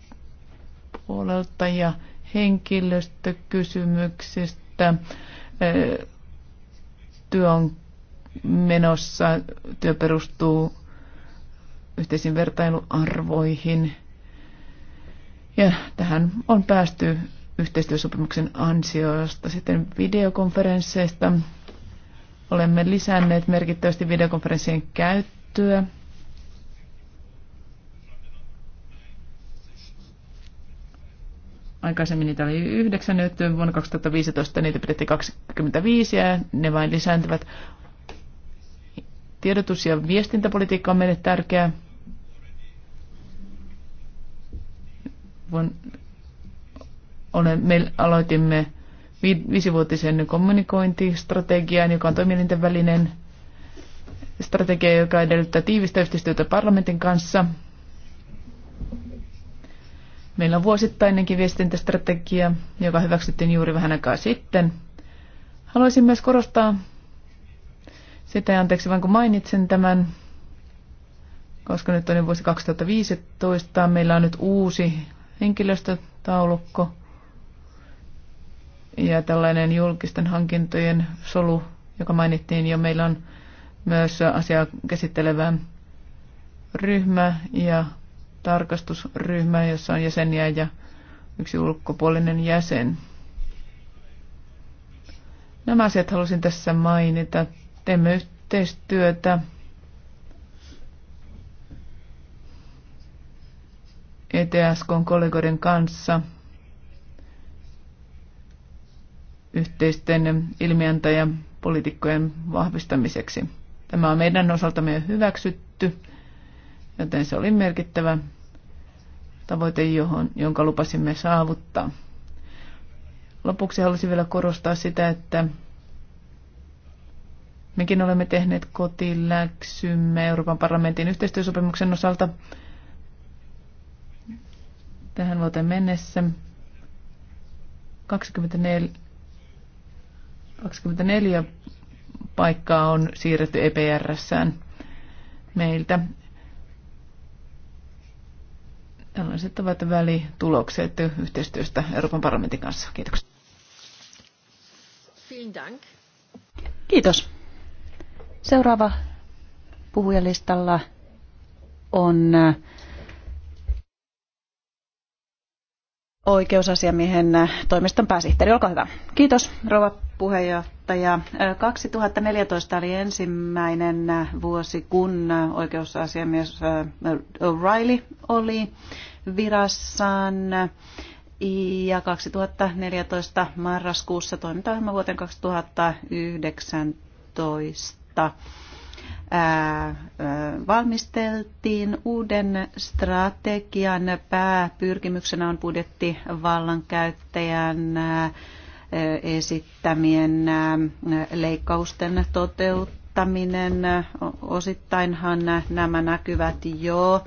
S3: puolelta ja henkilöstökysymyksistä. Työ on menossa, työ perustuu yhteisiin vertailuarvoihin – ja tähän on päästy yhteistyösopimuksen ansiosta sitten videokonferensseista. Olemme lisänneet merkittävästi videokonferenssien käyttöä. Aikaisemmin niitä oli yhdeksän, nyt vuonna 2015 niitä pidettiin 25 ja ne vain lisääntyvät. Tiedotus- ja viestintäpolitiikka on meille tärkeää. kun olen, me aloitimme vi, viisivuotisen kommunikointistrategian, joka on toimielinten välinen strategia, joka edellyttää tiivistä yhteistyötä parlamentin kanssa. Meillä on vuosittainenkin viestintästrategia, joka hyväksyttiin juuri vähän aikaa sitten. Haluaisin myös korostaa sitä, anteeksi vain kun mainitsen tämän, koska nyt on jo vuosi 2015, meillä on nyt uusi henkilöstötaulukko ja tällainen julkisten hankintojen solu, joka mainittiin jo. Meillä on myös asiaa käsittelevä ryhmä ja tarkastusryhmä, jossa on jäseniä ja yksi ulkopuolinen jäsen. Nämä asiat halusin tässä mainita. Teemme yhteistyötä ETSK-kollegoiden kanssa yhteisten ilmiantaja poliitikkojen vahvistamiseksi. Tämä on meidän osaltamme hyväksytty, joten se oli merkittävä tavoite, johon, jonka lupasimme saavuttaa. Lopuksi haluaisin vielä korostaa sitä, että mekin olemme tehneet kotiläksymme Euroopan parlamentin yhteistyösopimuksen osalta – tähän vuoteen mennessä. 24, 24 paikkaa on siirretty EPRssään meiltä. Tällaiset ovat välitulokset yhteistyöstä Euroopan parlamentin kanssa. Kiitoksia.
S2: Kiitos. Seuraava puhujalistalla on oikeusasiamiehen äh, toimiston pääsihteeri. Olkaa hyvä. Kiitos, rouva puheenjohtaja. 2014 äh, oli ensimmäinen äh, vuosi, kun oikeusasiamies O'Reilly oli virassaan. Ja 2014 marraskuussa toimintaohjelma vuoteen 2019 valmisteltiin uuden strategian pääpyrkimyksenä on vallankäyttäjän esittämien leikkausten toteuttaminen. Osittainhan nämä näkyvät jo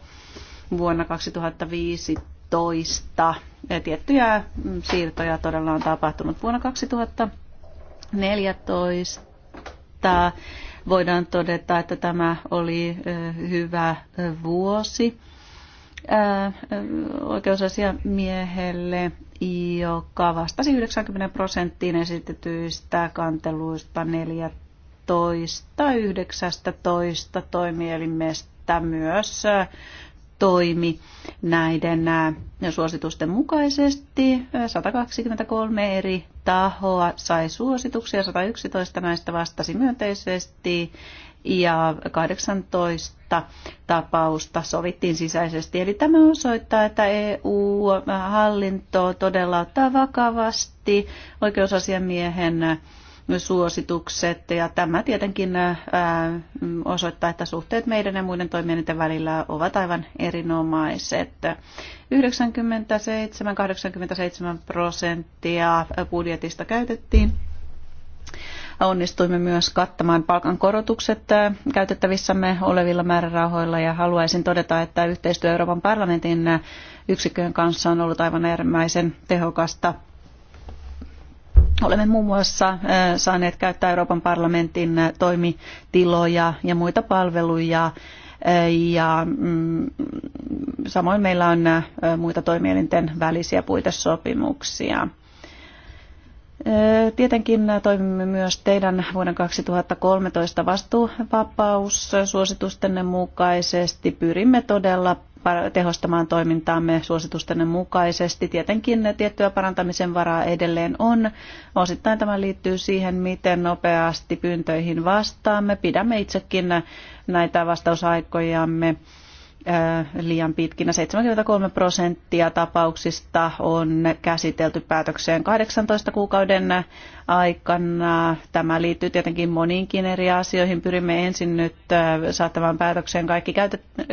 S2: vuonna 2015. Tiettyjä siirtoja todella on tapahtunut vuonna 2014 voidaan todeta, että tämä oli hyvä vuosi oikeusasiamiehelle, joka vastasi 90 prosenttiin esitetyistä kanteluista 14 19 toimielimestä myös toimi näiden äh, suositusten mukaisesti. 123 äh, eri tahoa sai suosituksia, 111 näistä vastasi myönteisesti ja 18 tapausta sovittiin sisäisesti. Eli tämä osoittaa, että EU-hallinto todella ottaa vakavasti oikeusasiamiehen suositukset. Ja tämä tietenkin osoittaa, että suhteet meidän ja muiden toimijoiden välillä ovat aivan erinomaiset. 97-87 prosenttia budjetista käytettiin onnistuimme myös kattamaan palkankorotukset käytettävissämme olevilla määrärahoilla ja haluaisin todeta, että yhteistyö Euroopan parlamentin yksikön kanssa on ollut aivan äärimmäisen tehokasta. Olemme muun muassa saaneet käyttää Euroopan parlamentin toimitiloja ja muita palveluja ja mm, samoin meillä on muita toimielinten välisiä puitesopimuksia. Tietenkin toimimme myös teidän vuoden 2013 vastuuvapaussuositustenne mukaisesti. Pyrimme todella tehostamaan toimintaamme suositustenne mukaisesti. Tietenkin tiettyä parantamisen varaa edelleen on. Osittain tämä liittyy siihen, miten nopeasti pyyntöihin vastaamme. Pidämme itsekin näitä vastausaikojamme liian pitkinä. 73 prosenttia tapauksista on käsitelty päätökseen 18 kuukauden aikana. Tämä liittyy tietenkin moniinkin eri asioihin. Pyrimme ensin nyt saattamaan päätökseen kaikki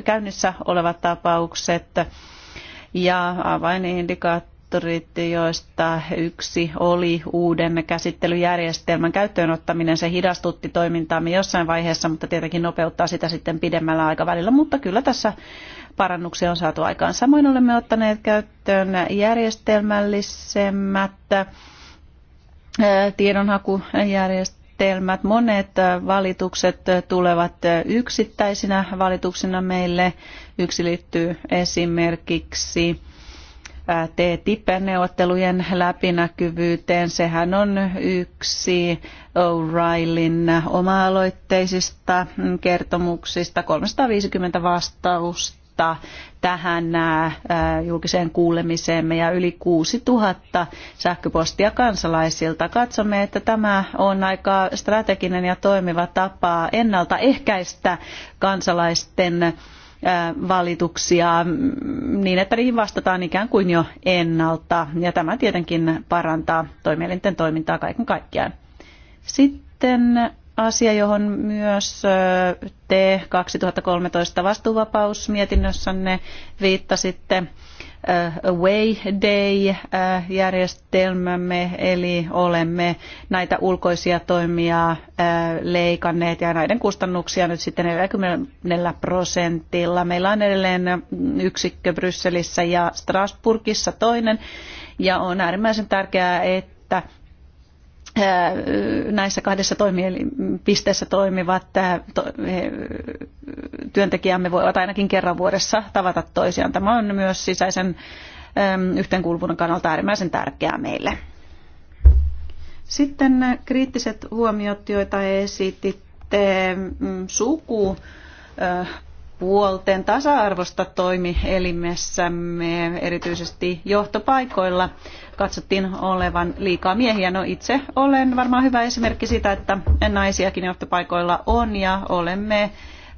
S2: käynnissä olevat tapaukset. Ja avainindikaattorit moottorit, joista yksi oli uuden käsittelyjärjestelmän käyttöönottaminen. Se hidastutti toimintaamme jossain vaiheessa, mutta tietenkin nopeuttaa sitä sitten pidemmällä aikavälillä. Mutta kyllä tässä parannuksia on saatu aikaan. Samoin olemme ottaneet käyttöön järjestelmällisemmät tiedonhakujärjestelmät. Monet valitukset tulevat yksittäisinä valituksina meille. Yksi liittyy esimerkiksi TTIP-neuvottelujen läpinäkyvyyteen. Sehän on yksi O'Reillyn oma-aloitteisista kertomuksista, 350 vastausta tähän julkiseen kuulemiseemme ja yli 6000 sähköpostia kansalaisilta. Katsomme, että tämä on aika strateginen ja toimiva tapa ennaltaehkäistä kansalaisten valituksia mm, niin, että niihin vastataan ikään kuin jo ennalta. Ja tämä tietenkin parantaa toimielinten toimintaa kaiken kaikkiaan. Sitten asia, johon myös te 2013 vastuuvapausmietinnössänne viittasitte Eh, away Day-järjestelmämme, eh, eli olemme näitä ulkoisia toimia eh, leikanneet ja näiden kustannuksia nyt sitten 40 prosentilla. Meillä on edelleen yksikkö Brysselissä ja Strasburgissa toinen, ja on äärimmäisen tärkeää, että näissä kahdessa toimipisteessä toimivat työntekijämme voivat ainakin kerran vuodessa tavata toisiaan. Tämä on myös sisäisen yhteenkuuluvuuden kannalta äärimmäisen tärkeää meille. Sitten kriittiset huomiot, joita esititte mm, suku puolten tasa-arvosta toimielimessämme, erityisesti johtopaikoilla katsottiin olevan liikaa miehiä. No itse olen varmaan hyvä esimerkki siitä, että naisiakin johtopaikoilla on ja olemme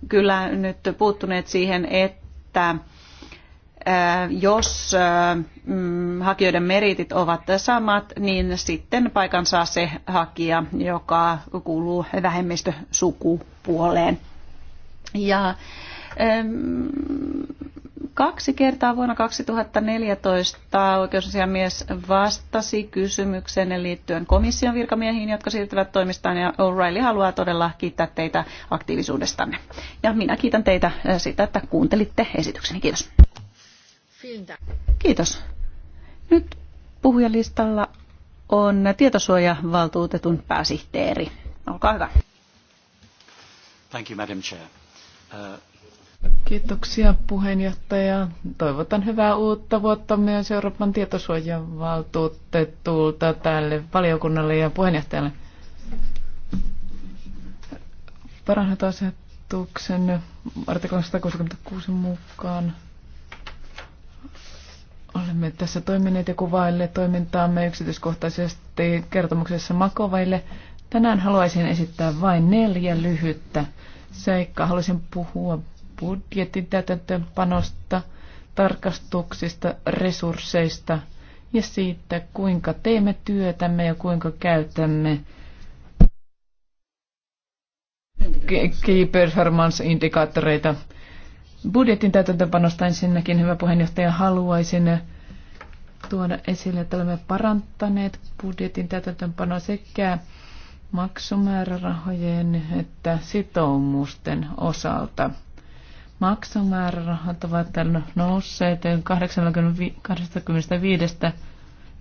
S2: kyllä nyt puuttuneet siihen, että jos mm, hakijoiden meritit ovat samat, niin sitten paikan saa se hakija, joka kuuluu vähemmistösukupuoleen. Ja Kaksi kertaa vuonna 2014 oikeusasiamies vastasi kysymykseen liittyen komission virkamiehiin, jotka siirtyvät toimistaan, ja O'Reilly haluaa todella kiittää teitä aktiivisuudestanne. Ja minä kiitän teitä eh, siitä, että kuuntelitte esitykseni. Kiitos. Kiitos. Nyt puhujalistalla on tietosuojavaltuutetun pääsihteeri. Olkaa hyvä. Thank you, Madam Chair. Uh,
S3: Kiitoksia puheenjohtaja. Toivotan hyvää uutta vuotta myös Euroopan tietosuojan valtuutetulta tälle valiokunnalle ja puheenjohtajalle. Parannut asetuksen artiklan 166 mukaan olemme tässä toimineet ja kuvailleet toimintaamme yksityiskohtaisesti kertomuksessa Makovaille. Tänään haluaisin esittää vain neljä lyhyttä seikkaa. Haluaisin puhua budjetin täytäntöönpanosta, tarkastuksista, resursseista ja siitä, kuinka teemme työtämme ja kuinka käytämme key performance-indikaattoreita. Budjetin täytäntöönpanosta ensinnäkin, hyvä puheenjohtaja, haluaisin tuoda esille, että olemme parantaneet budjetin täytäntöönpanoa sekä maksumäärärahojen että sitoumusten osalta. Maksumäärärahat ovat tällä nousseet 85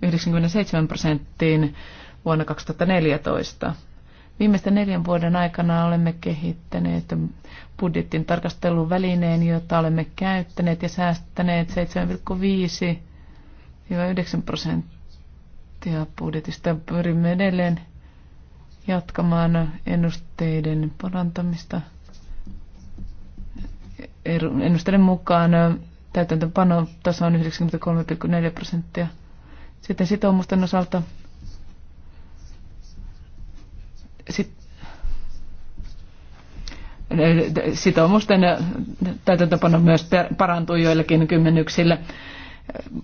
S3: 97 prosenttiin vuonna 2014. Viimeisten neljän vuoden aikana olemme kehittäneet budjetin tarkasteluvälineen, jota olemme käyttäneet ja säästäneet 7,5-9 prosenttia budjetista. Pyrimme edelleen jatkamaan ennusteiden parantamista – Er- ennusteiden mukaan täytäntöpano taso on 93,4 prosenttia. Sitten sitoumusten osalta sitoumusten täytäntöpano myös parantui joillakin kymmenyksillä.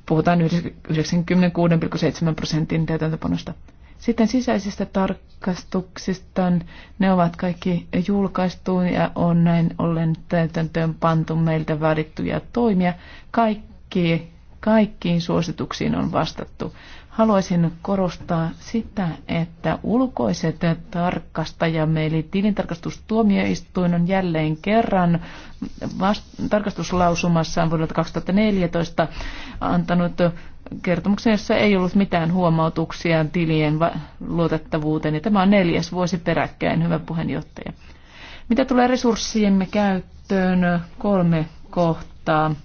S3: Puhutaan 96,7 prosentin täytäntöpanosta. Sitten sisäisistä tarkastuksista ne ovat kaikki julkaistu ja on näin ollen täytäntöön pantu meiltä vaadittuja toimia. Kaikki, kaikkiin suosituksiin on vastattu haluaisin korostaa sitä, että ulkoiset tarkastajamme, eli tilintarkastustuomioistuin on jälleen kerran vast- tarkastuslausumassaan vuodelta 2014 antanut kertomuksen, jossa ei ollut mitään huomautuksia tilien luotettavuuteen. Ja tämä on neljäs vuosi peräkkäin, hyvä puheenjohtaja. Mitä tulee resurssiemme käyttöön? Kolme kohtaa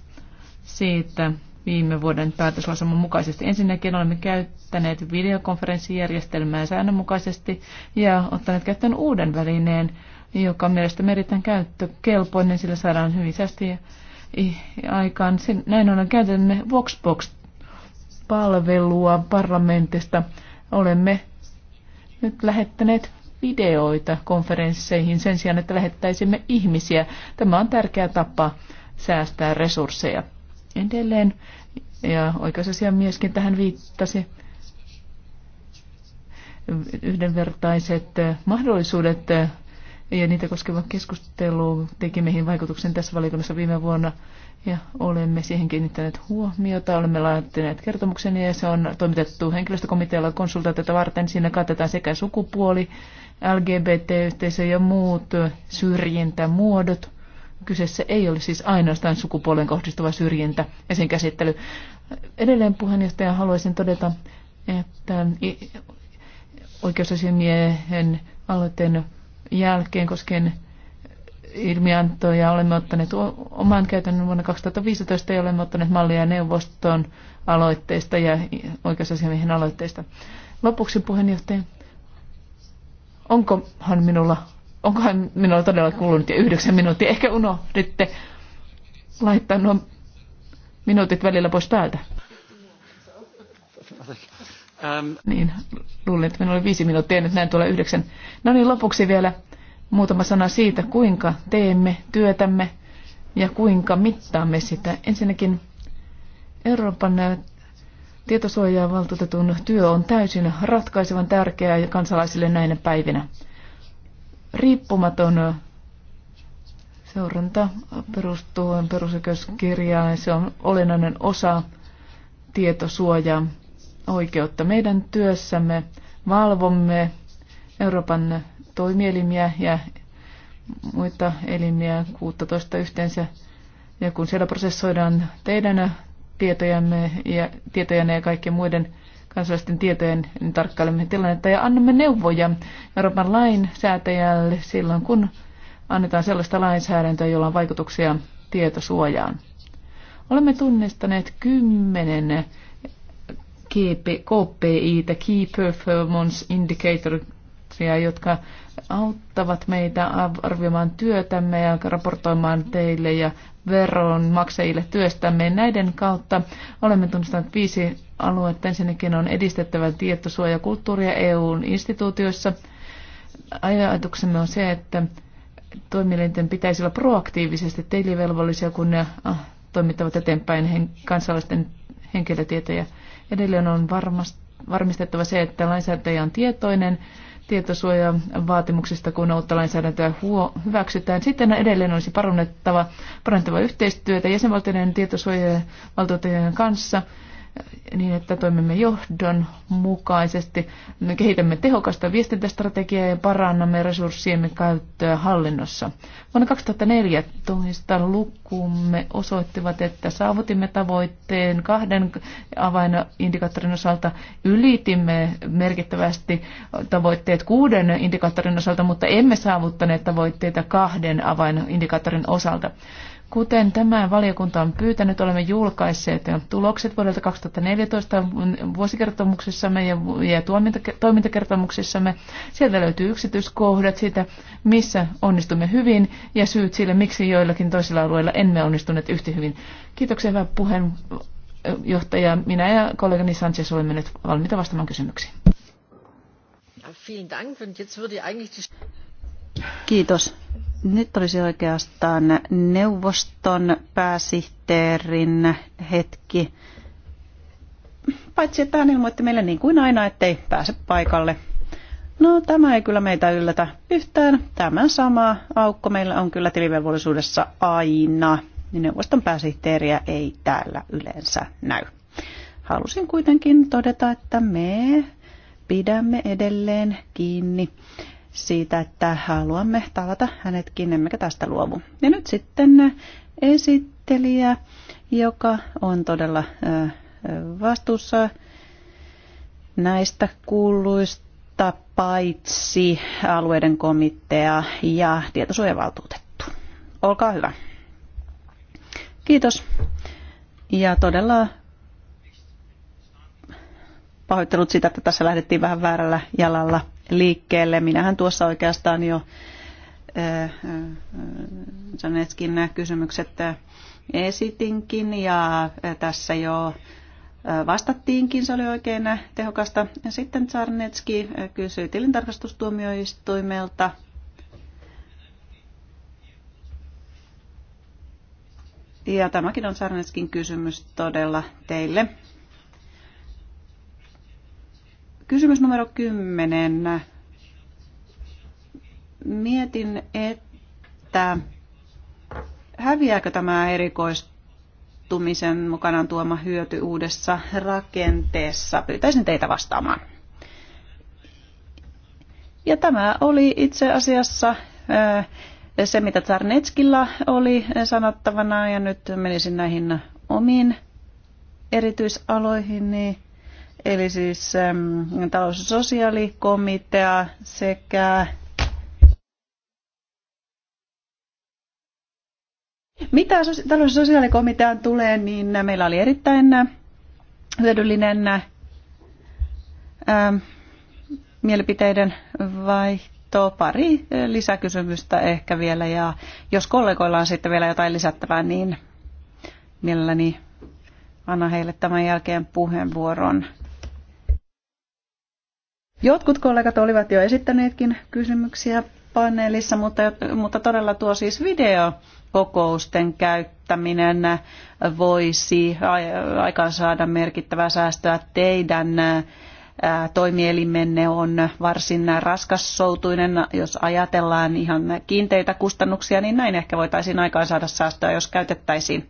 S3: siitä, viime vuoden päätöslauselman mukaisesti. Ensinnäkin olemme käyttäneet videokonferenssijärjestelmää säännönmukaisesti ja ottaneet käyttöön uuden välineen, joka on mielestäni erittäin käyttökelpoinen, sillä saadaan hyvin säästiä aikaan. Näin ollen käytämme Voxbox-palvelua parlamentista. Olemme nyt lähettäneet videoita konferensseihin sen sijaan, että lähettäisimme ihmisiä. Tämä on tärkeä tapa säästää resursseja edelleen, ja oikeusasiamieskin tähän viittasi, yhdenvertaiset mahdollisuudet ja niitä koskeva keskustelu teki meihin vaikutuksen tässä valiokunnassa viime vuonna ja olemme siihen kiinnittäneet huomiota. Olemme laittaneet kertomuksen ja se on toimitettu henkilöstökomitealla konsultaatiota varten. Siinä katsotaan sekä sukupuoli, LGBT-yhteisö ja muut syrjintämuodot. Kyseessä ei ole siis ainoastaan sukupuoleen kohdistuva syrjintä ja sen käsittely. Edelleen puheenjohtaja haluaisin todeta, että oikeusasiamiehen aloitteen jälkeen koskien ilmiantoja olemme ottaneet oman käytännön vuonna 2015 ja olemme ottaneet mallia neuvoston aloitteista ja oikeusasiamiehen aloitteista. Lopuksi puheenjohtaja, onkohan minulla Onkohan minulla todella kulunut jo yhdeksän minuuttia? Ehkä unohditte laittaa nuo minuutit välillä pois päältä. Um, niin, luulin, että minulla oli viisi minuuttia, nyt näin tulee yhdeksän. No niin, lopuksi vielä muutama sana siitä, kuinka teemme työtämme ja kuinka mittaamme sitä. Ensinnäkin Euroopan valtuutetun työ on täysin ratkaisevan tärkeää kansalaisille näinä päivinä riippumaton seuranta perustuu perusoikeuskirjaan ja se on olennainen osa tietosuojaa oikeutta. Meidän työssämme valvomme Euroopan toimielimiä ja muita elimiä 16 yhteensä. Ja kun siellä prosessoidaan teidän tietojamme ja tietojanne ja kaikkien muiden kansalaisten tietojen tarkkailemme tilannetta ja annamme neuvoja Euroopan lainsäätäjälle silloin, kun annetaan sellaista lainsäädäntöä, jolla on vaikutuksia tietosuojaan. Olemme tunnistaneet kymmenen KPI-tä, Key Performance Indicator, jotka auttavat meitä arvioimaan työtämme ja raportoimaan teille ja veronmaksajille työstämme. Näiden kautta olemme tunnistaneet viisi aluetta. Ensinnäkin on edistettävä tietosuojakulttuuria EUn instituutioissa. Ajatuksemme on se, että toimielinten pitäisi olla proaktiivisesti teilivelvollisia, kun ne ah, toimittavat eteenpäin kansalaisten henkilötietoja. Edelleen on varmasti varmistettava se, että lainsäätäjä on tietoinen tietosuojavaatimuksista, kun uutta lainsäädäntöä huo, hyväksytään. Sitten edelleen olisi parannettava, parannettava yhteistyötä jäsenvaltioiden tietosuojavaltuutettujen kanssa niin, että toimimme johdonmukaisesti, kehitämme tehokasta viestintästrategiaa ja parannamme resurssiemme käyttöä hallinnossa. Vuonna 2014 lukumme osoittivat, että saavutimme tavoitteen kahden avainindikaattorin osalta, ylitimme merkittävästi tavoitteet kuuden indikaattorin osalta, mutta emme saavuttaneet tavoitteita kahden avainindikaattorin osalta. Kuten tämä valiokunta on pyytänyt, olemme julkaisseet tulokset vuodelta 2014 vuosikertomuksissamme ja, ja toimintakertomuksissamme. Sieltä löytyy yksityiskohdat siitä, missä onnistumme hyvin ja syyt sille, miksi joillakin toisilla alueilla emme onnistuneet yhtä hyvin. Kiitoksia, hyvä puheenjohtaja. Minä ja kollegani Sanchez olemme nyt valmiita vastaamaan kysymyksiin.
S2: Kiitos. Nyt olisi oikeastaan neuvoston pääsihteerin hetki. Paitsi että hän ilmoitti meille niin kuin aina, ettei pääse paikalle. No tämä ei kyllä meitä yllätä yhtään. Tämä sama aukko meillä on kyllä tilivelvollisuudessa aina. Neuvoston pääsihteeriä ei täällä yleensä näy. Halusin kuitenkin todeta, että me pidämme edelleen kiinni siitä, että haluamme tavata hänetkin, emmekä tästä luovu. Ja nyt sitten esittelijä, joka on todella vastuussa näistä kuuluista, paitsi alueiden komitea ja tietosuojavaltuutettu. Olkaa hyvä. Kiitos. Ja todella pahoittelut sitä, että tässä lähdettiin vähän väärällä jalalla liikkeelle. Minähän tuossa oikeastaan jo nämä kysymykset esitinkin ja tässä jo vastattiinkin, se oli oikein tehokasta. Ja sitten Tsarnetski kysyi tilintarkastustuomioistuimelta. Ja tämäkin on Tsarnetskin kysymys todella teille. Kysymys numero 10. Mietin, että häviääkö tämä erikoistumisen mukanaan tuoma hyöty uudessa rakenteessa? Pyytäisin teitä vastaamaan. Ja tämä oli itse asiassa se, mitä Tsarnetskilla oli sanottavana, ja nyt menisin näihin omiin erityisaloihin, niin eli siis ähm, talous- ja sosiaalikomitea sekä Mitä talous- ja sosiaalikomiteaan tulee, niin meillä oli erittäin äh, hyödyllinen ää, äh, mielipiteiden vaihto. Pari äh, lisäkysymystä ehkä vielä ja jos kollegoilla on sitten vielä jotain lisättävää, niin mielelläni anna heille tämän jälkeen puheenvuoron. Jotkut kollegat olivat jo esittäneetkin kysymyksiä paneelissa, mutta, mutta todella tuo siis videokokousten käyttäminen voisi aikaansaada merkittävää säästöä teidän toimielimenne on varsin raskassoutuinen. Jos ajatellaan ihan kiinteitä kustannuksia, niin näin ehkä voitaisiin aikaansaada säästöä, jos käytettäisiin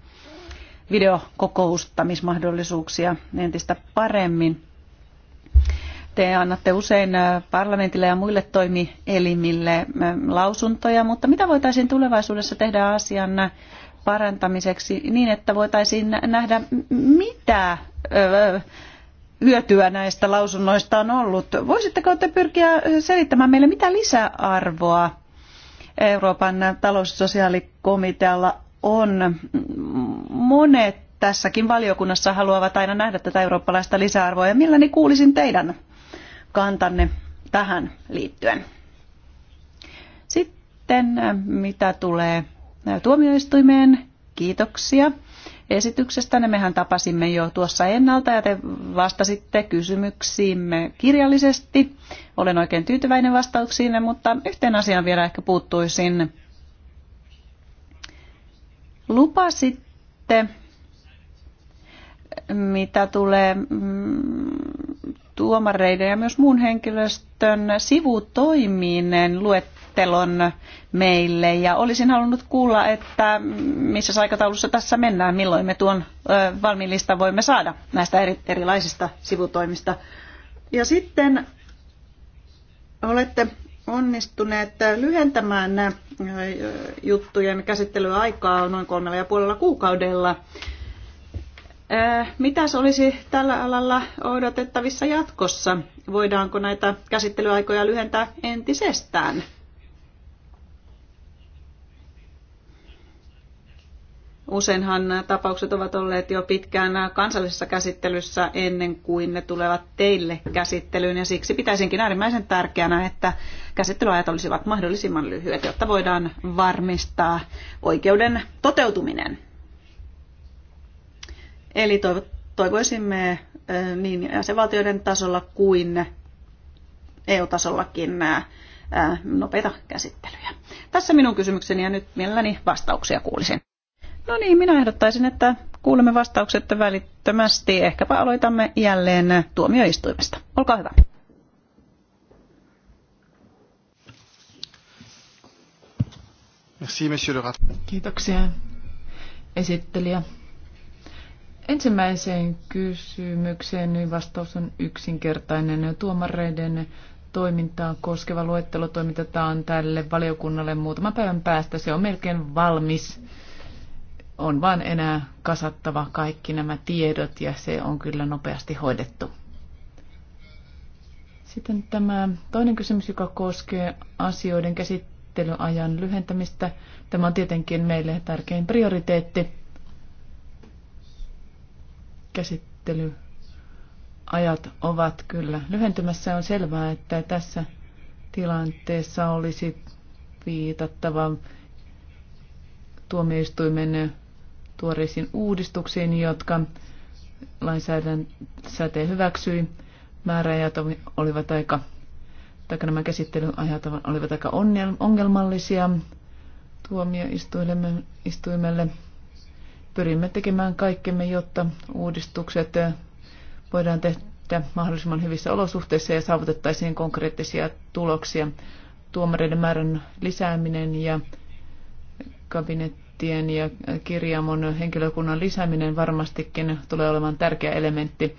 S2: videokokoustamismahdollisuuksia entistä paremmin te annatte usein parlamentille ja muille toimielimille lausuntoja, mutta mitä voitaisiin tulevaisuudessa tehdä asian parantamiseksi niin, että voitaisiin nähdä, mitä hyötyä näistä lausunnoista on ollut. Voisitteko te pyrkiä selittämään meille, mitä lisäarvoa Euroopan talous- ja sosiaalikomitealla on? Monet tässäkin valiokunnassa haluavat aina nähdä tätä eurooppalaista lisäarvoa ja mielelläni kuulisin teidän kantanne tähän liittyen. Sitten äh, mitä tulee äh, tuomioistuimeen, kiitoksia esityksestä, Mehän tapasimme jo tuossa ennalta ja te vastasitte kysymyksiimme kirjallisesti. Olen oikein tyytyväinen vastauksiinne, mutta yhteen asiaan vielä ehkä puuttuisin. Lupasitte, mitä tulee mm, tuomareiden ja myös muun henkilöstön sivutoiminen luettelon meille ja olisin halunnut kuulla, että missä aikataulussa tässä mennään, milloin me tuon valmiin listan voimme saada näistä eri, erilaisista sivutoimista. Ja sitten olette onnistuneet lyhentämään juttujen käsittelyaikaa noin kolmella ja puolella kuukaudella. Äh, Mitäs olisi tällä alalla odotettavissa jatkossa? Voidaanko näitä käsittelyaikoja lyhentää entisestään? Useinhan tapaukset ovat olleet jo pitkään kansallisessa käsittelyssä ennen kuin ne tulevat teille käsittelyyn ja siksi pitäisinkin äärimmäisen tärkeänä, että käsittelyajat olisivat mahdollisimman lyhyet, jotta voidaan varmistaa oikeuden toteutuminen. Eli toivoisimme niin jäsenvaltioiden tasolla kuin EU-tasollakin nämä nopeita käsittelyjä. Tässä minun kysymykseni ja nyt mielelläni vastauksia kuulisin. No niin, minä ehdottaisin, että kuulemme vastaukset välittömästi. Ehkäpä aloitamme jälleen tuomioistuimesta.
S3: Olkaa hyvä.
S4: Merci, monsieur le
S3: Kiitoksia esittelijä. Ensimmäiseen kysymykseen niin vastaus on yksinkertainen. Tuomareiden toimintaa koskeva luettelo toimitetaan tälle valiokunnalle muutaman päivän päästä. Se on melkein valmis. On vain enää kasattava kaikki nämä tiedot ja se on kyllä nopeasti hoidettu. Sitten tämä toinen kysymys, joka koskee asioiden käsittelyajan lyhentämistä. Tämä on tietenkin meille tärkein prioriteetti käsittelyajat ovat kyllä lyhentymässä. On selvää, että tässä tilanteessa olisi viitattava tuomioistuimen tuoreisiin uudistuksiin, jotka lainsäädäntö hyväksyi. Määräajat olivat aika, tai nämä käsittelyajat olivat aika ongelmallisia tuomioistuimelle pyrimme tekemään kaikkemme, jotta uudistukset voidaan tehdä mahdollisimman hyvissä olosuhteissa ja saavutettaisiin konkreettisia tuloksia. Tuomareiden määrän lisääminen ja kabinettien ja kirjaamon henkilökunnan lisääminen varmastikin tulee olemaan tärkeä elementti,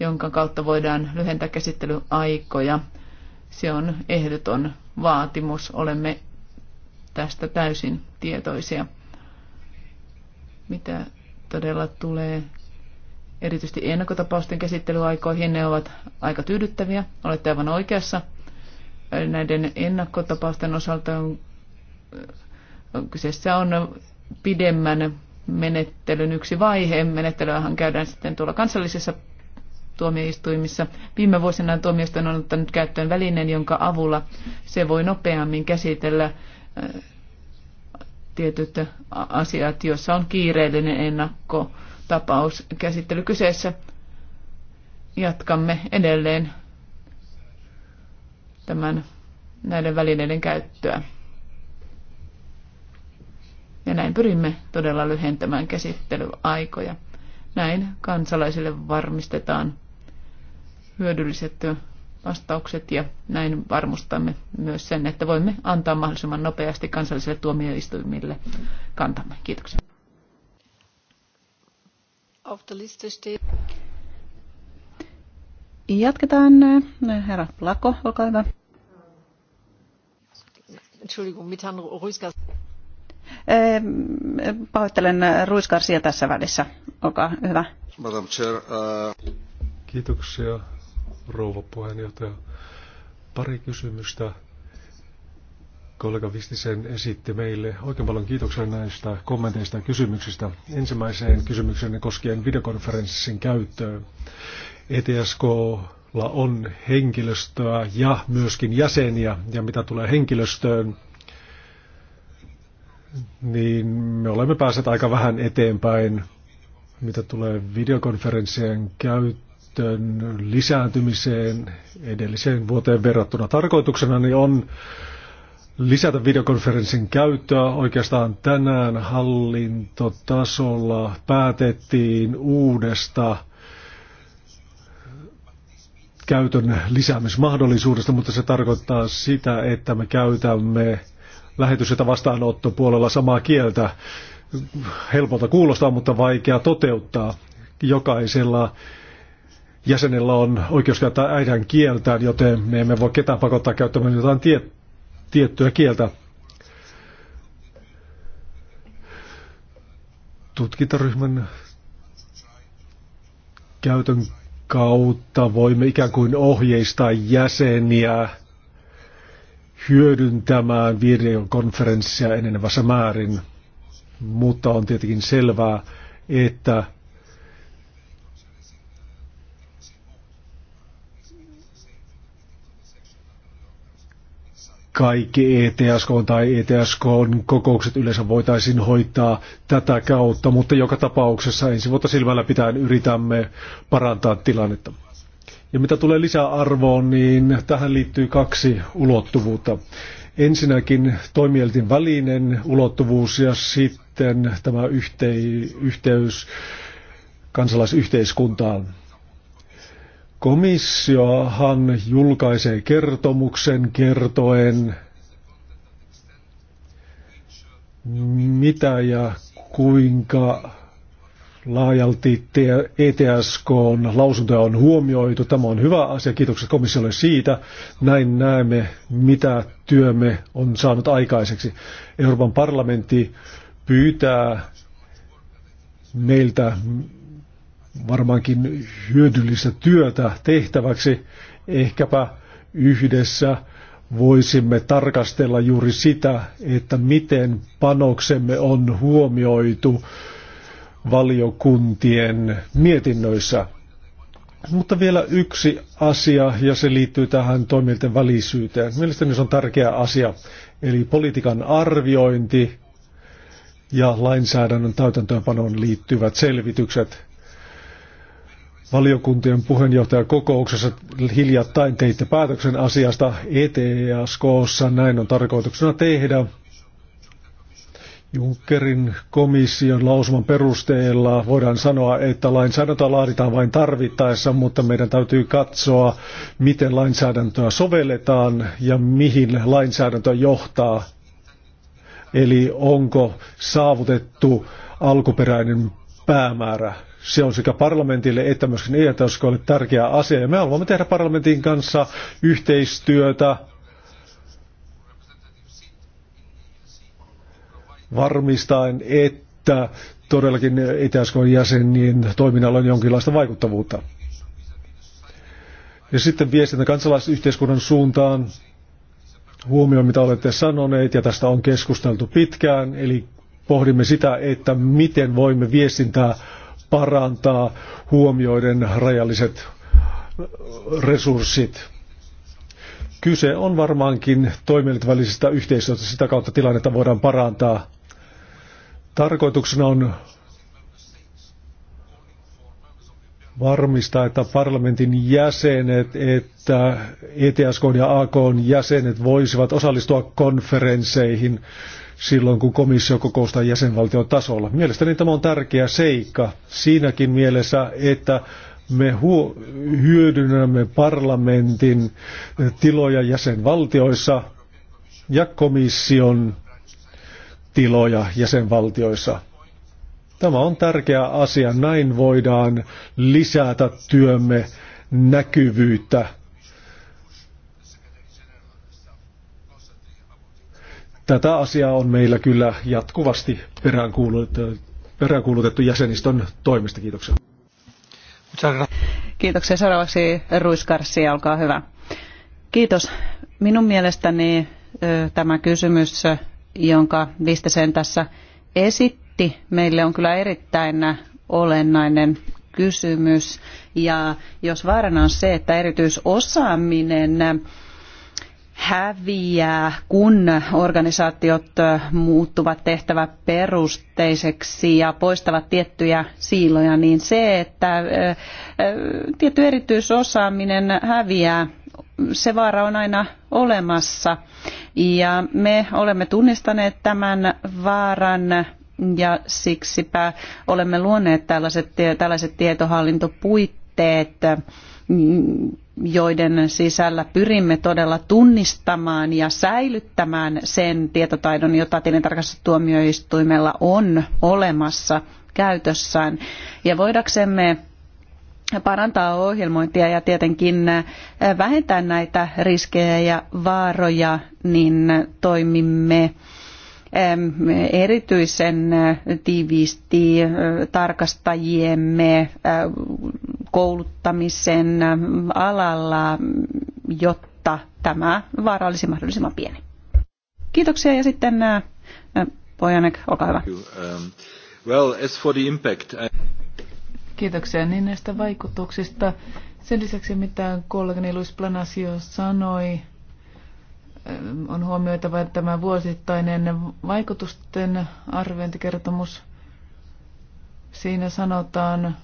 S3: jonka kautta voidaan lyhentää käsittelyaikoja. Se on ehdoton vaatimus, olemme tästä täysin tietoisia mitä todella tulee erityisesti ennakkotapausten käsittelyaikoihin, ne ovat aika tyydyttäviä. Olette aivan oikeassa. Näiden ennakkotapausten osalta on, äh, kyseessä on pidemmän menettelyn yksi vaihe. Menettelyähän käydään sitten tuolla kansallisessa tuomioistuimissa. Viime vuosina tuomioistuin on ottanut käyttöön välineen, jonka avulla se voi nopeammin käsitellä äh, tietyt asiat, joissa on kiireellinen ennakkotapaus käsittely kyseessä. Jatkamme edelleen tämän, näiden välineiden käyttöä. Ja näin pyrimme todella lyhentämään käsittelyaikoja. Näin kansalaisille varmistetaan hyödylliset vastaukset ja näin varmustamme myös sen, että voimme antaa mahdollisimman nopeasti kansallisille tuomioistuimille kantamme. Kiitoksia.
S2: Jatketaan. Herra Plako, olkaa hyvä.
S1: Entschuldigung, mit Ruiskas.
S2: Pahoittelen Ruiskarsia tässä välissä. Olkaa hyvä.
S4: Madam Chair, uh- Kiitoksia rouva puheenjohtaja. Pari kysymystä kollega Vistisen esitti meille. Oikein paljon kiitoksia näistä kommenteista ja kysymyksistä. Ensimmäiseen kysymykseen koskien videokonferenssin käyttöä. ETSK on henkilöstöä ja myöskin jäseniä, ja mitä tulee henkilöstöön, niin me olemme päässeet aika vähän eteenpäin, mitä tulee videokonferenssien käyttöön käytön lisääntymiseen edelliseen vuoteen verrattuna. Tarkoituksena niin on lisätä videokonferenssin käyttöä. Oikeastaan tänään hallintotasolla päätettiin uudesta käytön lisäämismahdollisuudesta, mutta se tarkoittaa sitä, että me käytämme lähetys- ja vastaanottopuolella samaa kieltä. Helpolta kuulostaa, mutta vaikea toteuttaa. Jokaisella jäsenellä on oikeus käyttää äidän kieltään, joten me emme voi ketään pakottaa käyttämään jotain tie, tiettyä kieltä. Tutkintaryhmän käytön kautta voimme ikään kuin ohjeistaa jäseniä hyödyntämään videokonferenssia enenevässä määrin, mutta on tietenkin selvää, että kaikki ETSK tai ETSK kokoukset yleensä voitaisiin hoitaa tätä kautta, mutta joka tapauksessa ensi vuotta silmällä pitäen yritämme parantaa tilannetta. Ja mitä tulee lisäarvoon, niin tähän liittyy kaksi ulottuvuutta. Ensinnäkin toimieltin välinen ulottuvuus ja sitten tämä yhtey- yhteys kansalaisyhteiskuntaan. Komissiohan julkaisee kertomuksen kertoen, mitä ja kuinka laajalti ETSK on lausuntoja on huomioitu. Tämä on hyvä asia. Kiitokset komissiolle siitä. Näin näemme, mitä työmme on saanut aikaiseksi. Euroopan parlamentti pyytää meiltä varmaankin hyödyllistä työtä tehtäväksi. Ehkäpä yhdessä voisimme tarkastella juuri sitä, että miten panoksemme on huomioitu valiokuntien mietinnöissä. Mutta vielä yksi asia, ja se liittyy tähän toimijoiden välisyyteen. Mielestäni se on tärkeä asia, eli politiikan arviointi ja lainsäädännön täytäntöönpanoon liittyvät selvitykset valiokuntien puheenjohtajakokouksessa hiljattain teitte päätöksen asiasta ETSKssa. Näin on tarkoituksena tehdä. Junckerin komission lausuman perusteella voidaan sanoa, että lainsäädäntöä laaditaan vain tarvittaessa, mutta meidän täytyy katsoa, miten lainsäädäntöä sovelletaan ja mihin lainsäädäntö johtaa. Eli onko saavutettu alkuperäinen päämäärä se on sekä parlamentille että myöskin ETSKlle tärkeä asia. Ja me haluamme tehdä parlamentin kanssa yhteistyötä varmistaen, että todellakin ETSKn jäsenien toiminnalla on jonkinlaista vaikuttavuutta. Ja sitten viestintä kansalaisyhteiskunnan suuntaan huomioon, mitä olette sanoneet, ja tästä on keskusteltu pitkään, eli pohdimme sitä, että miten voimme viestintää parantaa huomioiden rajalliset resurssit. Kyse on varmaankin toimijoiden välisestä yhteistyöstä, sitä kautta tilannetta voidaan parantaa. Tarkoituksena on varmistaa, että parlamentin jäsenet, että ETSK ja AK jäsenet voisivat osallistua konferensseihin silloin, kun komissio kokoustaa jäsenvaltion tasolla. Mielestäni tämä on tärkeä seikka siinäkin mielessä, että me huo- hyödynnämme parlamentin tiloja jäsenvaltioissa ja komission tiloja jäsenvaltioissa. Tämä on tärkeä asia. Näin voidaan lisätä työmme näkyvyyttä Tätä asiaa on meillä kyllä jatkuvasti peräänkuulutettu, jäsenistön toimesta. Kiitoksia.
S2: Kiitoksia. Seuraavaksi Ruis Garcia, olkaa hyvä. Kiitos. Minun mielestäni tämä kysymys, jonka Vistesen tässä esitti, meille on kyllä erittäin olennainen kysymys. Ja jos vaarana on se, että erityisosaaminen häviää, kun organisaatiot muuttuvat tehtäväperusteiseksi ja poistavat tiettyjä siiloja, niin se, että tietty erityisosaaminen häviää, se vaara on aina olemassa. Ja me olemme tunnistaneet tämän vaaran ja siksipä olemme luoneet tällaiset, tällaiset tietohallintopuitteet, joiden sisällä pyrimme todella tunnistamaan ja säilyttämään sen tietotaidon, jota tilintarkastustuomioistuimella on olemassa käytössään. Ja voidaksemme parantaa ohjelmointia ja tietenkin eh, vähentää näitä riskejä ja vaaroja, niin toimimme erityisen eh, tiiviisti eh, tarkastajiemme kouluttamisen alalla, jotta tämä vaara olisi mahdollisimman pieni. Kiitoksia ja
S3: sitten äh, äh, Pojanek,
S2: olkaa hyvä.
S1: Um, well, as for the impact,
S3: Kiitoksia niin näistä vaikutuksista. Sen lisäksi, mitä kollegani Luis Planasio sanoi, ähm, on huomioitava, että tämä vuosittainen vaikutusten arviointikertomus, siinä sanotaan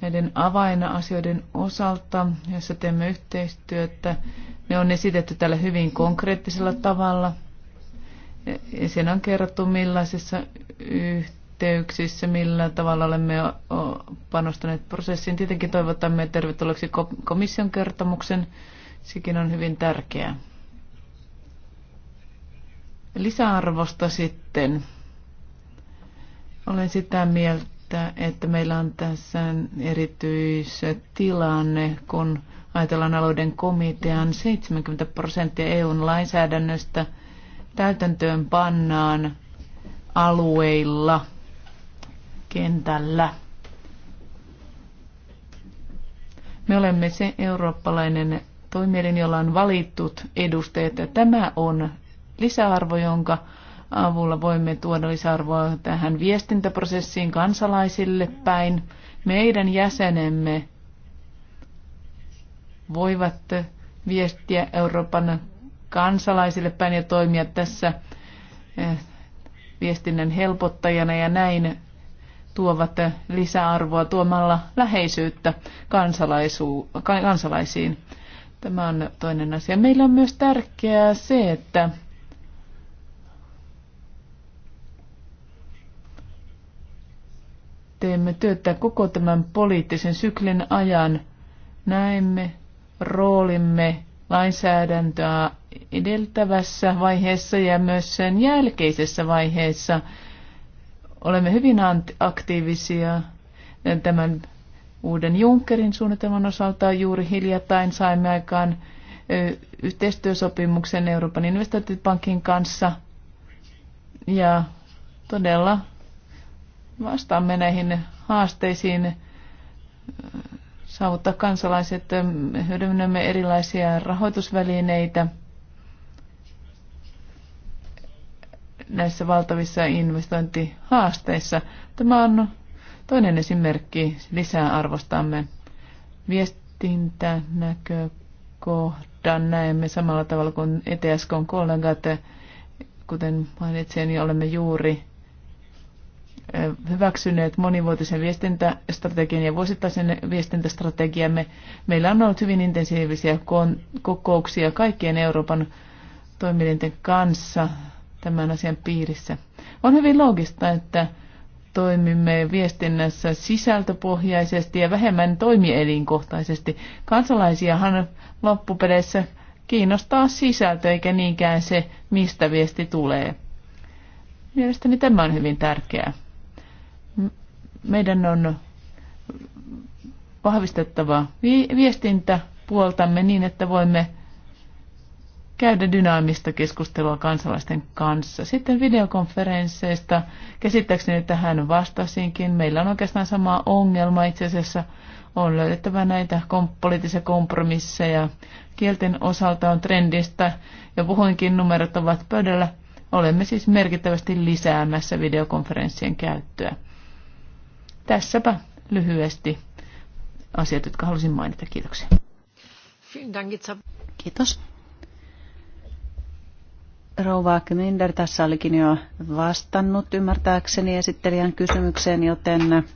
S3: näiden avainasioiden osalta, joissa teemme yhteistyötä. Ne on esitetty tällä hyvin konkreettisella tavalla. Ja siinä on kerrottu, millaisissa yhteyksissä, millä tavalla olemme panostaneet prosessiin. Tietenkin toivotamme tervetulleeksi komission kertomuksen. Sekin on hyvin tärkeää. Lisäarvosta sitten. Olen sitä mieltä, että, että meillä on tässä tilanne kun ajatellaan alueiden komitean 70 prosenttia EUn lainsäädännöstä täytäntöön pannaan alueilla, kentällä. Me olemme se eurooppalainen toimielin, jolla on valittut edustajat. Tämä on lisäarvo, jonka avulla voimme tuoda lisäarvoa tähän viestintäprosessiin kansalaisille päin. Meidän jäsenemme voivat viestiä Euroopan kansalaisille päin ja toimia tässä eh, viestinnän helpottajana ja näin tuovat lisäarvoa tuomalla läheisyyttä kansalaisiin. Tämä on toinen asia. Meillä on myös tärkeää se, että teemme työtä koko tämän poliittisen syklin ajan. Näemme roolimme lainsäädäntöä edeltävässä vaiheessa ja myös sen jälkeisessä vaiheessa. Olemme hyvin aktiivisia tämän uuden Junckerin suunnitelman osalta. Juuri hiljattain saimme aikaan yhteistyösopimuksen Euroopan investointipankin kanssa. Ja todella vastaamme näihin haasteisiin äh, saavuttaa kansalaiset. Ähm, hyödynnämme erilaisia rahoitusvälineitä näissä valtavissa investointihaasteissa. Tämä on toinen esimerkki lisää arvostamme Viestintänäkökohdan näemme samalla tavalla kuin ETSK-kollegat, kuten mainitsin, niin olemme juuri hyväksyneet monivuotisen viestintästrategian ja vuosittaisen viestintästrategiamme. Meillä on ollut hyvin intensiivisiä kokouksia kaikkien Euroopan toimielinten kanssa tämän asian piirissä. On hyvin loogista, että toimimme viestinnässä sisältöpohjaisesti ja vähemmän toimielinkohtaisesti. Kansalaisiahan loppupeleissä kiinnostaa sisältö eikä niinkään se, mistä viesti tulee. Mielestäni tämä on hyvin tärkeää. Meidän on vahvistettava viestintäpuoltamme niin, että voimme käydä dynaamista keskustelua kansalaisten kanssa. Sitten videokonferensseista. Käsittääkseni tähän vastasinkin. Meillä on oikeastaan sama ongelma itse asiassa. On löydettävä näitä kom- poliittisia kompromisseja. Kielten osalta on trendistä. Ja puhuinkin, numerot ovat pöydällä. Olemme siis merkittävästi lisäämässä videokonferenssien käyttöä. Tässäpä lyhyesti asiat, jotka halusin mainita. Kiitoksia. Kiitos. Rouva
S2: Kminder tässä olikin jo vastannut ymmärtääkseni esittelijän kysymykseen, joten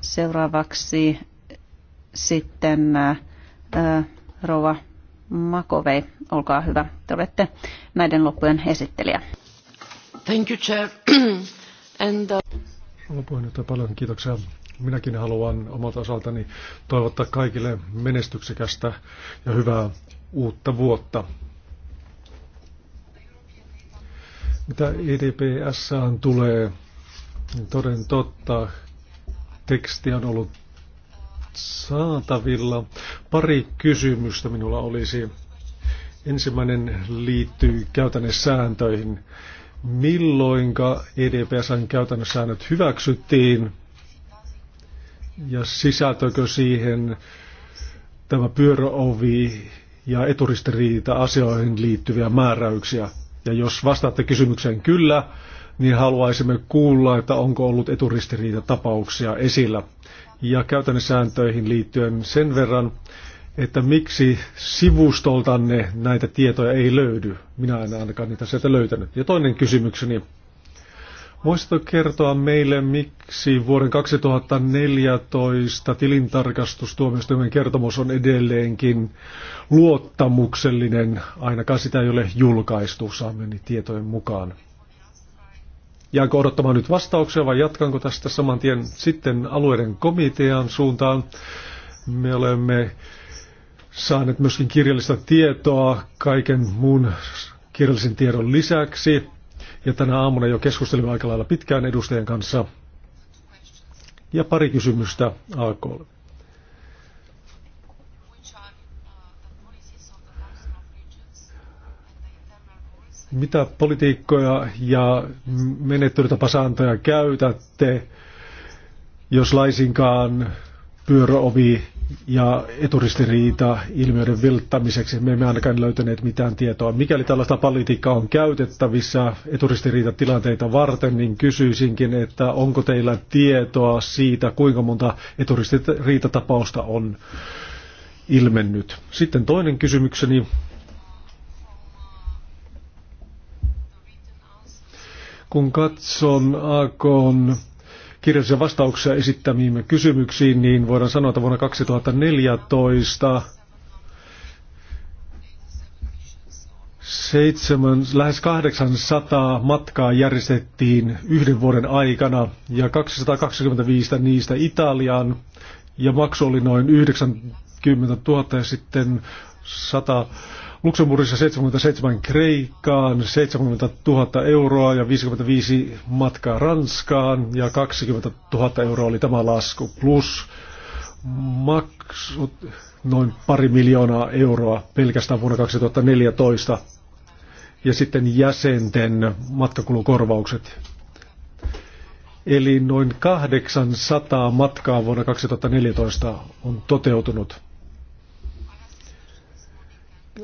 S2: seuraavaksi sitten ää, äh, rouva Makovei, olkaa hyvä. Te olette näiden loppujen esittelijä.
S4: Thank you, Chair. And, uh puheenjohtaja, paljon kiitoksia. Minäkin haluan omalta osaltani toivottaa kaikille menestyksekästä ja hyvää uutta vuotta. Mitä ETPS tulee, niin toden totta, teksti on ollut saatavilla. Pari kysymystä minulla olisi. Ensimmäinen liittyy käytännön sääntöihin milloinka EDPSn käytännössäännöt hyväksyttiin ja sisältökö siihen tämä pyöröovi ja eturistiriita asioihin liittyviä määräyksiä. Ja jos vastaatte kysymykseen kyllä, niin haluaisimme kuulla, että onko ollut tapauksia esillä. Ja käytännössääntöihin liittyen sen verran, että miksi sivustoltanne näitä tietoja ei löydy. Minä en ainakaan niitä sieltä löytänyt. Ja toinen kysymykseni. Voisitko kertoa meille, miksi vuoden 2014 tilintarkastustuomioistuimen kertomus on edelleenkin luottamuksellinen, ainakaan sitä ei ole julkaistu saamieni tietojen mukaan? Jäänkö odottamaan nyt vastauksia vai jatkanko tästä saman tien sitten alueiden komitean suuntaan? Me olemme saaneet myöskin kirjallista tietoa kaiken muun kirjallisen tiedon lisäksi. Ja tänä aamuna jo keskustelimme aika lailla pitkään edustajien kanssa. Ja pari kysymystä AKlle. Mitä politiikkoja ja menettelytapasääntöjä käytätte, jos laisinkaan pyöröovi ja eturistiriita ilmiöiden vilttämiseksi. Me emme ainakaan löytäneet mitään tietoa. Mikäli tällaista politiikkaa on käytettävissä eturistiriitatilanteita varten, niin kysyisinkin, että onko teillä tietoa siitä, kuinka monta eturistiriitatapausta on ilmennyt. Sitten toinen kysymykseni. Kun katson AKn kirjallisia vastauksia esittämiimme kysymyksiin, niin voidaan sanoa, että vuonna 2014 seitsemän, lähes 800 matkaa järjestettiin yhden vuoden aikana ja 225 niistä Italiaan ja maksu oli noin 90 000 ja sitten 100 Luxemburgissa 77 Kreikkaan, 70 000 euroa ja 55 matkaa Ranskaan ja 20 000 euroa oli tämä lasku plus maksut noin pari miljoonaa euroa pelkästään vuonna 2014 ja sitten jäsenten matkakulukorvaukset. Eli noin 800 matkaa vuonna 2014 on toteutunut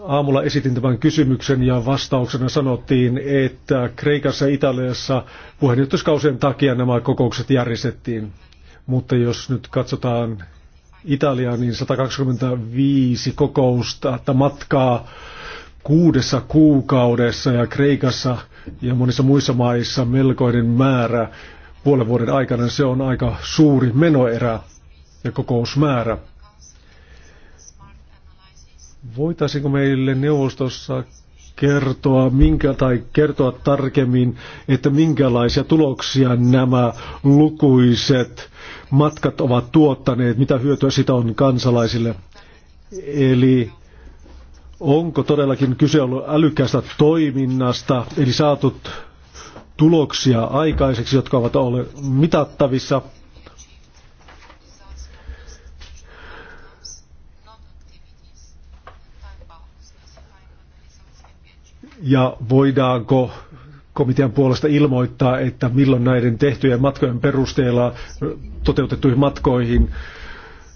S4: aamulla esitin tämän kysymyksen ja vastauksena sanottiin, että Kreikassa ja Italiassa puheenjohtajuuskausien takia nämä kokoukset järjestettiin. Mutta jos nyt katsotaan Italiaa, niin 125 kokousta matkaa kuudessa kuukaudessa ja Kreikassa ja monissa muissa maissa melkoinen määrä puolen vuoden aikana. Se on aika suuri menoerä ja kokousmäärä. Voitaisiinko meille neuvostossa kertoa, minkä, tai kertoa tarkemmin, että minkälaisia tuloksia nämä lukuiset matkat ovat tuottaneet, mitä hyötyä sitä on kansalaisille. Eli onko todellakin kyse ollut älykkäästä toiminnasta, eli saatut tuloksia aikaiseksi, jotka ovat olleet mitattavissa, ja voidaanko komitean puolesta ilmoittaa, että milloin näiden tehtyjen matkojen perusteella toteutettuihin matkoihin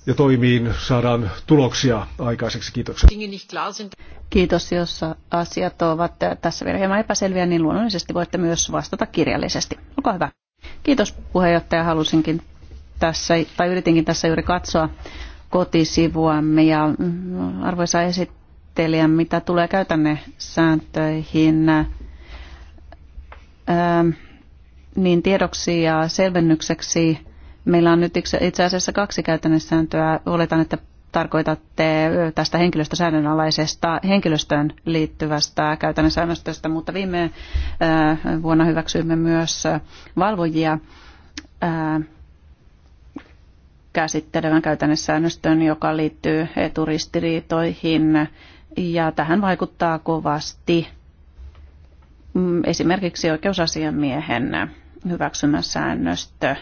S4: ja toimiin saadaan tuloksia aikaiseksi. Kiitoksia.
S2: Kiitos, jos asiat ovat tässä vielä hieman epäselviä, niin luonnollisesti voitte myös vastata kirjallisesti. Olkaa hyvä. Kiitos puheenjohtaja. Halusinkin tässä, tai yritinkin tässä juuri katsoa kotisivuamme ja mm, arvoisa esittää esittelijän, mitä tulee käytänne sääntöihin, ähm, niin tiedoksi ja selvennykseksi meillä on nyt itse asiassa kaksi käytännössääntöä. Oletan, että tarkoitatte tästä henkilöstösäännönalaisesta henkilöstöön liittyvästä käytännön säännöstöstä, mutta viime vuonna hyväksyimme myös valvojia käsittelevän käytännössäännöstön, joka liittyy eturistiriitoihin ja tähän vaikuttaa kovasti mm, esimerkiksi oikeusasiamiehen hyväksymä säännöstö.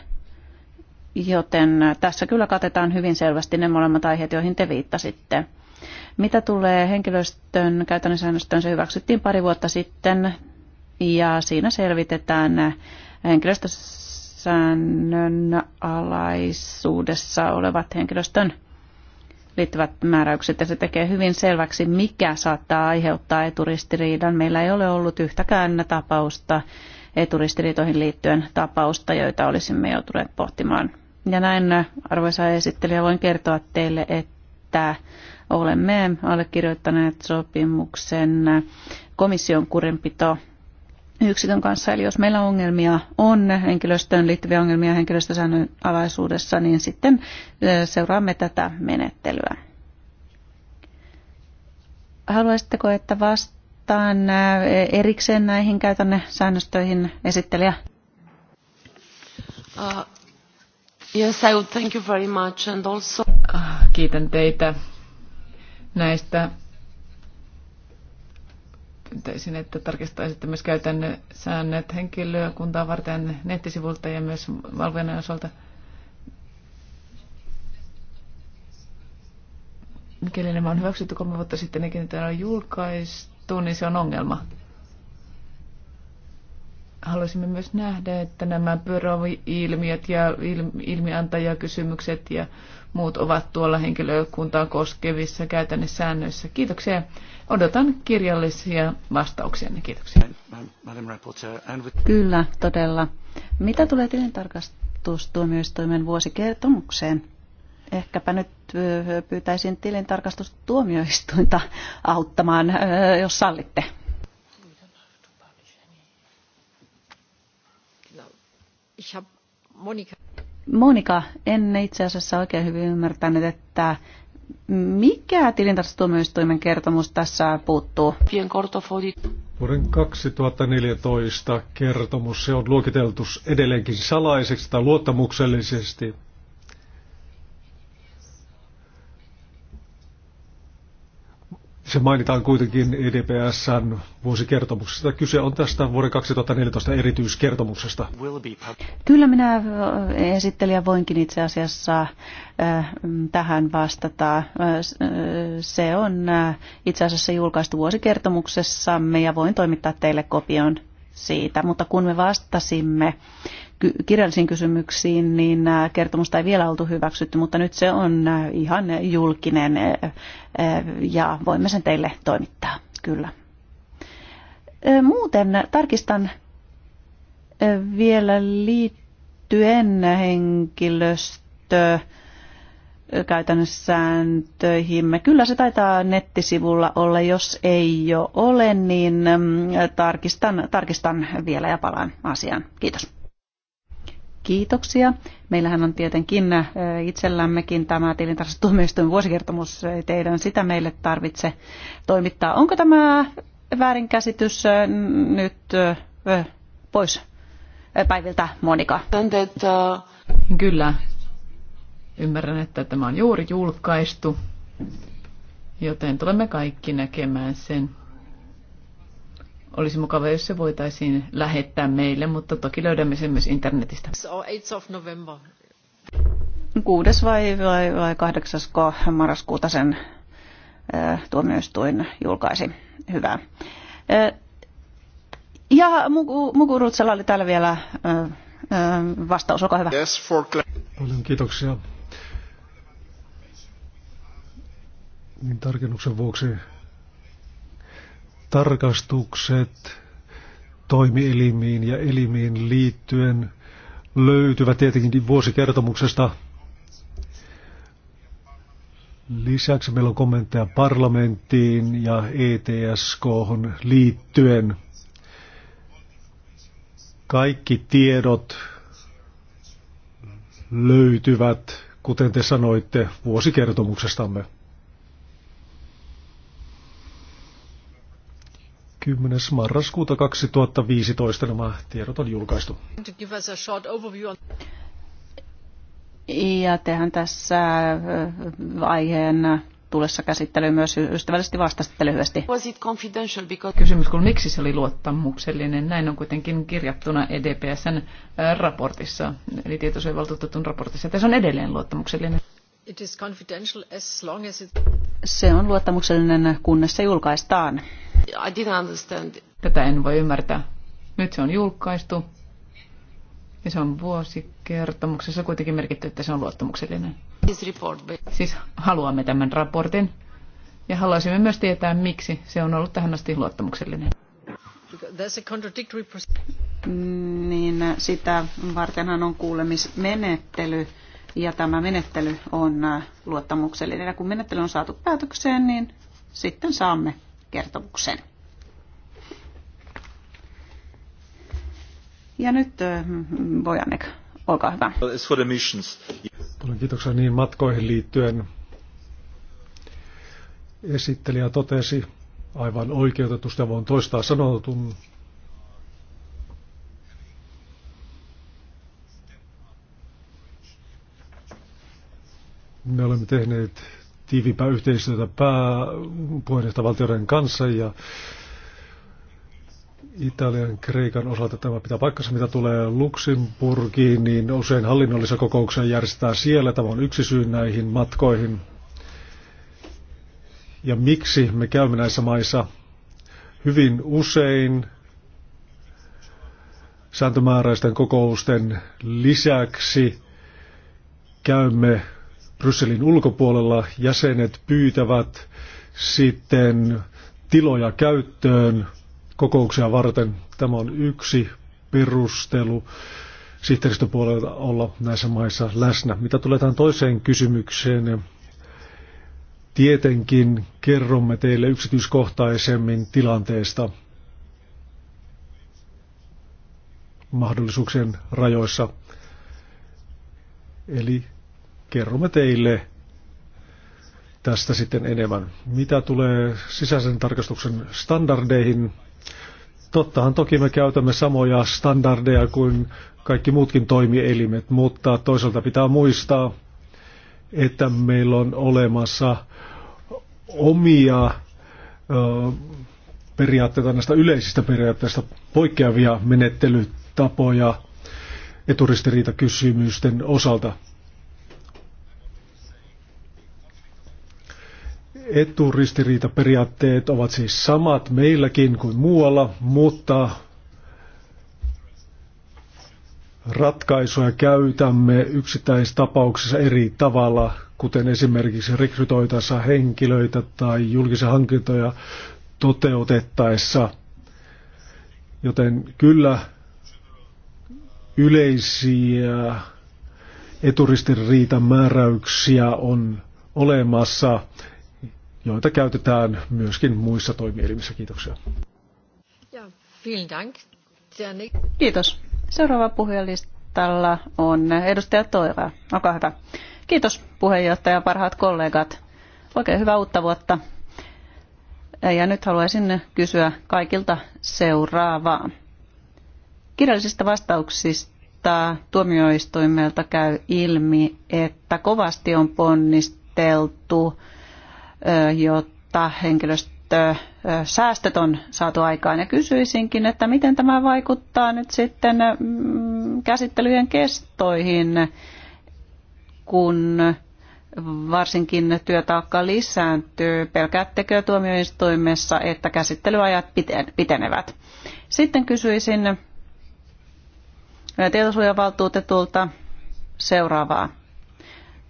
S2: Joten tässä kyllä katetaan hyvin selvästi ne molemmat aiheet, joihin te viittasitte. Mitä tulee henkilöstön käytännön säännöstöön, se hyväksyttiin pari vuotta sitten ja siinä selvitetään henkilöstösäännön alaisuudessa olevat henkilöstön liittyvät määräykset ja se tekee hyvin selväksi, mikä saattaa aiheuttaa eturistiriidan. Meillä ei ole ollut yhtäkään tapausta eturistiriitoihin liittyen tapausta, joita olisimme joutuneet pohtimaan. Ja näin, arvoisa esittelijä, voin kertoa teille, että olemme allekirjoittaneet sopimuksen komission kurinpito yksikön kanssa. Eli jos meillä ongelmia on, henkilöstöön liittyviä ongelmia henkilöstösäännön alaisuudessa, niin sitten seuraamme tätä menettelyä. Haluaisitteko, että vastaan erikseen näihin käytännön säännöstöihin esittelijä?
S3: Uh, yes, I would thank you very much and also... Ah, kiitän teitä näistä pyytäisin, että tarkistaisitte myös käytännön säännöt henkilökuntaa varten nettisivulta ja myös valvojan osalta. Mikäli nämä on hyväksytty kolme vuotta sitten, nekin täällä on julkaistu, niin se on ongelma. Haluaisimme myös nähdä, että nämä pyöräilmiöt ja ilmiantajakysymykset ja muut ovat tuolla henkilökuntaa koskevissa käytännössä säännöissä. Kiitoksia. Odotan kirjallisia vastauksia. Kiitoksia. Kyllä, todella. Mitä tulee tilintarkastustuomioistuimen
S2: vuosikertomukseen? Ehkäpä nyt pyytäisin tilintarkastustuomioistuinta auttamaan, jos sallitte. Monika. Monika, en itse asiassa oikein hyvin ymmärtänyt, että mikä tilintarkastustuomioistuimen kertomus tässä puuttuu?
S4: Vuoden 2014 kertomus, se on luokiteltu edelleenkin salaiseksi tai luottamuksellisesti Se mainitaan kuitenkin EDPSn vuosikertomuksesta. Kyse on tästä vuoden 2014 erityiskertomuksesta.
S2: Kyllä minä esittelijä voinkin itse asiassa tähän vastata. Se on itse asiassa julkaistu vuosikertomuksessamme ja voin toimittaa teille kopion siitä, mutta kun me vastasimme kirjallisiin kysymyksiin, niin kertomusta ei vielä oltu hyväksytty, mutta nyt se on ihan julkinen ja voimme sen teille toimittaa, kyllä. Muuten tarkistan vielä liittyen henkilöstö käytännön Kyllä se taitaa nettisivulla olla, jos ei jo ole, niin tarkistan, tarkistan vielä ja palaan asiaan. Kiitos kiitoksia. Meillähän on tietenkin itsellämmekin tämä tilintarkastustuomioistuin vuosikertomus, teidän sitä meille tarvitse toimittaa. Onko tämä väärinkäsitys
S3: nyt pois päiviltä, Monika? Kyllä, ymmärrän, että tämä on juuri julkaistu, joten tulemme kaikki näkemään sen. Olisi mukava, jos se voitaisiin lähettää meille, mutta toki löydämme sen myös internetistä. Kuudes vai, vai, vai 8. marraskuuta sen
S2: tuomioistuin julkaisi. Hyvä. Ja Muku oli täällä vielä vastaus,
S4: olkaa hyvä. Yes, for... kiitoksia. Niin tarkennuksen vuoksi tarkastukset toimielimiin ja elimiin liittyen löytyvät tietenkin vuosikertomuksesta. Lisäksi meillä on kommentteja parlamenttiin ja ETSK liittyen. Kaikki tiedot löytyvät, kuten te sanoitte, vuosikertomuksestamme. 10. marraskuuta 2015 nämä tiedot on julkaistu.
S2: Ja tehän tässä äh, aiheen tulessa
S3: käsittelyyn myös ystävällisesti vastasitte lyhyesti. Kysymys kun miksi se oli luottamuksellinen? Näin on kuitenkin kirjattuna EDPSn äh, raportissa, eli tietosuojavaltuutetun raportissa. Tässä on edelleen luottamuksellinen.
S2: Se on luottamuksellinen, kunnes se julkaistaan. Tätä en voi
S3: ymmärtää. Nyt se on julkaistu. Ja se on vuosikertomuksessa kuitenkin merkitty, että se on luottamuksellinen. Siis haluamme tämän raportin ja haluaisimme myös tietää, miksi se on ollut tähän asti luottamuksellinen. Mm, niin sitä vartenhan on kuulemismenettely
S2: ja tämä menettely on äh, luottamuksellinen. Ja kun menettely on saatu päätökseen, niin sitten saamme kertomuksen. Ja nyt äh, Bojanek,
S4: olkaa hyvä. Paljon kiitoksia niin matkoihin liittyen. Esittelijä totesi aivan oikeutetusta, voin toistaa sanotun Me olemme tehneet tiiviimpää yhteistyötä pääpuheenjohtajavaltioiden kanssa ja Italian, Kreikan osalta tämä pitää paikkansa, mitä tulee Luxemburgiin, niin usein hallinnollisia kokouksia järjestetään siellä. Tämä on yksi syy näihin matkoihin. Ja miksi me käymme näissä maissa hyvin usein sääntömääräisten kokousten lisäksi käymme Brysselin ulkopuolella jäsenet pyytävät sitten tiloja käyttöön kokouksia varten. Tämä on yksi perustelu sihteeristöpuolelta olla näissä maissa läsnä. Mitä tulee tähän toiseen kysymykseen, tietenkin kerromme teille yksityiskohtaisemmin tilanteesta mahdollisuuksien rajoissa. Eli kerromme teille tästä sitten enemmän. Mitä tulee sisäisen tarkastuksen standardeihin, tottahan toki me käytämme samoja standardeja kuin kaikki muutkin toimielimet, mutta toisaalta pitää muistaa, että meillä on olemassa omia ö, periaatteita näistä yleisistä periaatteista poikkeavia menettelytapoja eturistiriitakysymysten osalta. eturistiriitaperiaatteet ovat siis samat meilläkin kuin muualla, mutta ratkaisuja käytämme yksittäistapauksissa eri tavalla, kuten esimerkiksi rekrytoitaessa henkilöitä tai julkisia hankintoja toteutettaessa. Joten kyllä yleisiä eturistiriitamääräyksiä on olemassa joita käytetään myöskin muissa toimielimissä. Kiitoksia.
S1: Kiitos.
S2: Seuraava puhujalistalla on edustaja Toivaa. Olkaa hyvä. Kiitos puheenjohtaja ja parhaat kollegat. Oikein hyvää uutta vuotta. Ja nyt haluaisin kysyä kaikilta seuraavaa. Kirjallisista vastauksista tuomioistuimelta käy ilmi, että kovasti on ponnisteltu jotta henkilöstösäästöt on saatu aikaan. Ja kysyisinkin, että miten tämä vaikuttaa nyt sitten mm, käsittelyjen kestoihin, kun varsinkin työtaakka lisääntyy. Pelkäättekö tuomioistuimessa, että käsittelyajat pitenevät? Sitten kysyisin tietosuojavaltuutetulta seuraavaa.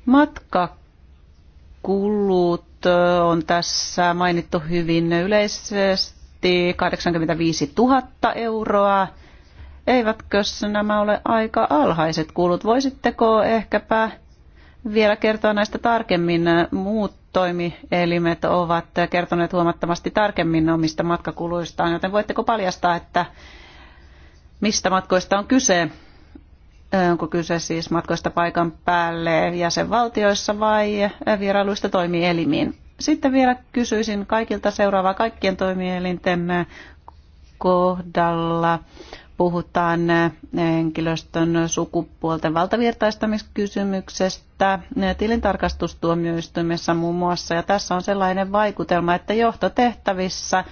S2: Matkakulut on tässä mainittu hyvin yleisesti 85 000 euroa. Eivätkö nämä ole aika alhaiset kulut? Voisitteko ehkäpä vielä kertoa näistä tarkemmin? Muut toimielimet ovat kertoneet huomattavasti tarkemmin omista matkakuluistaan, joten voitteko paljastaa, että mistä matkoista on kyse? Onko kyse siis matkoista paikan päälle jäsenvaltioissa vai vierailuista toimielimiin? Sitten vielä kysyisin kaikilta seuraavaa kaikkien toimielinten kohdalla puhutaan henkilöstön sukupuolten valtavirtaistamiskysymyksestä tilintarkastustuomioistuimessa muun muassa. Ja tässä on sellainen vaikutelma, että johtotehtävissä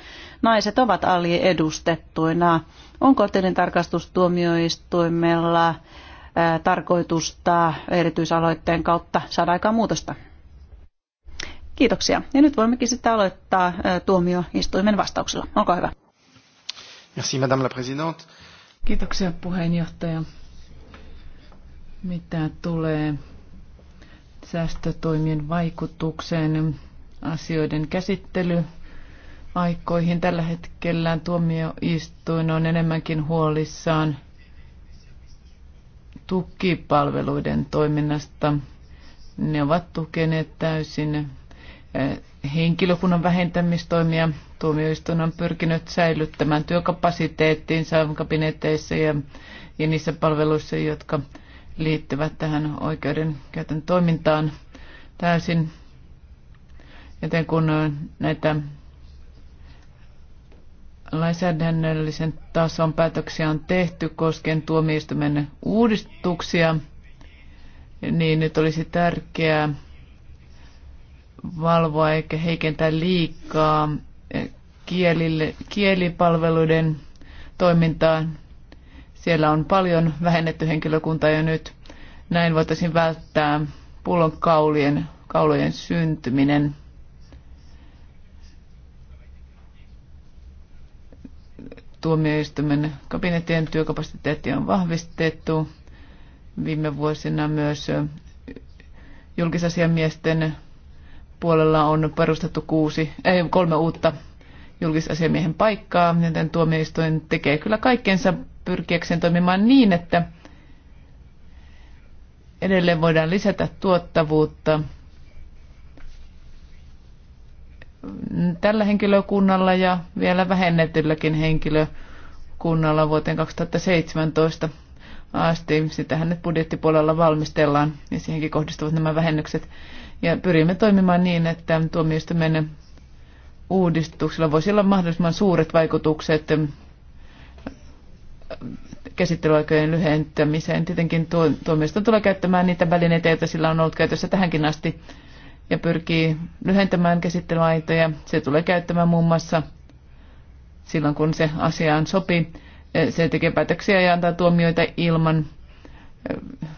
S2: naiset ovat aliedustettuina. Onko tilintarkastustuomioistuimella tarkoitusta erityisaloitteen kautta saada aikaan muutosta. Kiitoksia. Ja nyt voimmekin sitten aloittaa tuomioistuimen vastauksella. Olkaa hyvä.
S4: Merci, Madame la Présidente.
S3: Kiitoksia puheenjohtaja. Mitä tulee säästötoimien vaikutukseen asioiden käsittely aikoihin tällä hetkellä tuomioistuin on enemmänkin huolissaan – tukipalveluiden toiminnasta. Ne ovat tukeneet täysin eh, henkilökunnan vähentämistoimia. Tuomioistuin on pyrkinyt säilyttämään työkapasiteettiin kabineteissa ja, ja niissä palveluissa, jotka liittyvät tähän oikeudenkäytön toimintaan täysin. Joten kun eh, näitä lainsäädännöllisen tason päätöksiä on tehty koskien tuomioistuimen uudistuksia, niin nyt olisi tärkeää valvoa eikä heikentää liikaa eh, kielille, kielipalveluiden toimintaa. Siellä on paljon vähennetty henkilökuntaa jo nyt. Näin voitaisiin välttää pullonkaulien kaulojen syntyminen. tuomioistuimen kabinettien työkapasiteetti on vahvistettu. Viime vuosina myös julkisasiamiesten puolella on perustettu kuusi, ei, kolme uutta julkisasiamiehen paikkaa, joten tuomioistuin tekee kyllä kaikkensa pyrkiäkseen toimimaan niin, että edelleen voidaan lisätä tuottavuutta tällä henkilökunnalla ja vielä vähennetylläkin henkilökunnalla vuoteen 2017 asti. Sitähän nyt budjettipuolella valmistellaan ja siihenkin kohdistuvat nämä vähennykset. Ja pyrimme toimimaan niin, että tuomioistuimen uudistuksella voisi olla mahdollisimman suuret vaikutukset käsittelyaikojen lyhentämiseen. Tietenkin tuomioistuin tulee käyttämään niitä välineitä, joita sillä on ollut käytössä tähänkin asti ja pyrkii lyhentämään käsittelyaitoja. Se tulee käyttämään muun muassa silloin, kun se asiaan sopii. Eh, se tekee päätöksiä ja antaa tuomioita ilman eh,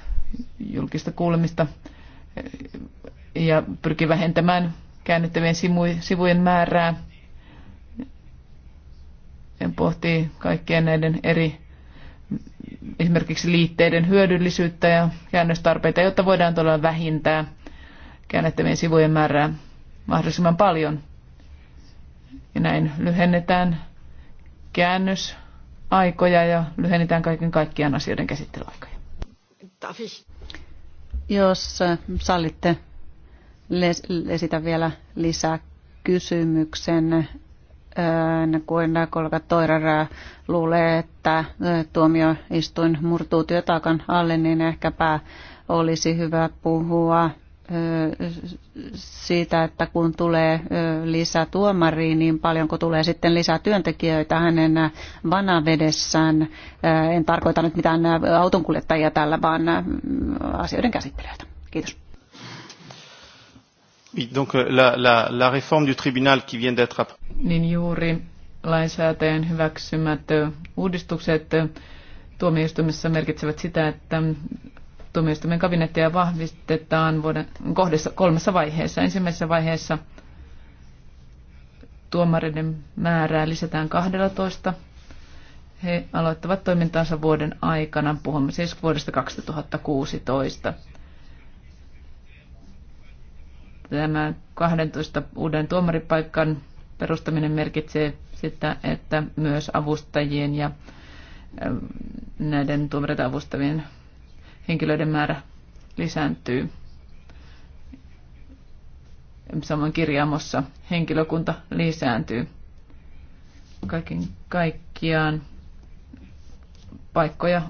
S3: julkista kuulemista eh, ja pyrkii vähentämään käännettävien sivujen määrää. Ja pohtii kaikkien näiden eri esimerkiksi liitteiden hyödyllisyyttä ja käännöstarpeita, jotta voidaan todella vähintää käännettävien sivujen määrää mahdollisimman paljon. Ja näin lyhennetään käännösaikoja ja lyhennetään kaiken kaikkiaan asioiden käsittelyaikoja.
S2: Jos äh, sallitte, esitä vielä lisää kysymyksen äh, ennen kuin kollega Toirar äh, luulee, että tuomioistuin murtuu työtaakan alle, niin ehkäpä olisi hyvä puhua siitä, että kun tulee lisää tuomariin, niin paljonko tulee sitten lisää työntekijöitä hänen vanavedessään. En tarkoita nyt mitään autonkuljettajia tällä, vaan asioiden
S3: käsittelijöitä. Kiitos.
S4: Donc euh, la, la, la réforme du tribunal qui vient d'être
S3: Niin juuri lainsäätäjän hyväksymät uudistukset tuomioistuimessa merkitsevät sitä, että tuomioistuimen kabinettia vahvistetaan vuoden, kohdessa, kolmessa vaiheessa. Ensimmäisessä vaiheessa tuomareiden määrää lisätään 12. He aloittavat toimintaansa vuoden aikana, puhumme siis vuodesta 2016. Tämä 12 uuden tuomaripaikan perustaminen merkitsee sitä, että myös avustajien ja näiden tuomareita avustavien henkilöiden määrä lisääntyy. Samoin kirjaamossa henkilökunta lisääntyy. Kaiken kaikkiaan paikkoja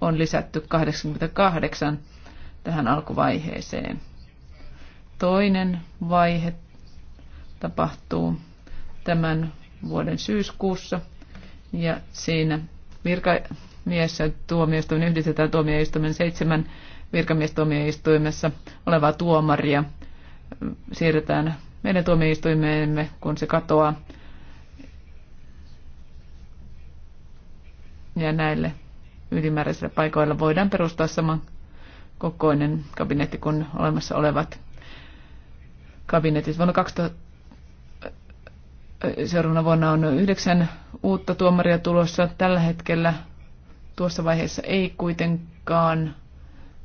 S3: on lisätty 88 tähän alkuvaiheeseen. Toinen vaihe tapahtuu tämän vuoden syyskuussa ja siinä virka- mies tuomioistuin yhdistetään tuomioistuimen seitsemän virkamiestuomioistuimessa olevaa tuomaria siirretään meidän tuomioistuimeemme, kun se katoaa. Ja näille ylimääräisillä paikoilla voidaan perustaa saman kokoinen kabinetti kuin olemassa olevat kabinetit. Vuonna 2000, seuraavana vuonna on yhdeksän uutta tuomaria tulossa. Tällä hetkellä Tuossa vaiheessa ei kuitenkaan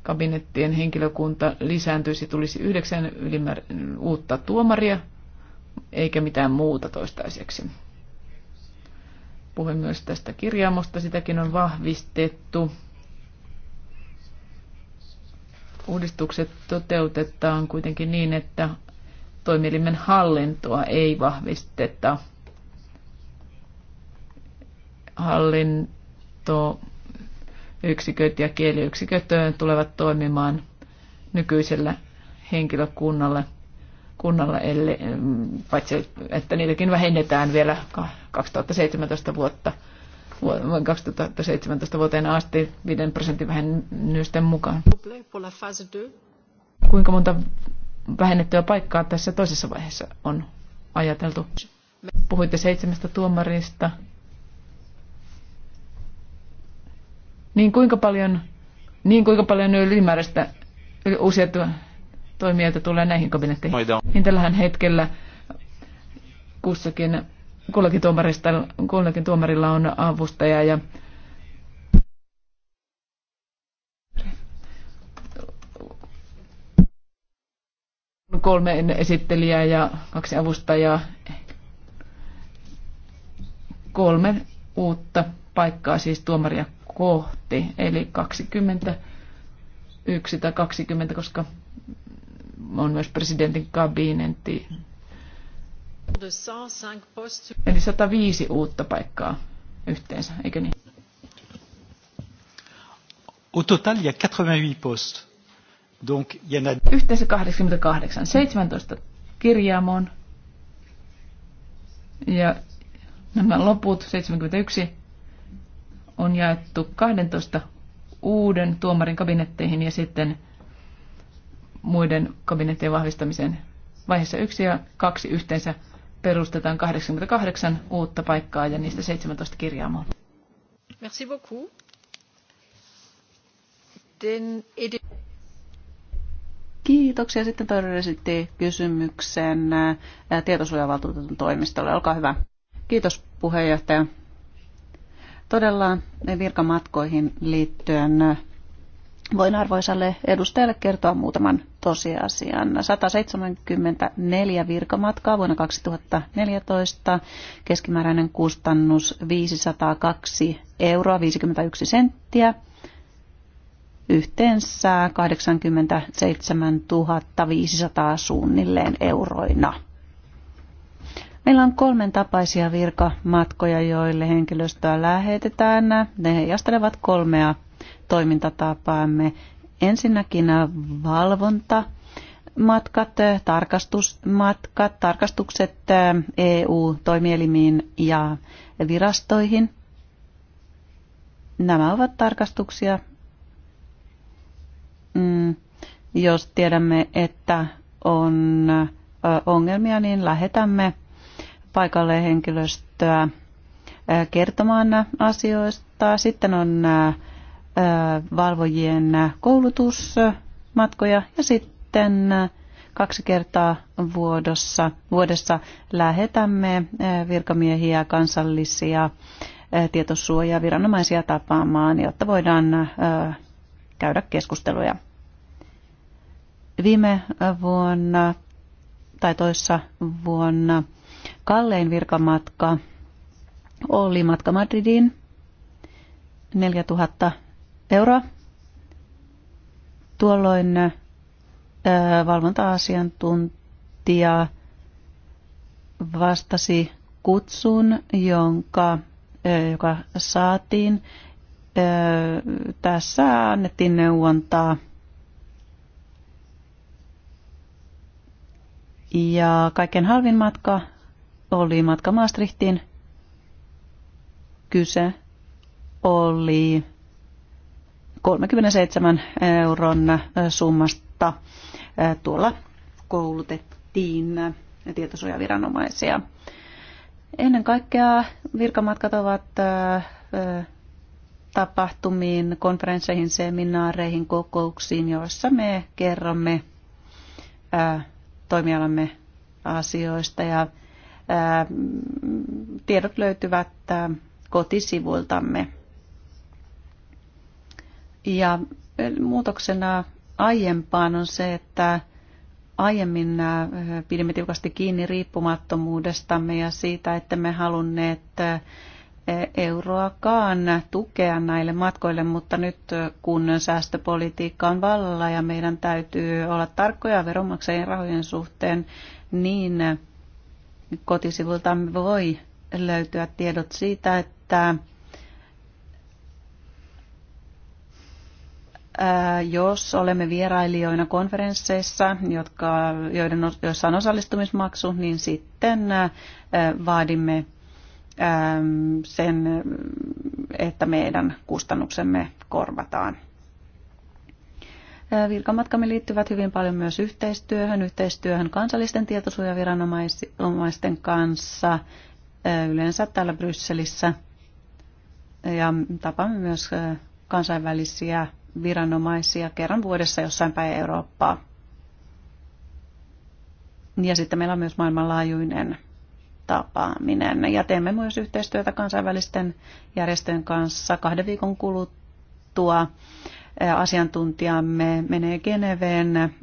S3: kabinettien henkilökunta lisääntyisi, tulisi yhdeksän ylimäär- uutta tuomaria, eikä mitään muuta toistaiseksi. Puhuin myös tästä kirjaamosta, sitäkin on vahvistettu. Uudistukset toteutetaan kuitenkin niin, että toimielimen hallintoa ei vahvisteta. Hallinto yksiköt ja kieliyksiköt tulevat toimimaan nykyisellä henkilökunnalla, kunnalla, mm, paitsi että niitäkin vähennetään vielä 2017 vuotta 2017 vuoteen asti 5 prosentin vähennysten mukaan. Kuinka monta vähennettyä paikkaa tässä toisessa vaiheessa on ajateltu? Puhuitte seitsemästä tuomarista, niin kuinka paljon, niin kuinka paljon ylimääräistä uusia toimijoita tulee näihin kabinetteihin. Niin tällähän hetkellä kussakin kullakin, tuomarista, kullakin tuomarilla on avustaja ja kolme esittelijää ja kaksi avustajaa, kolme uutta paikkaa, siis tuomaria kohti, eli 21 tai 20, koska on myös presidentin kabinetti. Eli 105 uutta paikkaa yhteensä,
S4: eikö niin? Au total, il y a 88 postes. Donc, il y en a...
S3: Yhteensä 88, 17 kirjaamoon. Ja nämä loput, 71, on jaettu 12 uuden tuomarin kabinetteihin ja sitten muiden kabinettien vahvistamiseen. Vaiheessa yksi ja kaksi yhteensä perustetaan 88 uutta paikkaa ja niistä 17 kirjaamoa.
S1: Merci beaucoup. Den
S2: Kiitoksia. Sitten Pöyry esitti kysymyksen tietosuojavaltuutetun toimistolle. Olkaa hyvä. Kiitos puheenjohtaja todella virkamatkoihin liittyen voin arvoisalle edustajalle kertoa muutaman tosiasian. 174 virkamatkaa vuonna 2014, keskimääräinen kustannus 502 euroa 51 senttiä, yhteensä 87 500 suunnilleen euroina. Meillä on kolmen tapaisia virkamatkoja, joille henkilöstöä lähetetään. Ne heijastelevat kolmea toimintatapaamme. Ensinnäkin valvonta, matkat, tarkastusmatkat, tarkastukset EU-toimielimiin ja virastoihin. Nämä ovat tarkastuksia, mm, jos tiedämme, että on ongelmia, niin lähetämme paikalle henkilöstöä äh, kertomaan asioista. Sitten on äh, valvojien koulutusmatkoja ja sitten äh, kaksi kertaa vuodossa, vuodessa lähetämme virkamiehiä kansallisia viranomaisia tapaamaan, jotta voidaan käydä keskusteluja. Viime vuonna tai toissa vuonna kallein virkamatka oli matka Madridiin 4000 euroa. Tuolloin ö, valvonta-asiantuntija vastasi kutsun, jonka, ö, joka saatiin. Ö, tässä annettiin neuvontaa Ja kaiken halvin matka oli matka Maastrichtiin. Kyse oli 37 euron summasta. Tuolla koulutettiin tietosuojaviranomaisia. Ennen kaikkea virkamatkat ovat tapahtumiin, konferensseihin, seminaareihin, kokouksiin, joissa me kerromme toimialamme asioista ja Tiedot löytyvät kotisivuiltamme. Ja muutoksena aiempaan on se, että aiemmin pidimme tiukasti kiinni riippumattomuudestamme ja siitä, että me halunneet euroakaan tukea näille matkoille, mutta nyt kun säästöpolitiikka on vallalla ja meidän täytyy olla tarkkoja veronmaksajien rahojen suhteen, niin kotisivultamme voi löytyä tiedot siitä, että jos olemme vierailijoina konferensseissa, jotka, joiden, joissa on osallistumismaksu, niin sitten vaadimme sen, että meidän kustannuksemme korvataan. Virkamatkamme liittyvät hyvin paljon myös yhteistyöhön, yhteistyöhön kansallisten tietosuojaviranomaisten kanssa, yleensä täällä Brysselissä. Ja tapaamme myös kansainvälisiä viranomaisia kerran vuodessa jossain päin Eurooppaa. Ja sitten meillä on myös maailmanlaajuinen tapaaminen. Ja teemme myös yhteistyötä kansainvälisten järjestöjen kanssa kahden viikon kuluttua asiantuntijamme menee Geneveen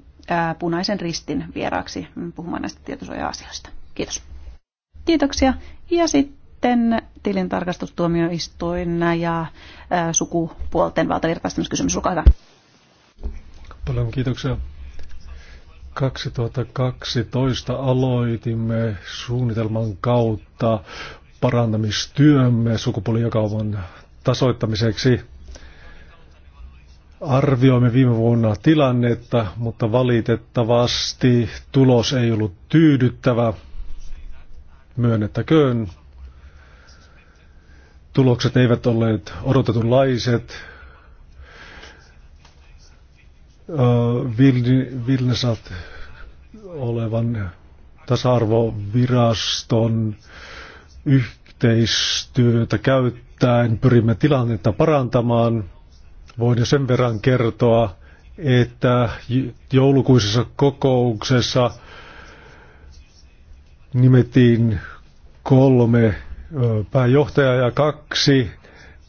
S2: punaisen ristin vieraaksi mm, puhumaan näistä tietosuoja-asioista. Kiitos. Kiitoksia. Ja sitten tilintarkastustuomioistuin ja sukupuolten valtavirtaistamiskysymys. Olkaa hyvä.
S4: Paljon kiitoksia. 2012 aloitimme suunnitelman kautta parantamistyömme sukupuolijakauman tasoittamiseksi arvioimme viime vuonna tilannetta, mutta valitettavasti tulos ei ollut tyydyttävä. Myönnettäköön. Tulokset eivät olleet odotetunlaiset. Vilnesat olevan tasa-arvoviraston yhteistyötä käyttäen pyrimme tilannetta parantamaan – Voin jo sen verran kertoa, että joulukuisessa kokouksessa nimettiin kolme pääjohtajaa ja kaksi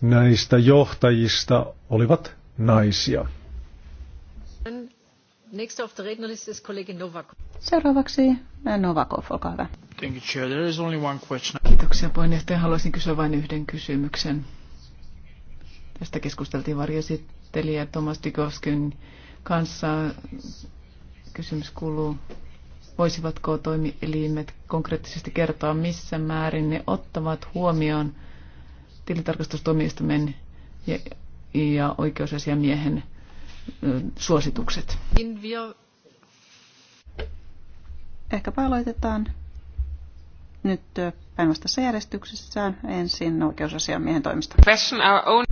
S4: näistä johtajista olivat naisia.
S3: Seuraavaksi
S2: Novakov, olkaa hyvä.
S3: Kiitoksia puheenjohtaja. Haluaisin kysyä vain yhden kysymyksen. Tästä keskusteltiin varjoesittelijä Tomas Dikovskin kanssa. Kysymys kuuluu, voisivatko toimielimet konkreettisesti kertoa, missä määrin ne ottavat huomioon tilintarkastustuomioistuimen ja, ja oikeusasiamiehen suositukset. Ehkäpä
S2: aloitetaan nyt päinvastaisessa järjestyksessään ensin oikeusasiamiehen toimista.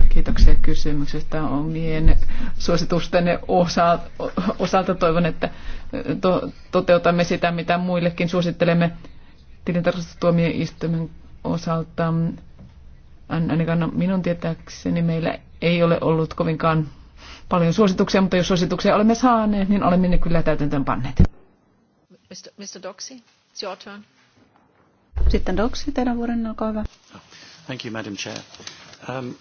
S3: Kiitoksia kysymyksestä omien suositusten osalta, osalta. Toivon, että to, toteutamme sitä, mitä muillekin suosittelemme istuimen osalta. Ainakaan no, minun tietääkseni meillä ei ole ollut kovinkaan paljon suosituksia, mutta jos suosituksia olemme saaneet, niin olemme ne kyllä täytäntöön panneet.
S1: Mr. Mr. Doxy, it's your turn.
S2: Sitten Doksi, teidän vuoden, olkaa hyvä. Thank you, Madam Chair. Um...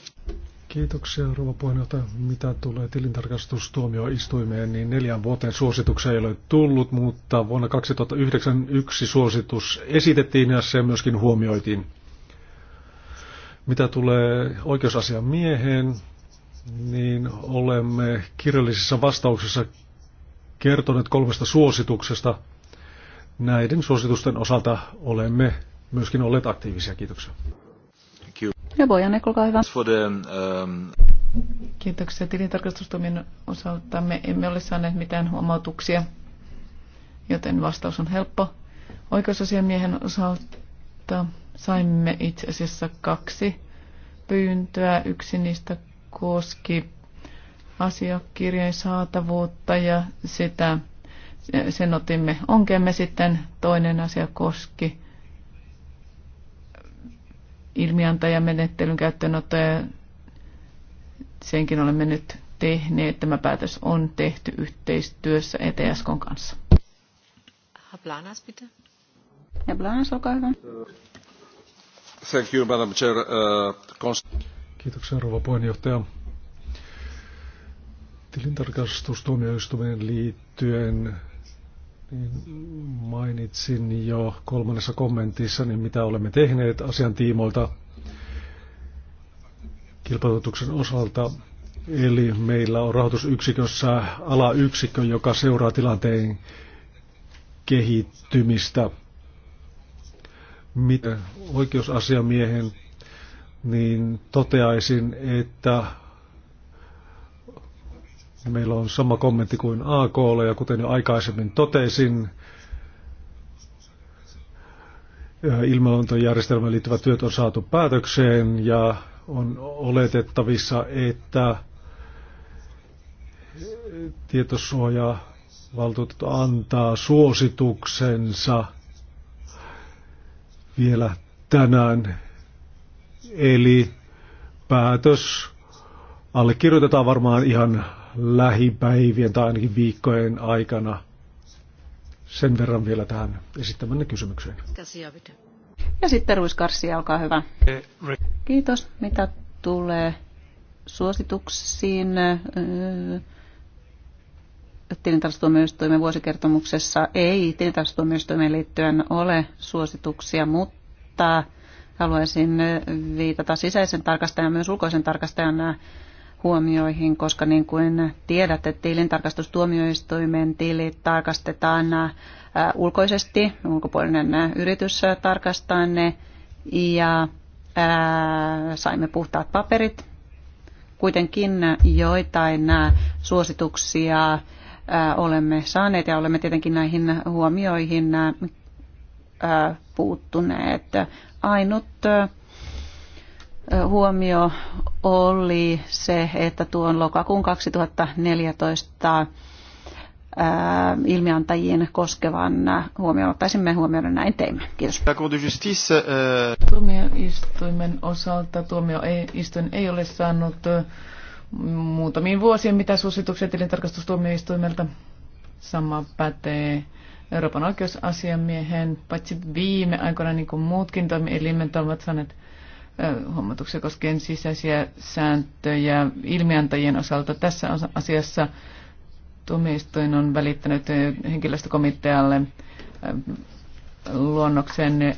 S4: Kiitoksia, rouva puheenjohtaja. Mitä tulee tilintarkastustuomioistuimeen, niin neljän vuoteen suosituksia ei ole tullut, mutta vuonna 2009 yksi suositus esitettiin ja se myöskin huomioitiin. Mitä tulee oikeusasian mieheen, niin olemme kirjallisissa vastauksissa kertoneet kolmesta suosituksesta. Näiden suositusten osalta olemme myöskin olleet aktiivisia. Kiitoksia.
S3: Ja Bojanek, olkaa
S2: hyvä.
S4: Um,
S3: Kiitoksia tilintarkastustoimien osalta. Me emme ole saaneet mitään huomautuksia, joten vastaus on helppo. Oikeusasiamiehen osalta saimme itse asiassa kaksi pyyntöä. Yksi niistä koski asiakirjojen saatavuutta ja sitä sen otimme onkemme sitten. Toinen asia koski ilmiantajamenettelyn käyttöönotto ja senkin olemme nyt tehneet. Tämä päätös on tehty yhteistyössä ETSKn kanssa.
S1: Planas, bitte.
S3: Ja Planas,
S4: olkaa hyvä. Thank you, Madam Chair. Uh, Kiitoksia, rouva puheenjohtaja. Tilintarkastustuomioistuminen liittyen Mainitsin jo kolmannessa kommentissa, niin mitä olemme tehneet asian tiimoilta kilpailutuksen osalta. Eli meillä on rahoitusyksikössä alayksikkö, joka seuraa tilanteen kehittymistä. Mitä oikeusasiamiehen, niin toteaisin, että Meillä on sama kommentti kuin AK: ja kuten jo aikaisemmin totesin, ilmailontojärjestelmään liittyvät työt on saatu päätökseen ja on oletettavissa, että tietosuoja valtuutettu antaa suosituksensa vielä tänään. Eli päätös allekirjoitetaan varmaan ihan lähipäivien tai ainakin viikkojen aikana. Sen verran vielä tähän esittämänne kysymykseen.
S2: Ja sitten Ruis Karsia, olkaa hyvä. Kiitos. Mitä tulee suosituksiin äh, Tilintarvistuomioistuimen vuosikertomuksessa ei tilintarvistuomioistuimeen liittyen ole suosituksia, mutta haluaisin viitata sisäisen tarkastajan myös ulkoisen tarkastajan huomioihin, koska niin kuin tiedätte, tilintarkastustuomioistuimen tilit tarkastetaan äh, ulkoisesti, ulkopuolinen äh, yritys äh, tarkastaa ne ja saimme puhtaat paperit. Kuitenkin joitain suosituksia olemme saaneet ja olemme tietenkin näihin huomioihin puuttuneet. Ainut huomio oli se, että tuon lokakuun 2014 ilmiantajien koskevan huomioon ottaisimme huomioon näin teimme.
S1: Kiitos.
S3: Tuomioistuimen osalta tuomioistuin ei ole saanut muutamiin vuosien mitä suosituksia tilintarkastustuomioistuimelta. Sama pätee Euroopan oikeusasiamiehen, paitsi viime aikoina niin kuin muutkin toimielimet ovat saaneet huomautuksia koskien sisäisiä sääntöjä ilmiantajien osalta. Tässä asiassa tuomioistuin on välittänyt henkilöstökomitealle luonnoksen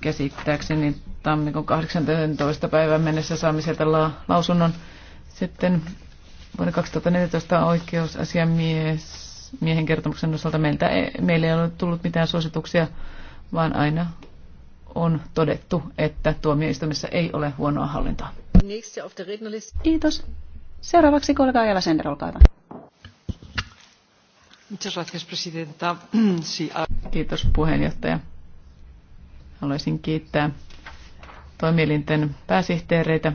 S3: käsittääkseni tammikuun 18. päivän mennessä saamiselta la- lausunnon. Sitten vuonna 2014 oikeusasiamies miehen kertomuksen osalta meiltä ei, meille ei ole tullut mitään suosituksia, vaan aina on todettu, että tuomioistuimessa ei ole huonoa hallintaa. Kiitos. Seuraavaksi kollega Ajala Sender, olkaa hyvä. Kiitos puheenjohtaja. Haluaisin kiittää toimielinten pääsihteereitä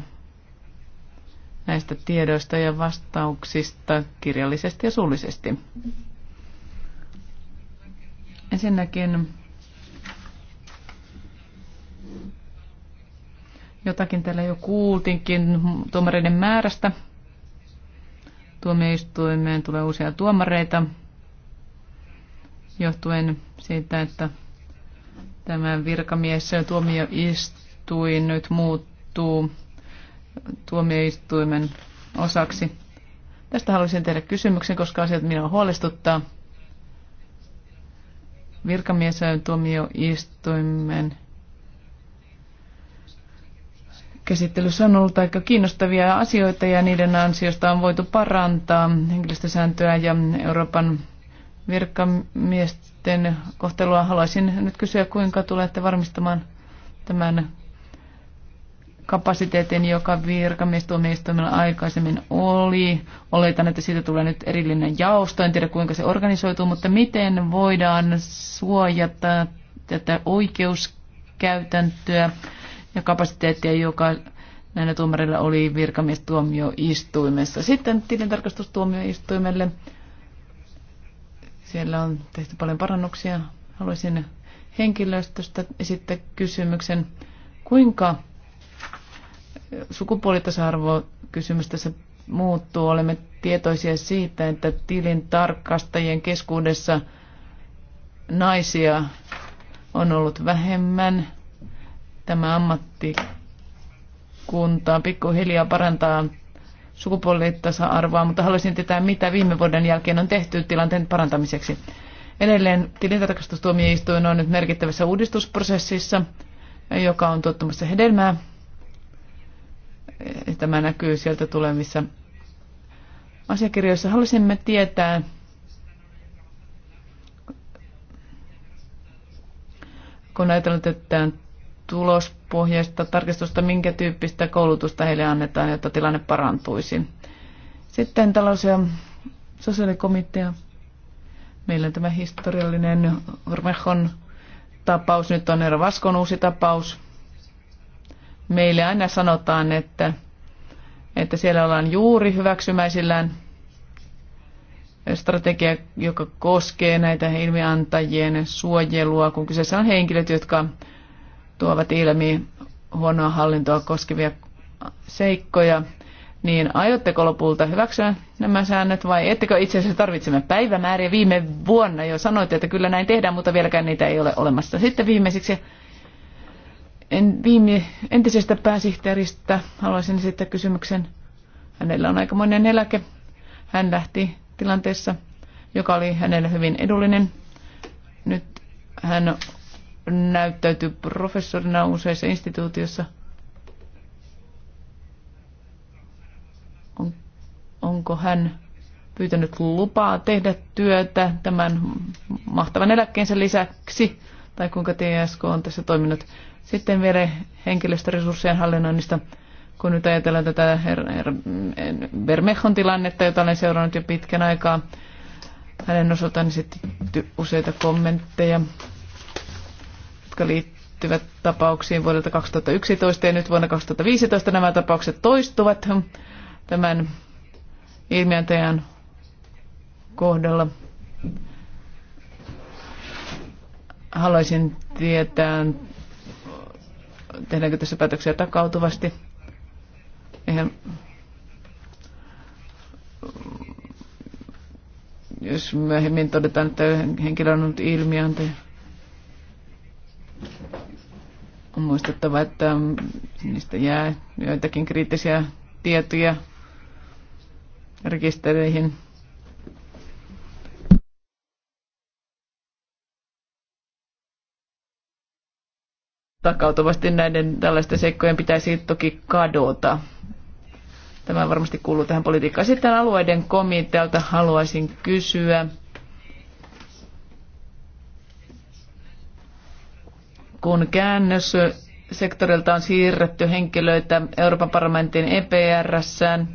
S3: näistä tiedoista ja vastauksista kirjallisesti ja suullisesti. Ensinnäkin Jotakin täällä jo kuultiinkin tuomareiden määrästä. Tuomioistuimeen tulee uusia tuomareita johtuen siitä, että tämä virkamies ja tuomioistuin nyt muuttuu tuomioistuimen osaksi. Tästä haluaisin tehdä kysymyksen, koska asiat minua huolestuttaa. Virkamies ja tuomioistuimen käsittelyssä on ollut aika kiinnostavia asioita ja niiden ansiosta on voitu parantaa henkilöstösääntöä ja Euroopan virkamiesten kohtelua. Haluaisin nyt kysyä, kuinka tulette varmistamaan tämän kapasiteetin, joka virkamiestuomioistuimella aikaisemmin oli. Oletan, että siitä tulee nyt erillinen jaosto. En tiedä, kuinka se organisoituu, mutta miten voidaan suojata tätä oikeuskäytäntöä ja kapasiteettia, joka näillä tuomareilla oli virkamiestuomioistuimessa. Sitten tilintarkastustuomioistuimelle. Siellä on tehty paljon parannuksia. Haluaisin henkilöstöstä esittää kysymyksen, kuinka eh, sukupuolitasa-arvo kysymys tässä muuttuu. Olemme tietoisia siitä, että tilintarkastajien keskuudessa naisia on ollut vähemmän Tämä ammattikunta pikkuhiljaa parantaa sukupuolittaisa arvoa mutta haluaisin tietää, mitä viime vuoden jälkeen on tehty tilanteen parantamiseksi. Edelleen tilintarkastustuomioistuin on nyt merkittävässä uudistusprosessissa, joka on tuottamassa hedelmää. Tämä näkyy sieltä tulevissa asiakirjoissa. Haluaisimme tietää, kun ajatellaan, että tulospohjaista tarkistusta, minkä tyyppistä koulutusta heille annetaan, jotta tilanne parantuisi. Sitten talous- ja sosiaalikomitea. Meillä on tämä historiallinen Urmehon tapaus, nyt on Eero Vaskon uusi tapaus. Meille aina sanotaan, että, että siellä ollaan juuri hyväksymäisillään strategia, joka koskee näitä ilmiantajien suojelua, kun kyseessä on henkilöt, jotka tuovat ilmi huonoa hallintoa koskevia seikkoja, niin aiotteko lopulta hyväksyä nämä säännöt vai ettekö itse asiassa tarvitsemme päivämääriä? Viime vuonna jo sanoitte, että kyllä näin tehdään, mutta vieläkään niitä ei ole olemassa. Sitten viimeisiksi en, viime, entisestä pääsihteeristä haluaisin esittää kysymyksen. Hänellä on aikamoinen eläke. Hän lähti tilanteessa, joka oli hänelle hyvin edullinen. Nyt hän näyttäytyy professorina useissa instituutiossa. On, onko hän pyytänyt lupaa tehdä työtä tämän mahtavan eläkkeensä lisäksi, tai kuinka TSK on tässä toiminut. Sitten vielä henkilöstöresurssien hallinnoinnista, kun nyt ajatellaan tätä herra, Bermehon tilannetta, jota olen seurannut jo pitkän aikaa. Hänen osaltaan sitten useita kommentteja jotka liittyvät tapauksiin vuodelta 2011 ja nyt vuonna 2015 nämä tapaukset toistuvat tämän ilmiöntäjän kohdalla. Haluaisin tietää, tehdäänkö tässä päätöksiä takautuvasti. Eihän jos myöhemmin todetaan, että henkilö on ollut ilmiöntäjä muistettava, että mm, niistä jää joitakin kriittisiä tietoja rekistereihin. Takautuvasti näiden tällaisten seikkojen pitäisi toki kadota. Tämä varmasti kuuluu tähän politiikkaan. Sitten alueiden komitealta haluaisin kysyä. kun käännös sektorilta on siirretty henkilöitä Euroopan parlamentin EPRssään.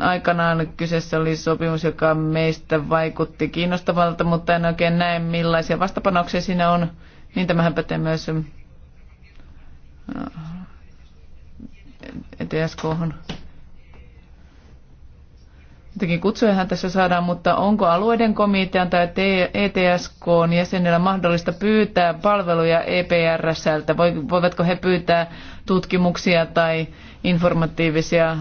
S3: Aikanaan kyseessä oli sopimus, joka meistä vaikutti kiinnostavalta, mutta en oikein näe millaisia vastapanoksia siinä on. Niin tämähän pätee myös äh, ETSK. Jotenkin kutsujahan tässä saadaan, mutta onko alueiden komitean tai ETSK jäsenillä mahdollista pyytää palveluja EPRSltä? Voivatko he pyytää tutkimuksia tai informatiivisia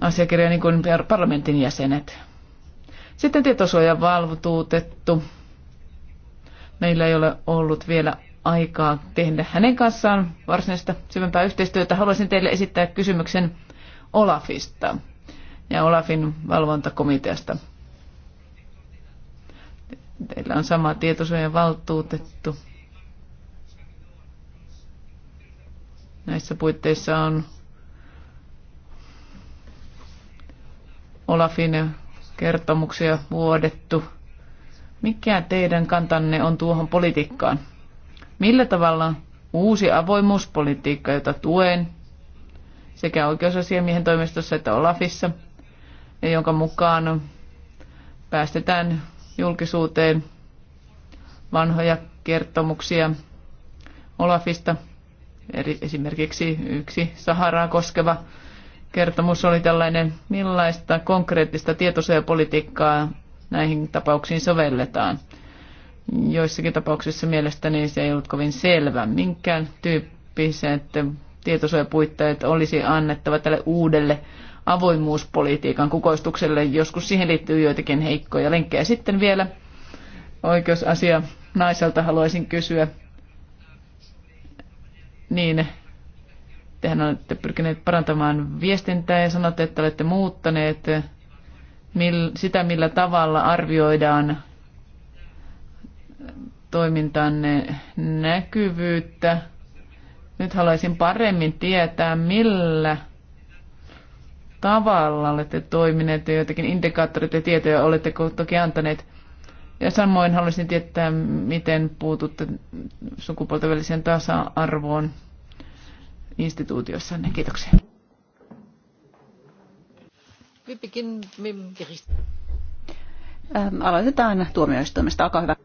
S3: asiakirjoja niin kuin parlamentin jäsenet? Sitten tietosuojan valvotuutettu. Meillä ei ole ollut vielä aikaa tehdä hänen kanssaan varsinaista syvempää yhteistyötä. Haluaisin teille esittää kysymyksen Olafista ja Olafin valvontakomiteasta. Teillä on sama tietosuojan valtuutettu. Näissä puitteissa on Olafin kertomuksia vuodettu. Mikä teidän kantanne on tuohon politiikkaan? Millä tavalla uusi avoimuuspolitiikka, jota tuen sekä oikeusasiamiehen toimistossa että Olafissa – jonka mukaan päästetään julkisuuteen vanhoja kertomuksia Olafista. Esimerkiksi yksi Saharaa koskeva kertomus oli tällainen, millaista konkreettista tietosuojapolitiikkaa näihin tapauksiin sovelletaan. Joissakin tapauksissa mielestäni se ei ollut kovin selvä, minkään tyyppiset tietosuojapuitteet olisi annettava tälle uudelle avoimuuspolitiikan kukoistukselle. Joskus siihen liittyy joitakin heikkoja lenkkejä. Sitten vielä oikeusasia naiselta haluaisin kysyä. Niin, tehän olette pyrkineet parantamaan viestintää ja sanotte, että olette muuttaneet mil, sitä, millä tavalla arvioidaan toimintanne näkyvyyttä. Nyt haluaisin paremmin tietää, millä tavalla olette toimineet ja joitakin indikaattoreita ja tietoja olette toki antaneet. Ja samoin haluaisin tietää, miten puututte sukupuolten väliseen tasa-arvoon instituutiossanne. Kiitoksia.
S2: Ähm, aloitetaan tuomioistuimesta. Olkaa hyvä.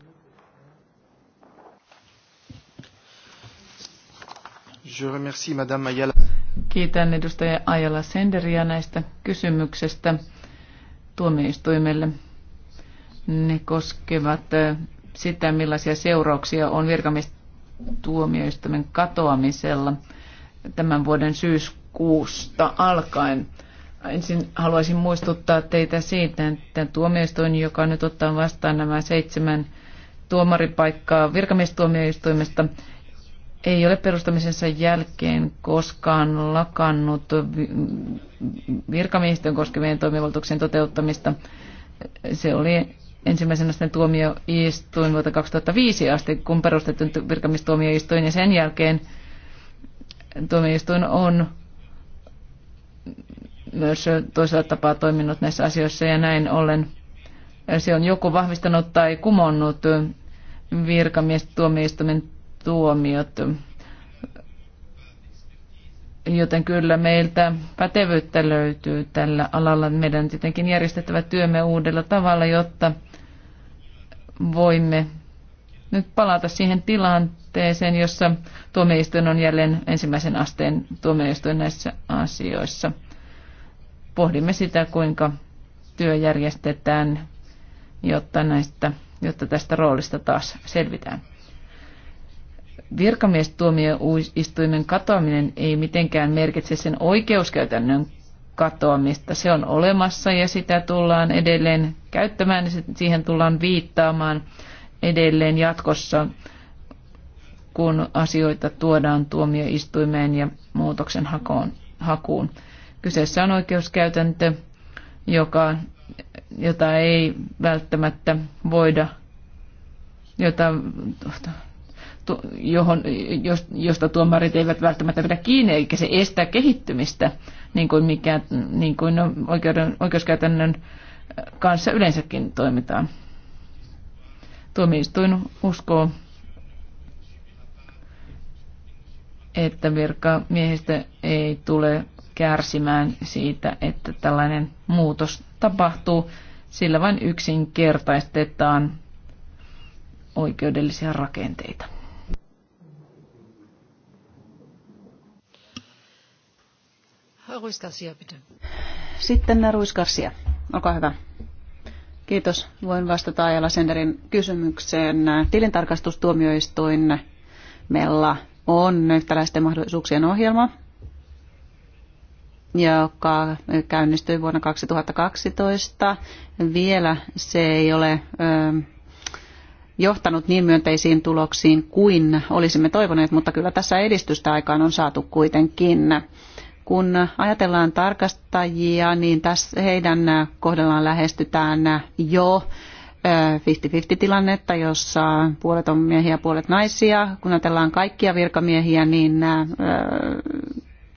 S4: Je remercie Madame Ayala.
S3: Kiitän edustaja Ajala Senderiä näistä kysymyksistä tuomioistuimelle. Ne koskevat sitä, millaisia seurauksia on virkamiestuomioistuimen katoamisella tämän vuoden syyskuusta alkaen. Ensin haluaisin muistuttaa teitä siitä, että tuomioistuin, joka nyt ottaa vastaan nämä seitsemän tuomaripaikkaa virkamiestuomioistuimesta, ei ole perustamisensa jälkeen koskaan lakannut virkamiehistön koskevien toimivaltuuksien toteuttamista. Se oli ensimmäisen asteen tuomioistuin vuotta 2005 asti, kun perustettu virkamiestuomioistuin ja sen jälkeen tuomioistuin on myös toisella tapaa toiminut näissä asioissa ja näin ollen se on joko vahvistanut tai kumonnut virkamiestuomioistuimen tuomiot. Joten kyllä meiltä pätevyyttä löytyy tällä alalla. Meidän tietenkin järjestettävä työmme uudella tavalla, jotta voimme nyt palata siihen tilanteeseen, jossa tuomioistuin on jälleen ensimmäisen asteen tuomioistuin näissä asioissa. Pohdimme sitä, kuinka työ järjestetään, jotta, näistä, jotta tästä roolista taas selvitään virkamiestuomioistuimen katoaminen ei mitenkään merkitse sen oikeuskäytännön katoamista. Se on olemassa ja sitä tullaan edelleen käyttämään ja siihen tullaan viittaamaan edelleen jatkossa, kun asioita tuodaan tuomioistuimeen ja muutoksen hakoon, hakuun. Kyseessä on oikeuskäytäntö, joka, jota ei välttämättä voida, jota johon, josta tuomarit eivät välttämättä pidä kiinni, eikä se estää kehittymistä, niin kuin, mikä, niin kuin no, oikeuden, oikeuskäytännön kanssa yleensäkin toimitaan. Tuomioistuin uskoo, että virkamiehistä ei tule kärsimään siitä, että tällainen muutos tapahtuu, sillä vain yksinkertaistetaan oikeudellisia rakenteita.
S1: bitte.
S2: Sitten Ruiskarsia, olkaa hyvä. Kiitos. Voin vastata Ajala Senderin kysymykseen. Tilintarkastustuomioistuin meillä on yhtäläisten mahdollisuuksien ohjelma, joka käynnistyi vuonna 2012. Vielä se ei ole ähm, johtanut niin myönteisiin tuloksiin kuin olisimme toivoneet, mutta kyllä tässä edistystä aikaan on saatu kuitenkin kun ajatellaan tarkastajia, niin tässä heidän kohdallaan lähestytään jo 50-50 tilannetta, jossa puolet on miehiä ja puolet naisia. Kun ajatellaan kaikkia virkamiehiä, niin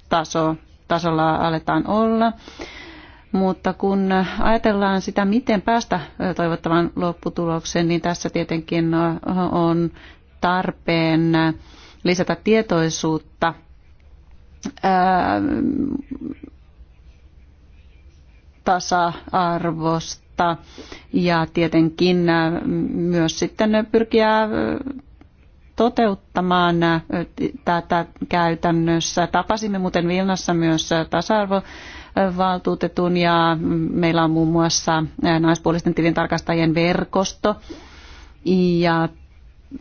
S2: taso, tasolla aletaan olla. Mutta kun ajatellaan sitä, miten päästä toivottavan lopputulokseen, niin tässä tietenkin on tarpeen lisätä tietoisuutta – tasa-arvosta ja tietenkin myös sitten pyrkiä toteuttamaan tätä käytännössä. Tapasimme muuten Vilnassa myös tasa arvovaltuutetun ja meillä on muun muassa naispuolisten tilintarkastajien verkosto. Ja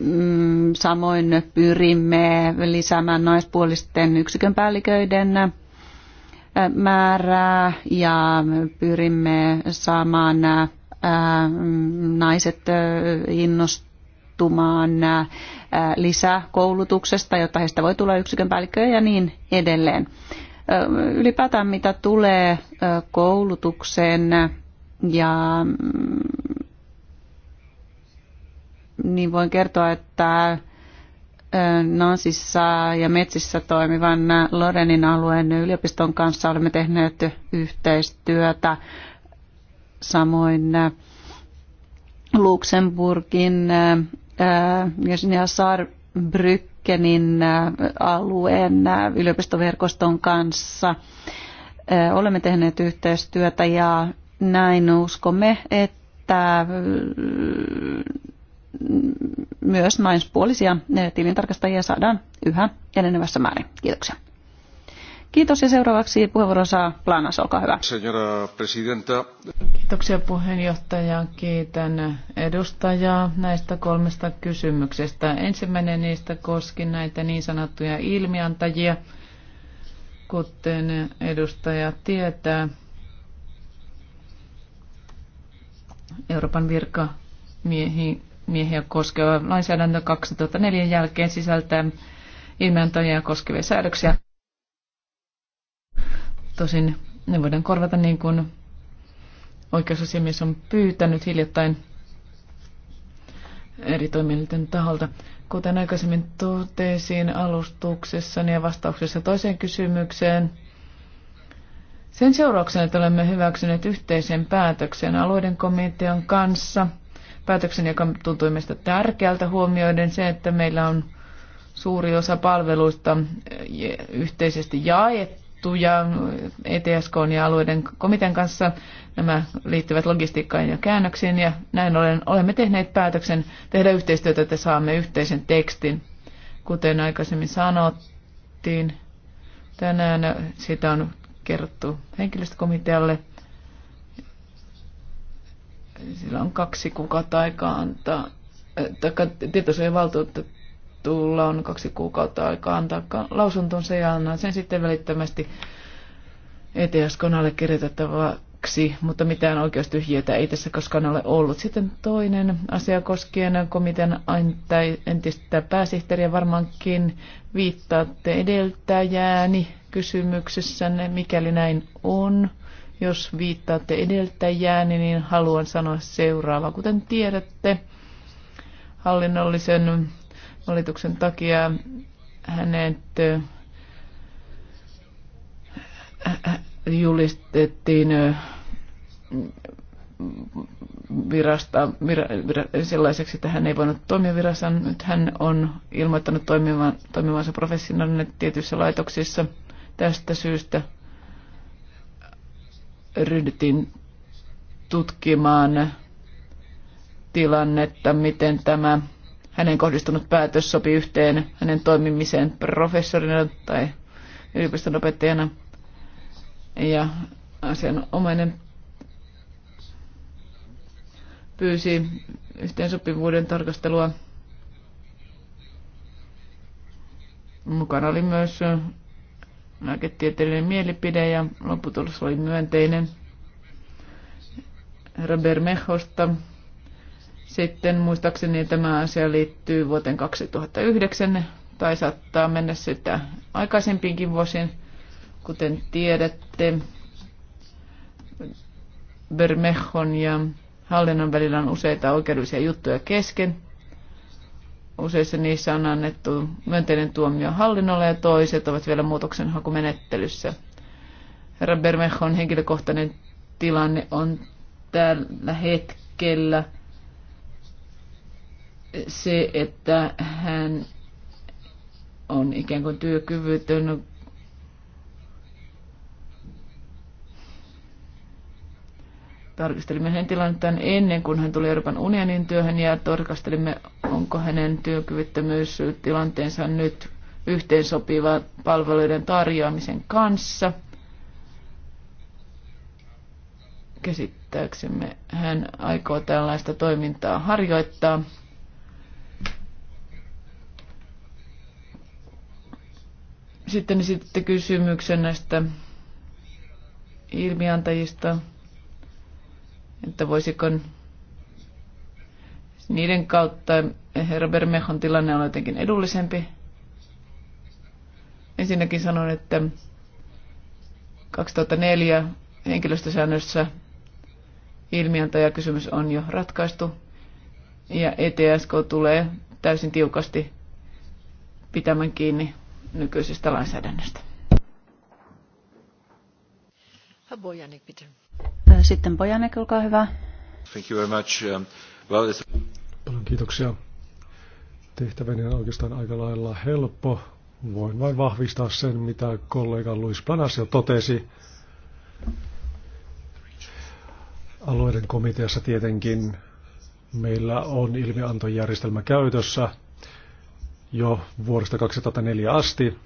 S2: Mm, samoin pyrimme lisäämään naispuolisten yksikön päälliköiden äh, määrää ja pyrimme saamaan äh, naiset äh, innostumaan lisää koulutuksesta, jotta heistä voi tulla yksikön päälliköjä ja niin edelleen. Ylipäätään mitä tulee koulutukseen ja mm, niin voin kertoa, että Nansissa ja metsissä toimivan Lorenin alueen yliopiston kanssa olemme tehneet yhteistyötä. Samoin Luxemburgin ja Saarbrückenin alueen yliopistoverkoston kanssa olemme tehneet yhteistyötä ja näin uskomme, että myös naispuolisia tilintarkastajia saadaan yhä enenevässä määrin. Kiitoksia. Kiitos ja seuraavaksi
S3: puheenvuoron saa
S2: Planas, olkaa hyvä.
S4: Señora presidenta.
S3: Kiitoksia puheenjohtaja. Kiitän edustajaa näistä kolmesta kysymyksestä. Ensimmäinen niistä koski näitä niin sanottuja ilmiantajia. Kuten edustaja tietää, Euroopan virkamiehiin miehiä koskeva lainsäädäntö 2004 jälkeen sisältää ilmiantajia koskevia säädöksiä. Tosin ne voidaan korvata niin kuin oikeusasiamies on pyytänyt hiljattain eri toimielinten taholta. Kuten aikaisemmin totesin alustuksessani ja vastauksessa toiseen kysymykseen, sen seurauksena, että olemme hyväksyneet yhteisen päätöksen alueiden komitean kanssa – päätöksen, joka tuntui meistä tärkeältä huomioiden se, että meillä on suuri osa palveluista eh, yhteisesti jaettu ja ETSK ja alueiden komitean kanssa nämä liittyvät logistiikkaan ja käännöksiin ja näin ollen olemme tehneet päätöksen tehdä yhteistyötä, että saamme yhteisen tekstin. Kuten aikaisemmin sanottiin, tänään sitä on kerrottu henkilöstökomitealle – sillä on kaksi kuukautta aikaa antaa, taikka valtuutetulla on kaksi kuukautta aikaa antaa lausuntonsa ja annan sen sitten välittömästi ETSK on allekirjoitettavaksi, mutta mitään oikeustyhjiötä ei tässä koskaan ole ollut. Sitten toinen asia koskien komitean tai entistä pääsihteeriä varmaankin viittaatte edeltäjääni kysymyksessänne, mikäli näin on jos viittaatte edeltäjään, niin haluan sanoa seuraavaa. Kuten tiedätte, hallinnollisen valituksen takia hänet äh, julistettiin äh, virasta, vira, vira, sellaiseksi, että hän ei voinut toimia virassa. Nyt hän on ilmoittanut toimivan, toimivansa professionaalinen tietyissä laitoksissa tästä syystä ryhdyttiin tutkimaan tilannetta, miten tämä hänen kohdistunut päätös sopi yhteen hänen toimimiseen professorina tai yliopiston opettajana. Ja asianomainen pyysi yhteensopivuuden tarkastelua. Mukana oli myös lääketieteellinen mielipide ja lopputulos oli myönteinen. Herra Bermehosta. Sitten muistaakseni tämä asia liittyy vuoteen 2009 tai saattaa mennä sitä aikaisempiinkin vuosiin. Kuten tiedätte, Bermehon ja hallinnon välillä on useita oikeudellisia juttuja kesken. Useissa niissä on annettu myönteinen tuomio hallinnolle ja toiset ovat vielä muutoksenhakumenettelyssä. Herra Bermehon henkilökohtainen tilanne on tällä hetkellä se, että hän on ikään kuin työkyvytön Tarkistelimme hänen tilannettaan ennen kuin hän tuli Euroopan unionin työhön ja tarkastelimme, onko hänen työkyvyttömyystilanteensa nyt yhteensopiva palveluiden tarjoamisen kanssa. Käsittääksemme hän aikoo tällaista toimintaa harjoittaa. Sitten sitten kysymyksen näistä ilmiantajista että voisiko niiden kautta herra Bermehon tilanne on jotenkin edullisempi. Ensinnäkin sanon, että 2004 henkilöstösäännössä kysymys on jo ratkaistu ja ETSK tulee täysin tiukasti pitämään kiinni nykyisestä lainsäädännöstä.
S1: Herr Bojanik, bitte.
S4: Sitten
S2: Pojanek, olkaa hyvä.
S4: Thank you very
S1: much. Um, well, this...
S4: Paljon kiitoksia. Tehtäväni on oikeastaan aika lailla helppo. Voin vain vahvistaa sen, mitä kollega Luis Planas jo totesi. Alueiden komiteassa tietenkin meillä on ilmiantojärjestelmä käytössä jo vuodesta 2004 asti.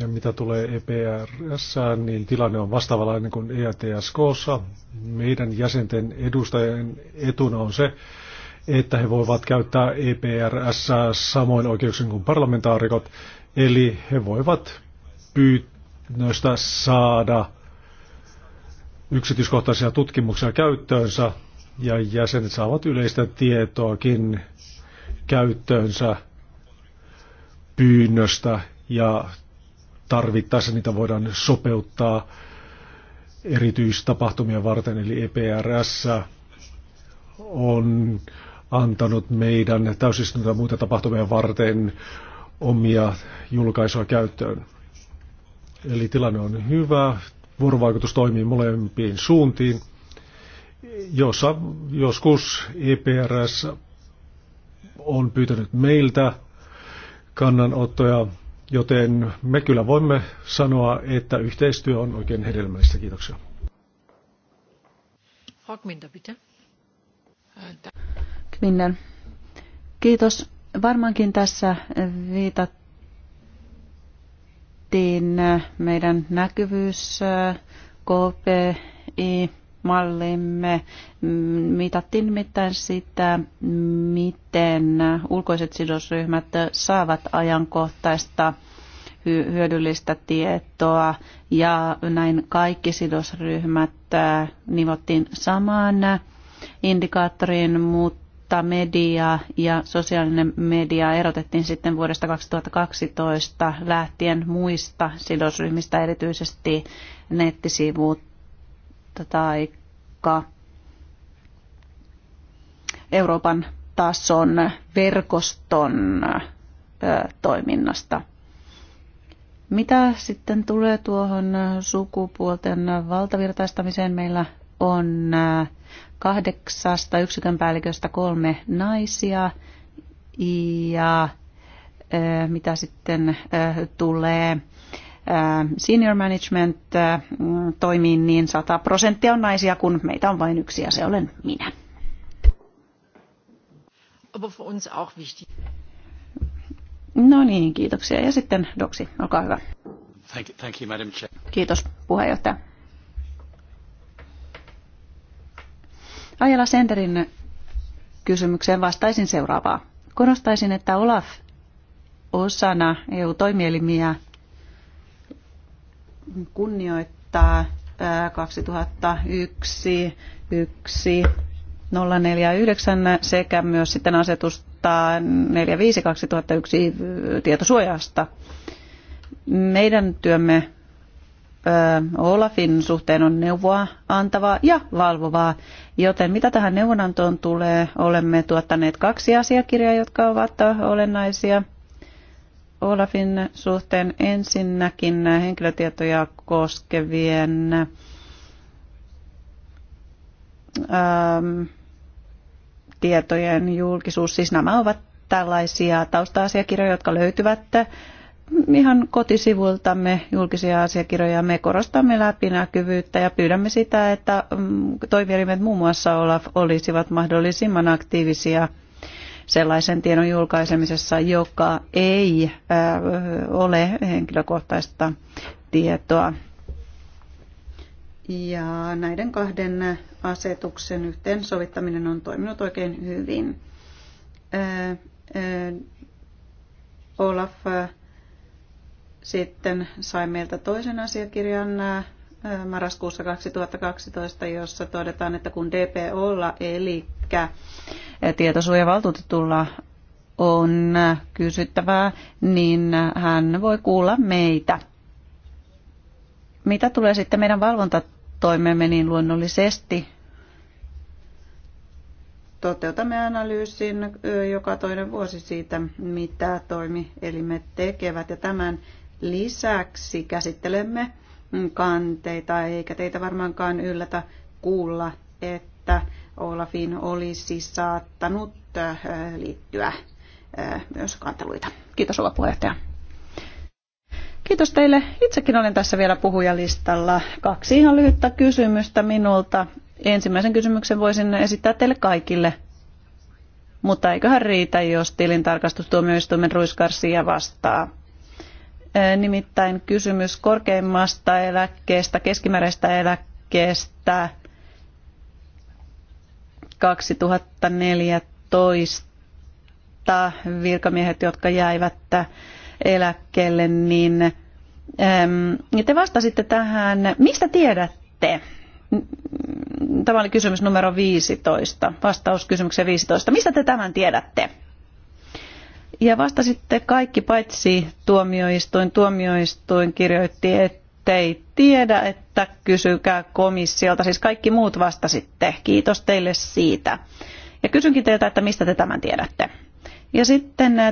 S4: Ja mitä tulee EPRS, niin tilanne on vastaavanlainen kuin EATSKssa. Meidän jäsenten edustajien etuna on se, että he voivat käyttää EPRS samoin oikeuksien kuin parlamentaarikot, eli he voivat pyynnöstä saada yksityiskohtaisia tutkimuksia käyttöönsä, ja jäsenet saavat yleistä tietoakin käyttöönsä pyynnöstä, ja tarvittaessa niitä voidaan sopeuttaa erityistapahtumia varten, eli EPRS on antanut meidän täysistuntoja muita tapahtumia varten omia julkaisuja käyttöön. Eli tilanne on hyvä, vuorovaikutus toimii molempiin suuntiin, jossa joskus EPRS on pyytänyt meiltä kannanottoja Joten me kyllä voimme sanoa, että yhteistyö on oikein hedelmällistä. Kiitoksia.
S2: Kvinnan. Kiitos. Varmaankin tässä viitattiin meidän näkyvyys KPI mallimme. Mm, mitattiin nimittäin sitä, miten ulkoiset sidosryhmät saavat ajankohtaista hyödyllistä tietoa ja näin kaikki sidosryhmät äh, nivottiin samaan indikaattoriin, mutta media ja sosiaalinen media erotettiin sitten vuodesta 2012 lähtien muista sidosryhmistä, erityisesti nettisivut tai Euroopan tason verkoston toiminnasta. Mitä sitten tulee tuohon sukupuolten valtavirtaistamiseen, meillä on kahdeksasta yksikön päälliköstä kolme naisia ja mitä sitten tulee senior management toimiin, niin 100 prosenttia on naisia, kun meitä on vain yksi ja se olen minä. No niin, kiitoksia. Ja sitten Doksi, olkaa hyvä.
S4: Thank you, thank you, Madam Chair. Kiitos
S2: puheenjohtaja. Ajala Senterin kysymykseen vastaisin seuraavaa. Korostaisin, että Olaf osana EU-toimielimiä kunnioittaa 2001 1 049 sekä myös sitten asetusta 45 2001 tietosuojasta. Meidän työmme Olafin suhteen on neuvoa antavaa ja valvovaa. Joten mitä tähän neuvonantoon tulee, olemme tuottaneet kaksi asiakirjaa, jotka ovat olennaisia – Olafin suhteen ensinnäkin henkilötietoja koskevien äm, tietojen julkisuus. Siis nämä ovat tällaisia tausta-asiakirjoja, jotka löytyvät ihan kotisivultamme julkisia asiakirjoja. Me korostamme läpinäkyvyyttä ja pyydämme sitä, että mm, toivierimet muun muassa Olaf olisivat mahdollisimman aktiivisia – sellaisen tiedon julkaisemisessa, joka ei ole henkilökohtaista tietoa. Ja näiden kahden asetuksen yhteensovittaminen on toiminut oikein hyvin. Olaf sitten sai meiltä toisen asiakirjan marraskuussa 2012, jossa todetaan, että kun DPOlla eli tietosuojavaltuutetulla on kysyttävää, niin hän voi kuulla meitä. Mitä tulee sitten meidän valvontatoimemme, niin luonnollisesti toteutamme analyysin joka toinen vuosi siitä, mitä toimielimet tekevät. Ja tämän lisäksi käsittelemme kanteita, eikä teitä varmaankaan yllätä kuulla, että Olafin olisi saattanut äh, liittyä äh, myös kanteluita. Kiitos Ola puheenjohtaja. Kiitos teille. Itsekin olen tässä vielä puhujalistalla. Kaksi ihan lyhyttä kysymystä minulta. Ensimmäisen kysymyksen voisin esittää teille kaikille. Mutta eiköhän riitä, jos tilintarkastustuomioistuimen ruiskarsia vastaa nimittäin kysymys korkeimmasta eläkkeestä, keskimääräistä eläkkeestä 2014 virkamiehet, jotka jäivät eläkkeelle, niin te vastasitte tähän, mistä tiedätte? Tämä oli kysymys numero 15, vastaus kysymykseen 15. Mistä te tämän tiedätte? Ja vasta sitten kaikki paitsi tuomioistuin. Tuomioistuin kirjoitti, ettei tiedä, että kysykää komissiolta. Siis kaikki muut vasta sitten Kiitos teille siitä. Ja kysynkin teiltä, että mistä te tämän tiedätte. Ja sitten, äh,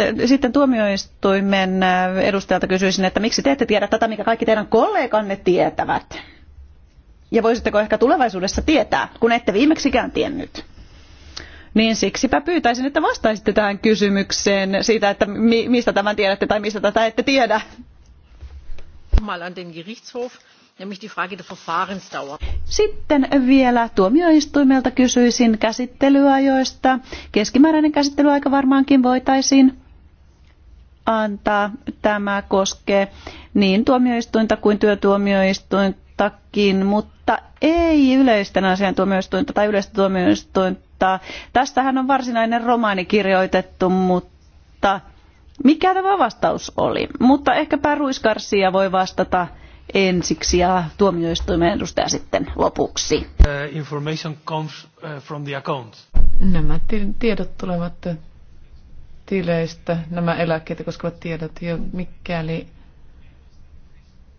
S2: äh, sitten tuomioistuimen äh, edustajalta kysyisin, että miksi te ette tiedä tätä, mikä kaikki teidän kolleganne tietävät. Ja voisitteko ehkä tulevaisuudessa tietää, kun ette viimeksikään tiennyt niin siksipä pyytäisin, että vastaisitte tähän kysymykseen siitä, että
S1: mistä tämän tiedätte tai mistä tätä ette tiedä. Mal an den Gerichtshof.
S2: Sitten vielä tuomioistuimelta kysyisin käsittelyajoista. Keskimääräinen käsittelyaika varmaankin voitaisiin antaa. Tämä koskee niin tuomioistuinta kuin työtuomioistuintakin, mutta ei yleisten asiantuomioistuinta tai yleistä tuomioistuinta kirjoittaa. Tästähän on varsinainen romaani kirjoitettu, mutta mikä tämä vastaus oli? Mutta ehkäpä Ruiskarsia voi vastata ensiksi ja
S3: tuomioistuimen edustaja
S4: sitten lopuksi. Uh, information comes uh, from the
S3: Nämä tiedot tulevat tileistä, nämä eläkkeitä koskevat tiedot, jo mikäli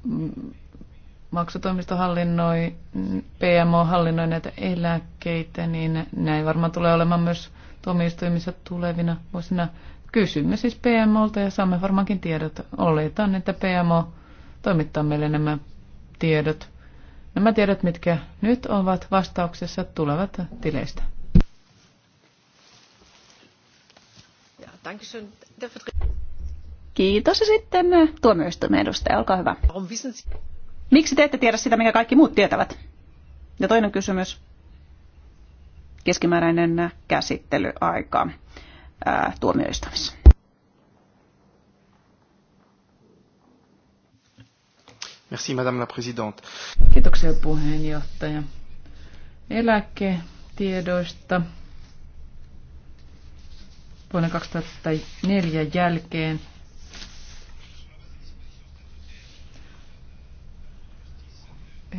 S3: mm, maksutoimisto hallinnoi, PMO hallinnoi näitä eläkkeitä, niin näin varmaan tulee olemaan myös tuomioistuimissa tulevina vuosina. Kysymme siis PMOlta ja saamme varmaankin tiedot. Oletan, että PMO toimittaa meille nämä tiedot. Nämä tiedot, mitkä nyt ovat vastauksessa, tulevat tileistä.
S2: Kiitos ja sitten tuomioistuimen edustaja, olkaa hyvä. Miksi te ette tiedä sitä, mikä kaikki muut tietävät? Ja toinen kysymys. Keskimääräinen käsittelyaika ää, tuomioistuimissa.
S4: Merci, Madame la Présidente.
S3: Kiitoksia puheenjohtaja. Eläketiedoista vuonna 2004 jälkeen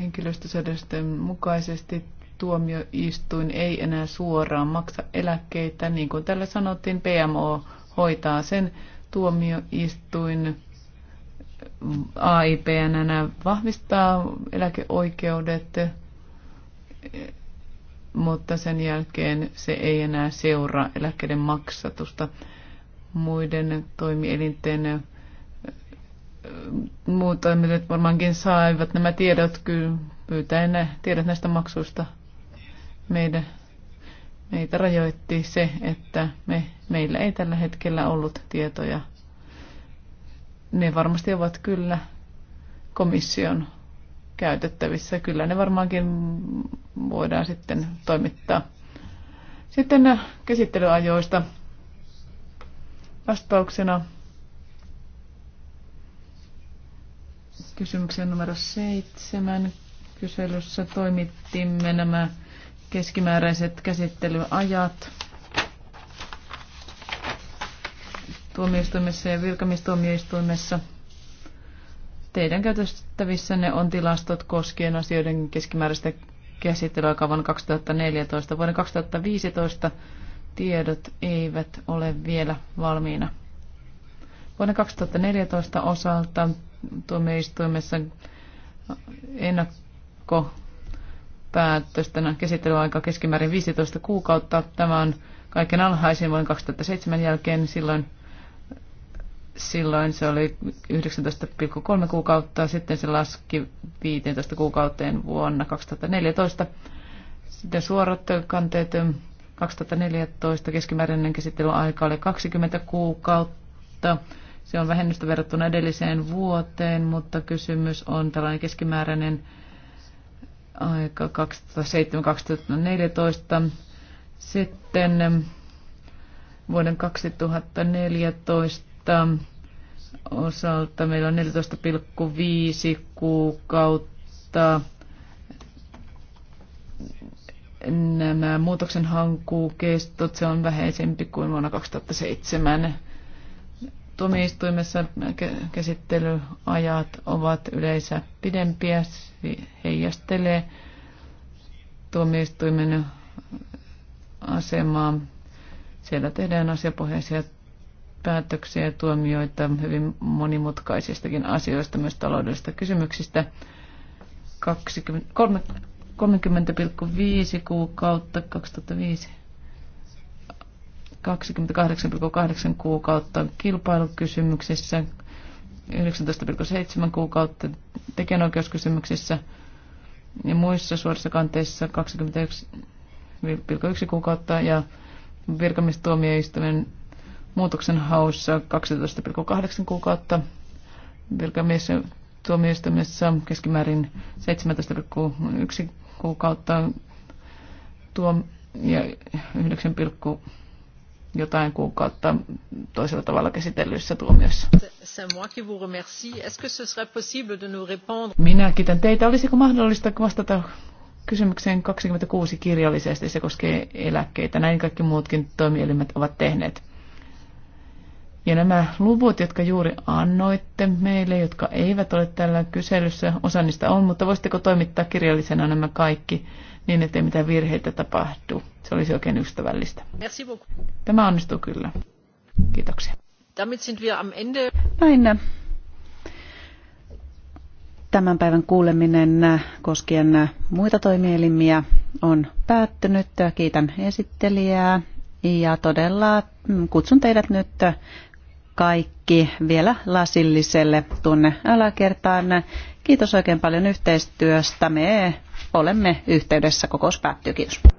S3: henkilöstösäädösten mukaisesti tuomioistuin ei enää suoraan maksa eläkkeitä. Niin kuin täällä sanottiin, PMO hoitaa sen tuomioistuin AIPNnä vahvistaa eläkeoikeudet, mutta sen jälkeen se ei enää seuraa eläkkeiden maksatusta. Muiden toimielinten muut toimijat varmaankin saivat nämä tiedot kyllä pyytäen ne tiedot näistä maksuista. Meidän, meitä rajoitti se, että me, meillä ei tällä hetkellä ollut tietoja. Ne varmasti ovat kyllä komission käytettävissä. Kyllä ne varmaankin voidaan sitten toimittaa. Sitten käsittelyajoista vastauksena kysymykseen numero seitsemän. Kyselyssä toimittimme nämä keskimääräiset käsittelyajat tuomioistuimessa ja virkamistuomioistuimessa Teidän käytettävissänne on tilastot koskien asioiden keskimääräistä käsittelyaikaa vuonna 2014. Vuoden 2015 tiedot eivät ole vielä valmiina. Vuoden 2014 osalta tuomioistuimessa ennakkopäätöstä käsittelyaika keskimäärin 15 kuukautta. Tämä on kaiken alhaisin vuoden 2007 jälkeen. Silloin, silloin se oli 19,3 kuukautta, sitten se laski 15 kuukauteen vuonna 2014. Sitten suorat kanteet 2014 keskimääräinen käsittelyaika oli 20 kuukautta se on vähennystä verrattuna edelliseen vuoteen, mutta kysymys on tällainen keskimääräinen aika 2007-2014. Sitten vuoden 2014 osalta meillä on 14,5 kuukautta nämä muutoksen hankukestot, se on vähäisempi kuin vuonna 2007. Tuomioistuimessa käsittelyajat ovat yleensä pidempiä, heijastelee tuomioistuimen asemaa. Siellä tehdään asiapohjaisia päätöksiä ja tuomioita hyvin monimutkaisistakin asioista, myös taloudellisista kysymyksistä. 20, 30,5 kuukautta 2005 28,8 kuukautta kilpailukysymyksissä, 19,7 kuukautta tekijänoikeuskysymyksissä ja muissa suorissa kanteissa 21,1 kuukautta ja virkamiestuomioistuimen muutoksen haussa 12,8 kuukautta, virkamiestuomioistuimessa keskimäärin 17,1 kuukautta tuo, ja jotain kuukautta toisella tavalla käsitellyissä
S1: tuomioissa. Minä
S3: kiitän teitä. Olisiko mahdollista vastata kysymykseen 26 kirjallisesti? Se koskee eläkkeitä. Näin kaikki muutkin toimielimet ovat tehneet. Ja nämä luvut, jotka juuri annoitte meille, jotka eivät ole tällä kyselyssä, osa niistä on, mutta voisitteko toimittaa kirjallisena nämä kaikki niin, ettei mitään virheitä tapahdu? Se olisi oikein ystävällistä. Tämä onnistuu kyllä. Kiitoksia.
S1: Damit sind wir am Ende.
S2: Näin tämän päivän kuuleminen koskien muita toimielimiä on päättynyt. Kiitän esittelijää ja todella kutsun teidät nyt kaikki vielä lasilliselle tuonne alakertaan. Kiitos oikein paljon yhteistyöstä. Me olemme yhteydessä. Kokous päättyy. Kiitos.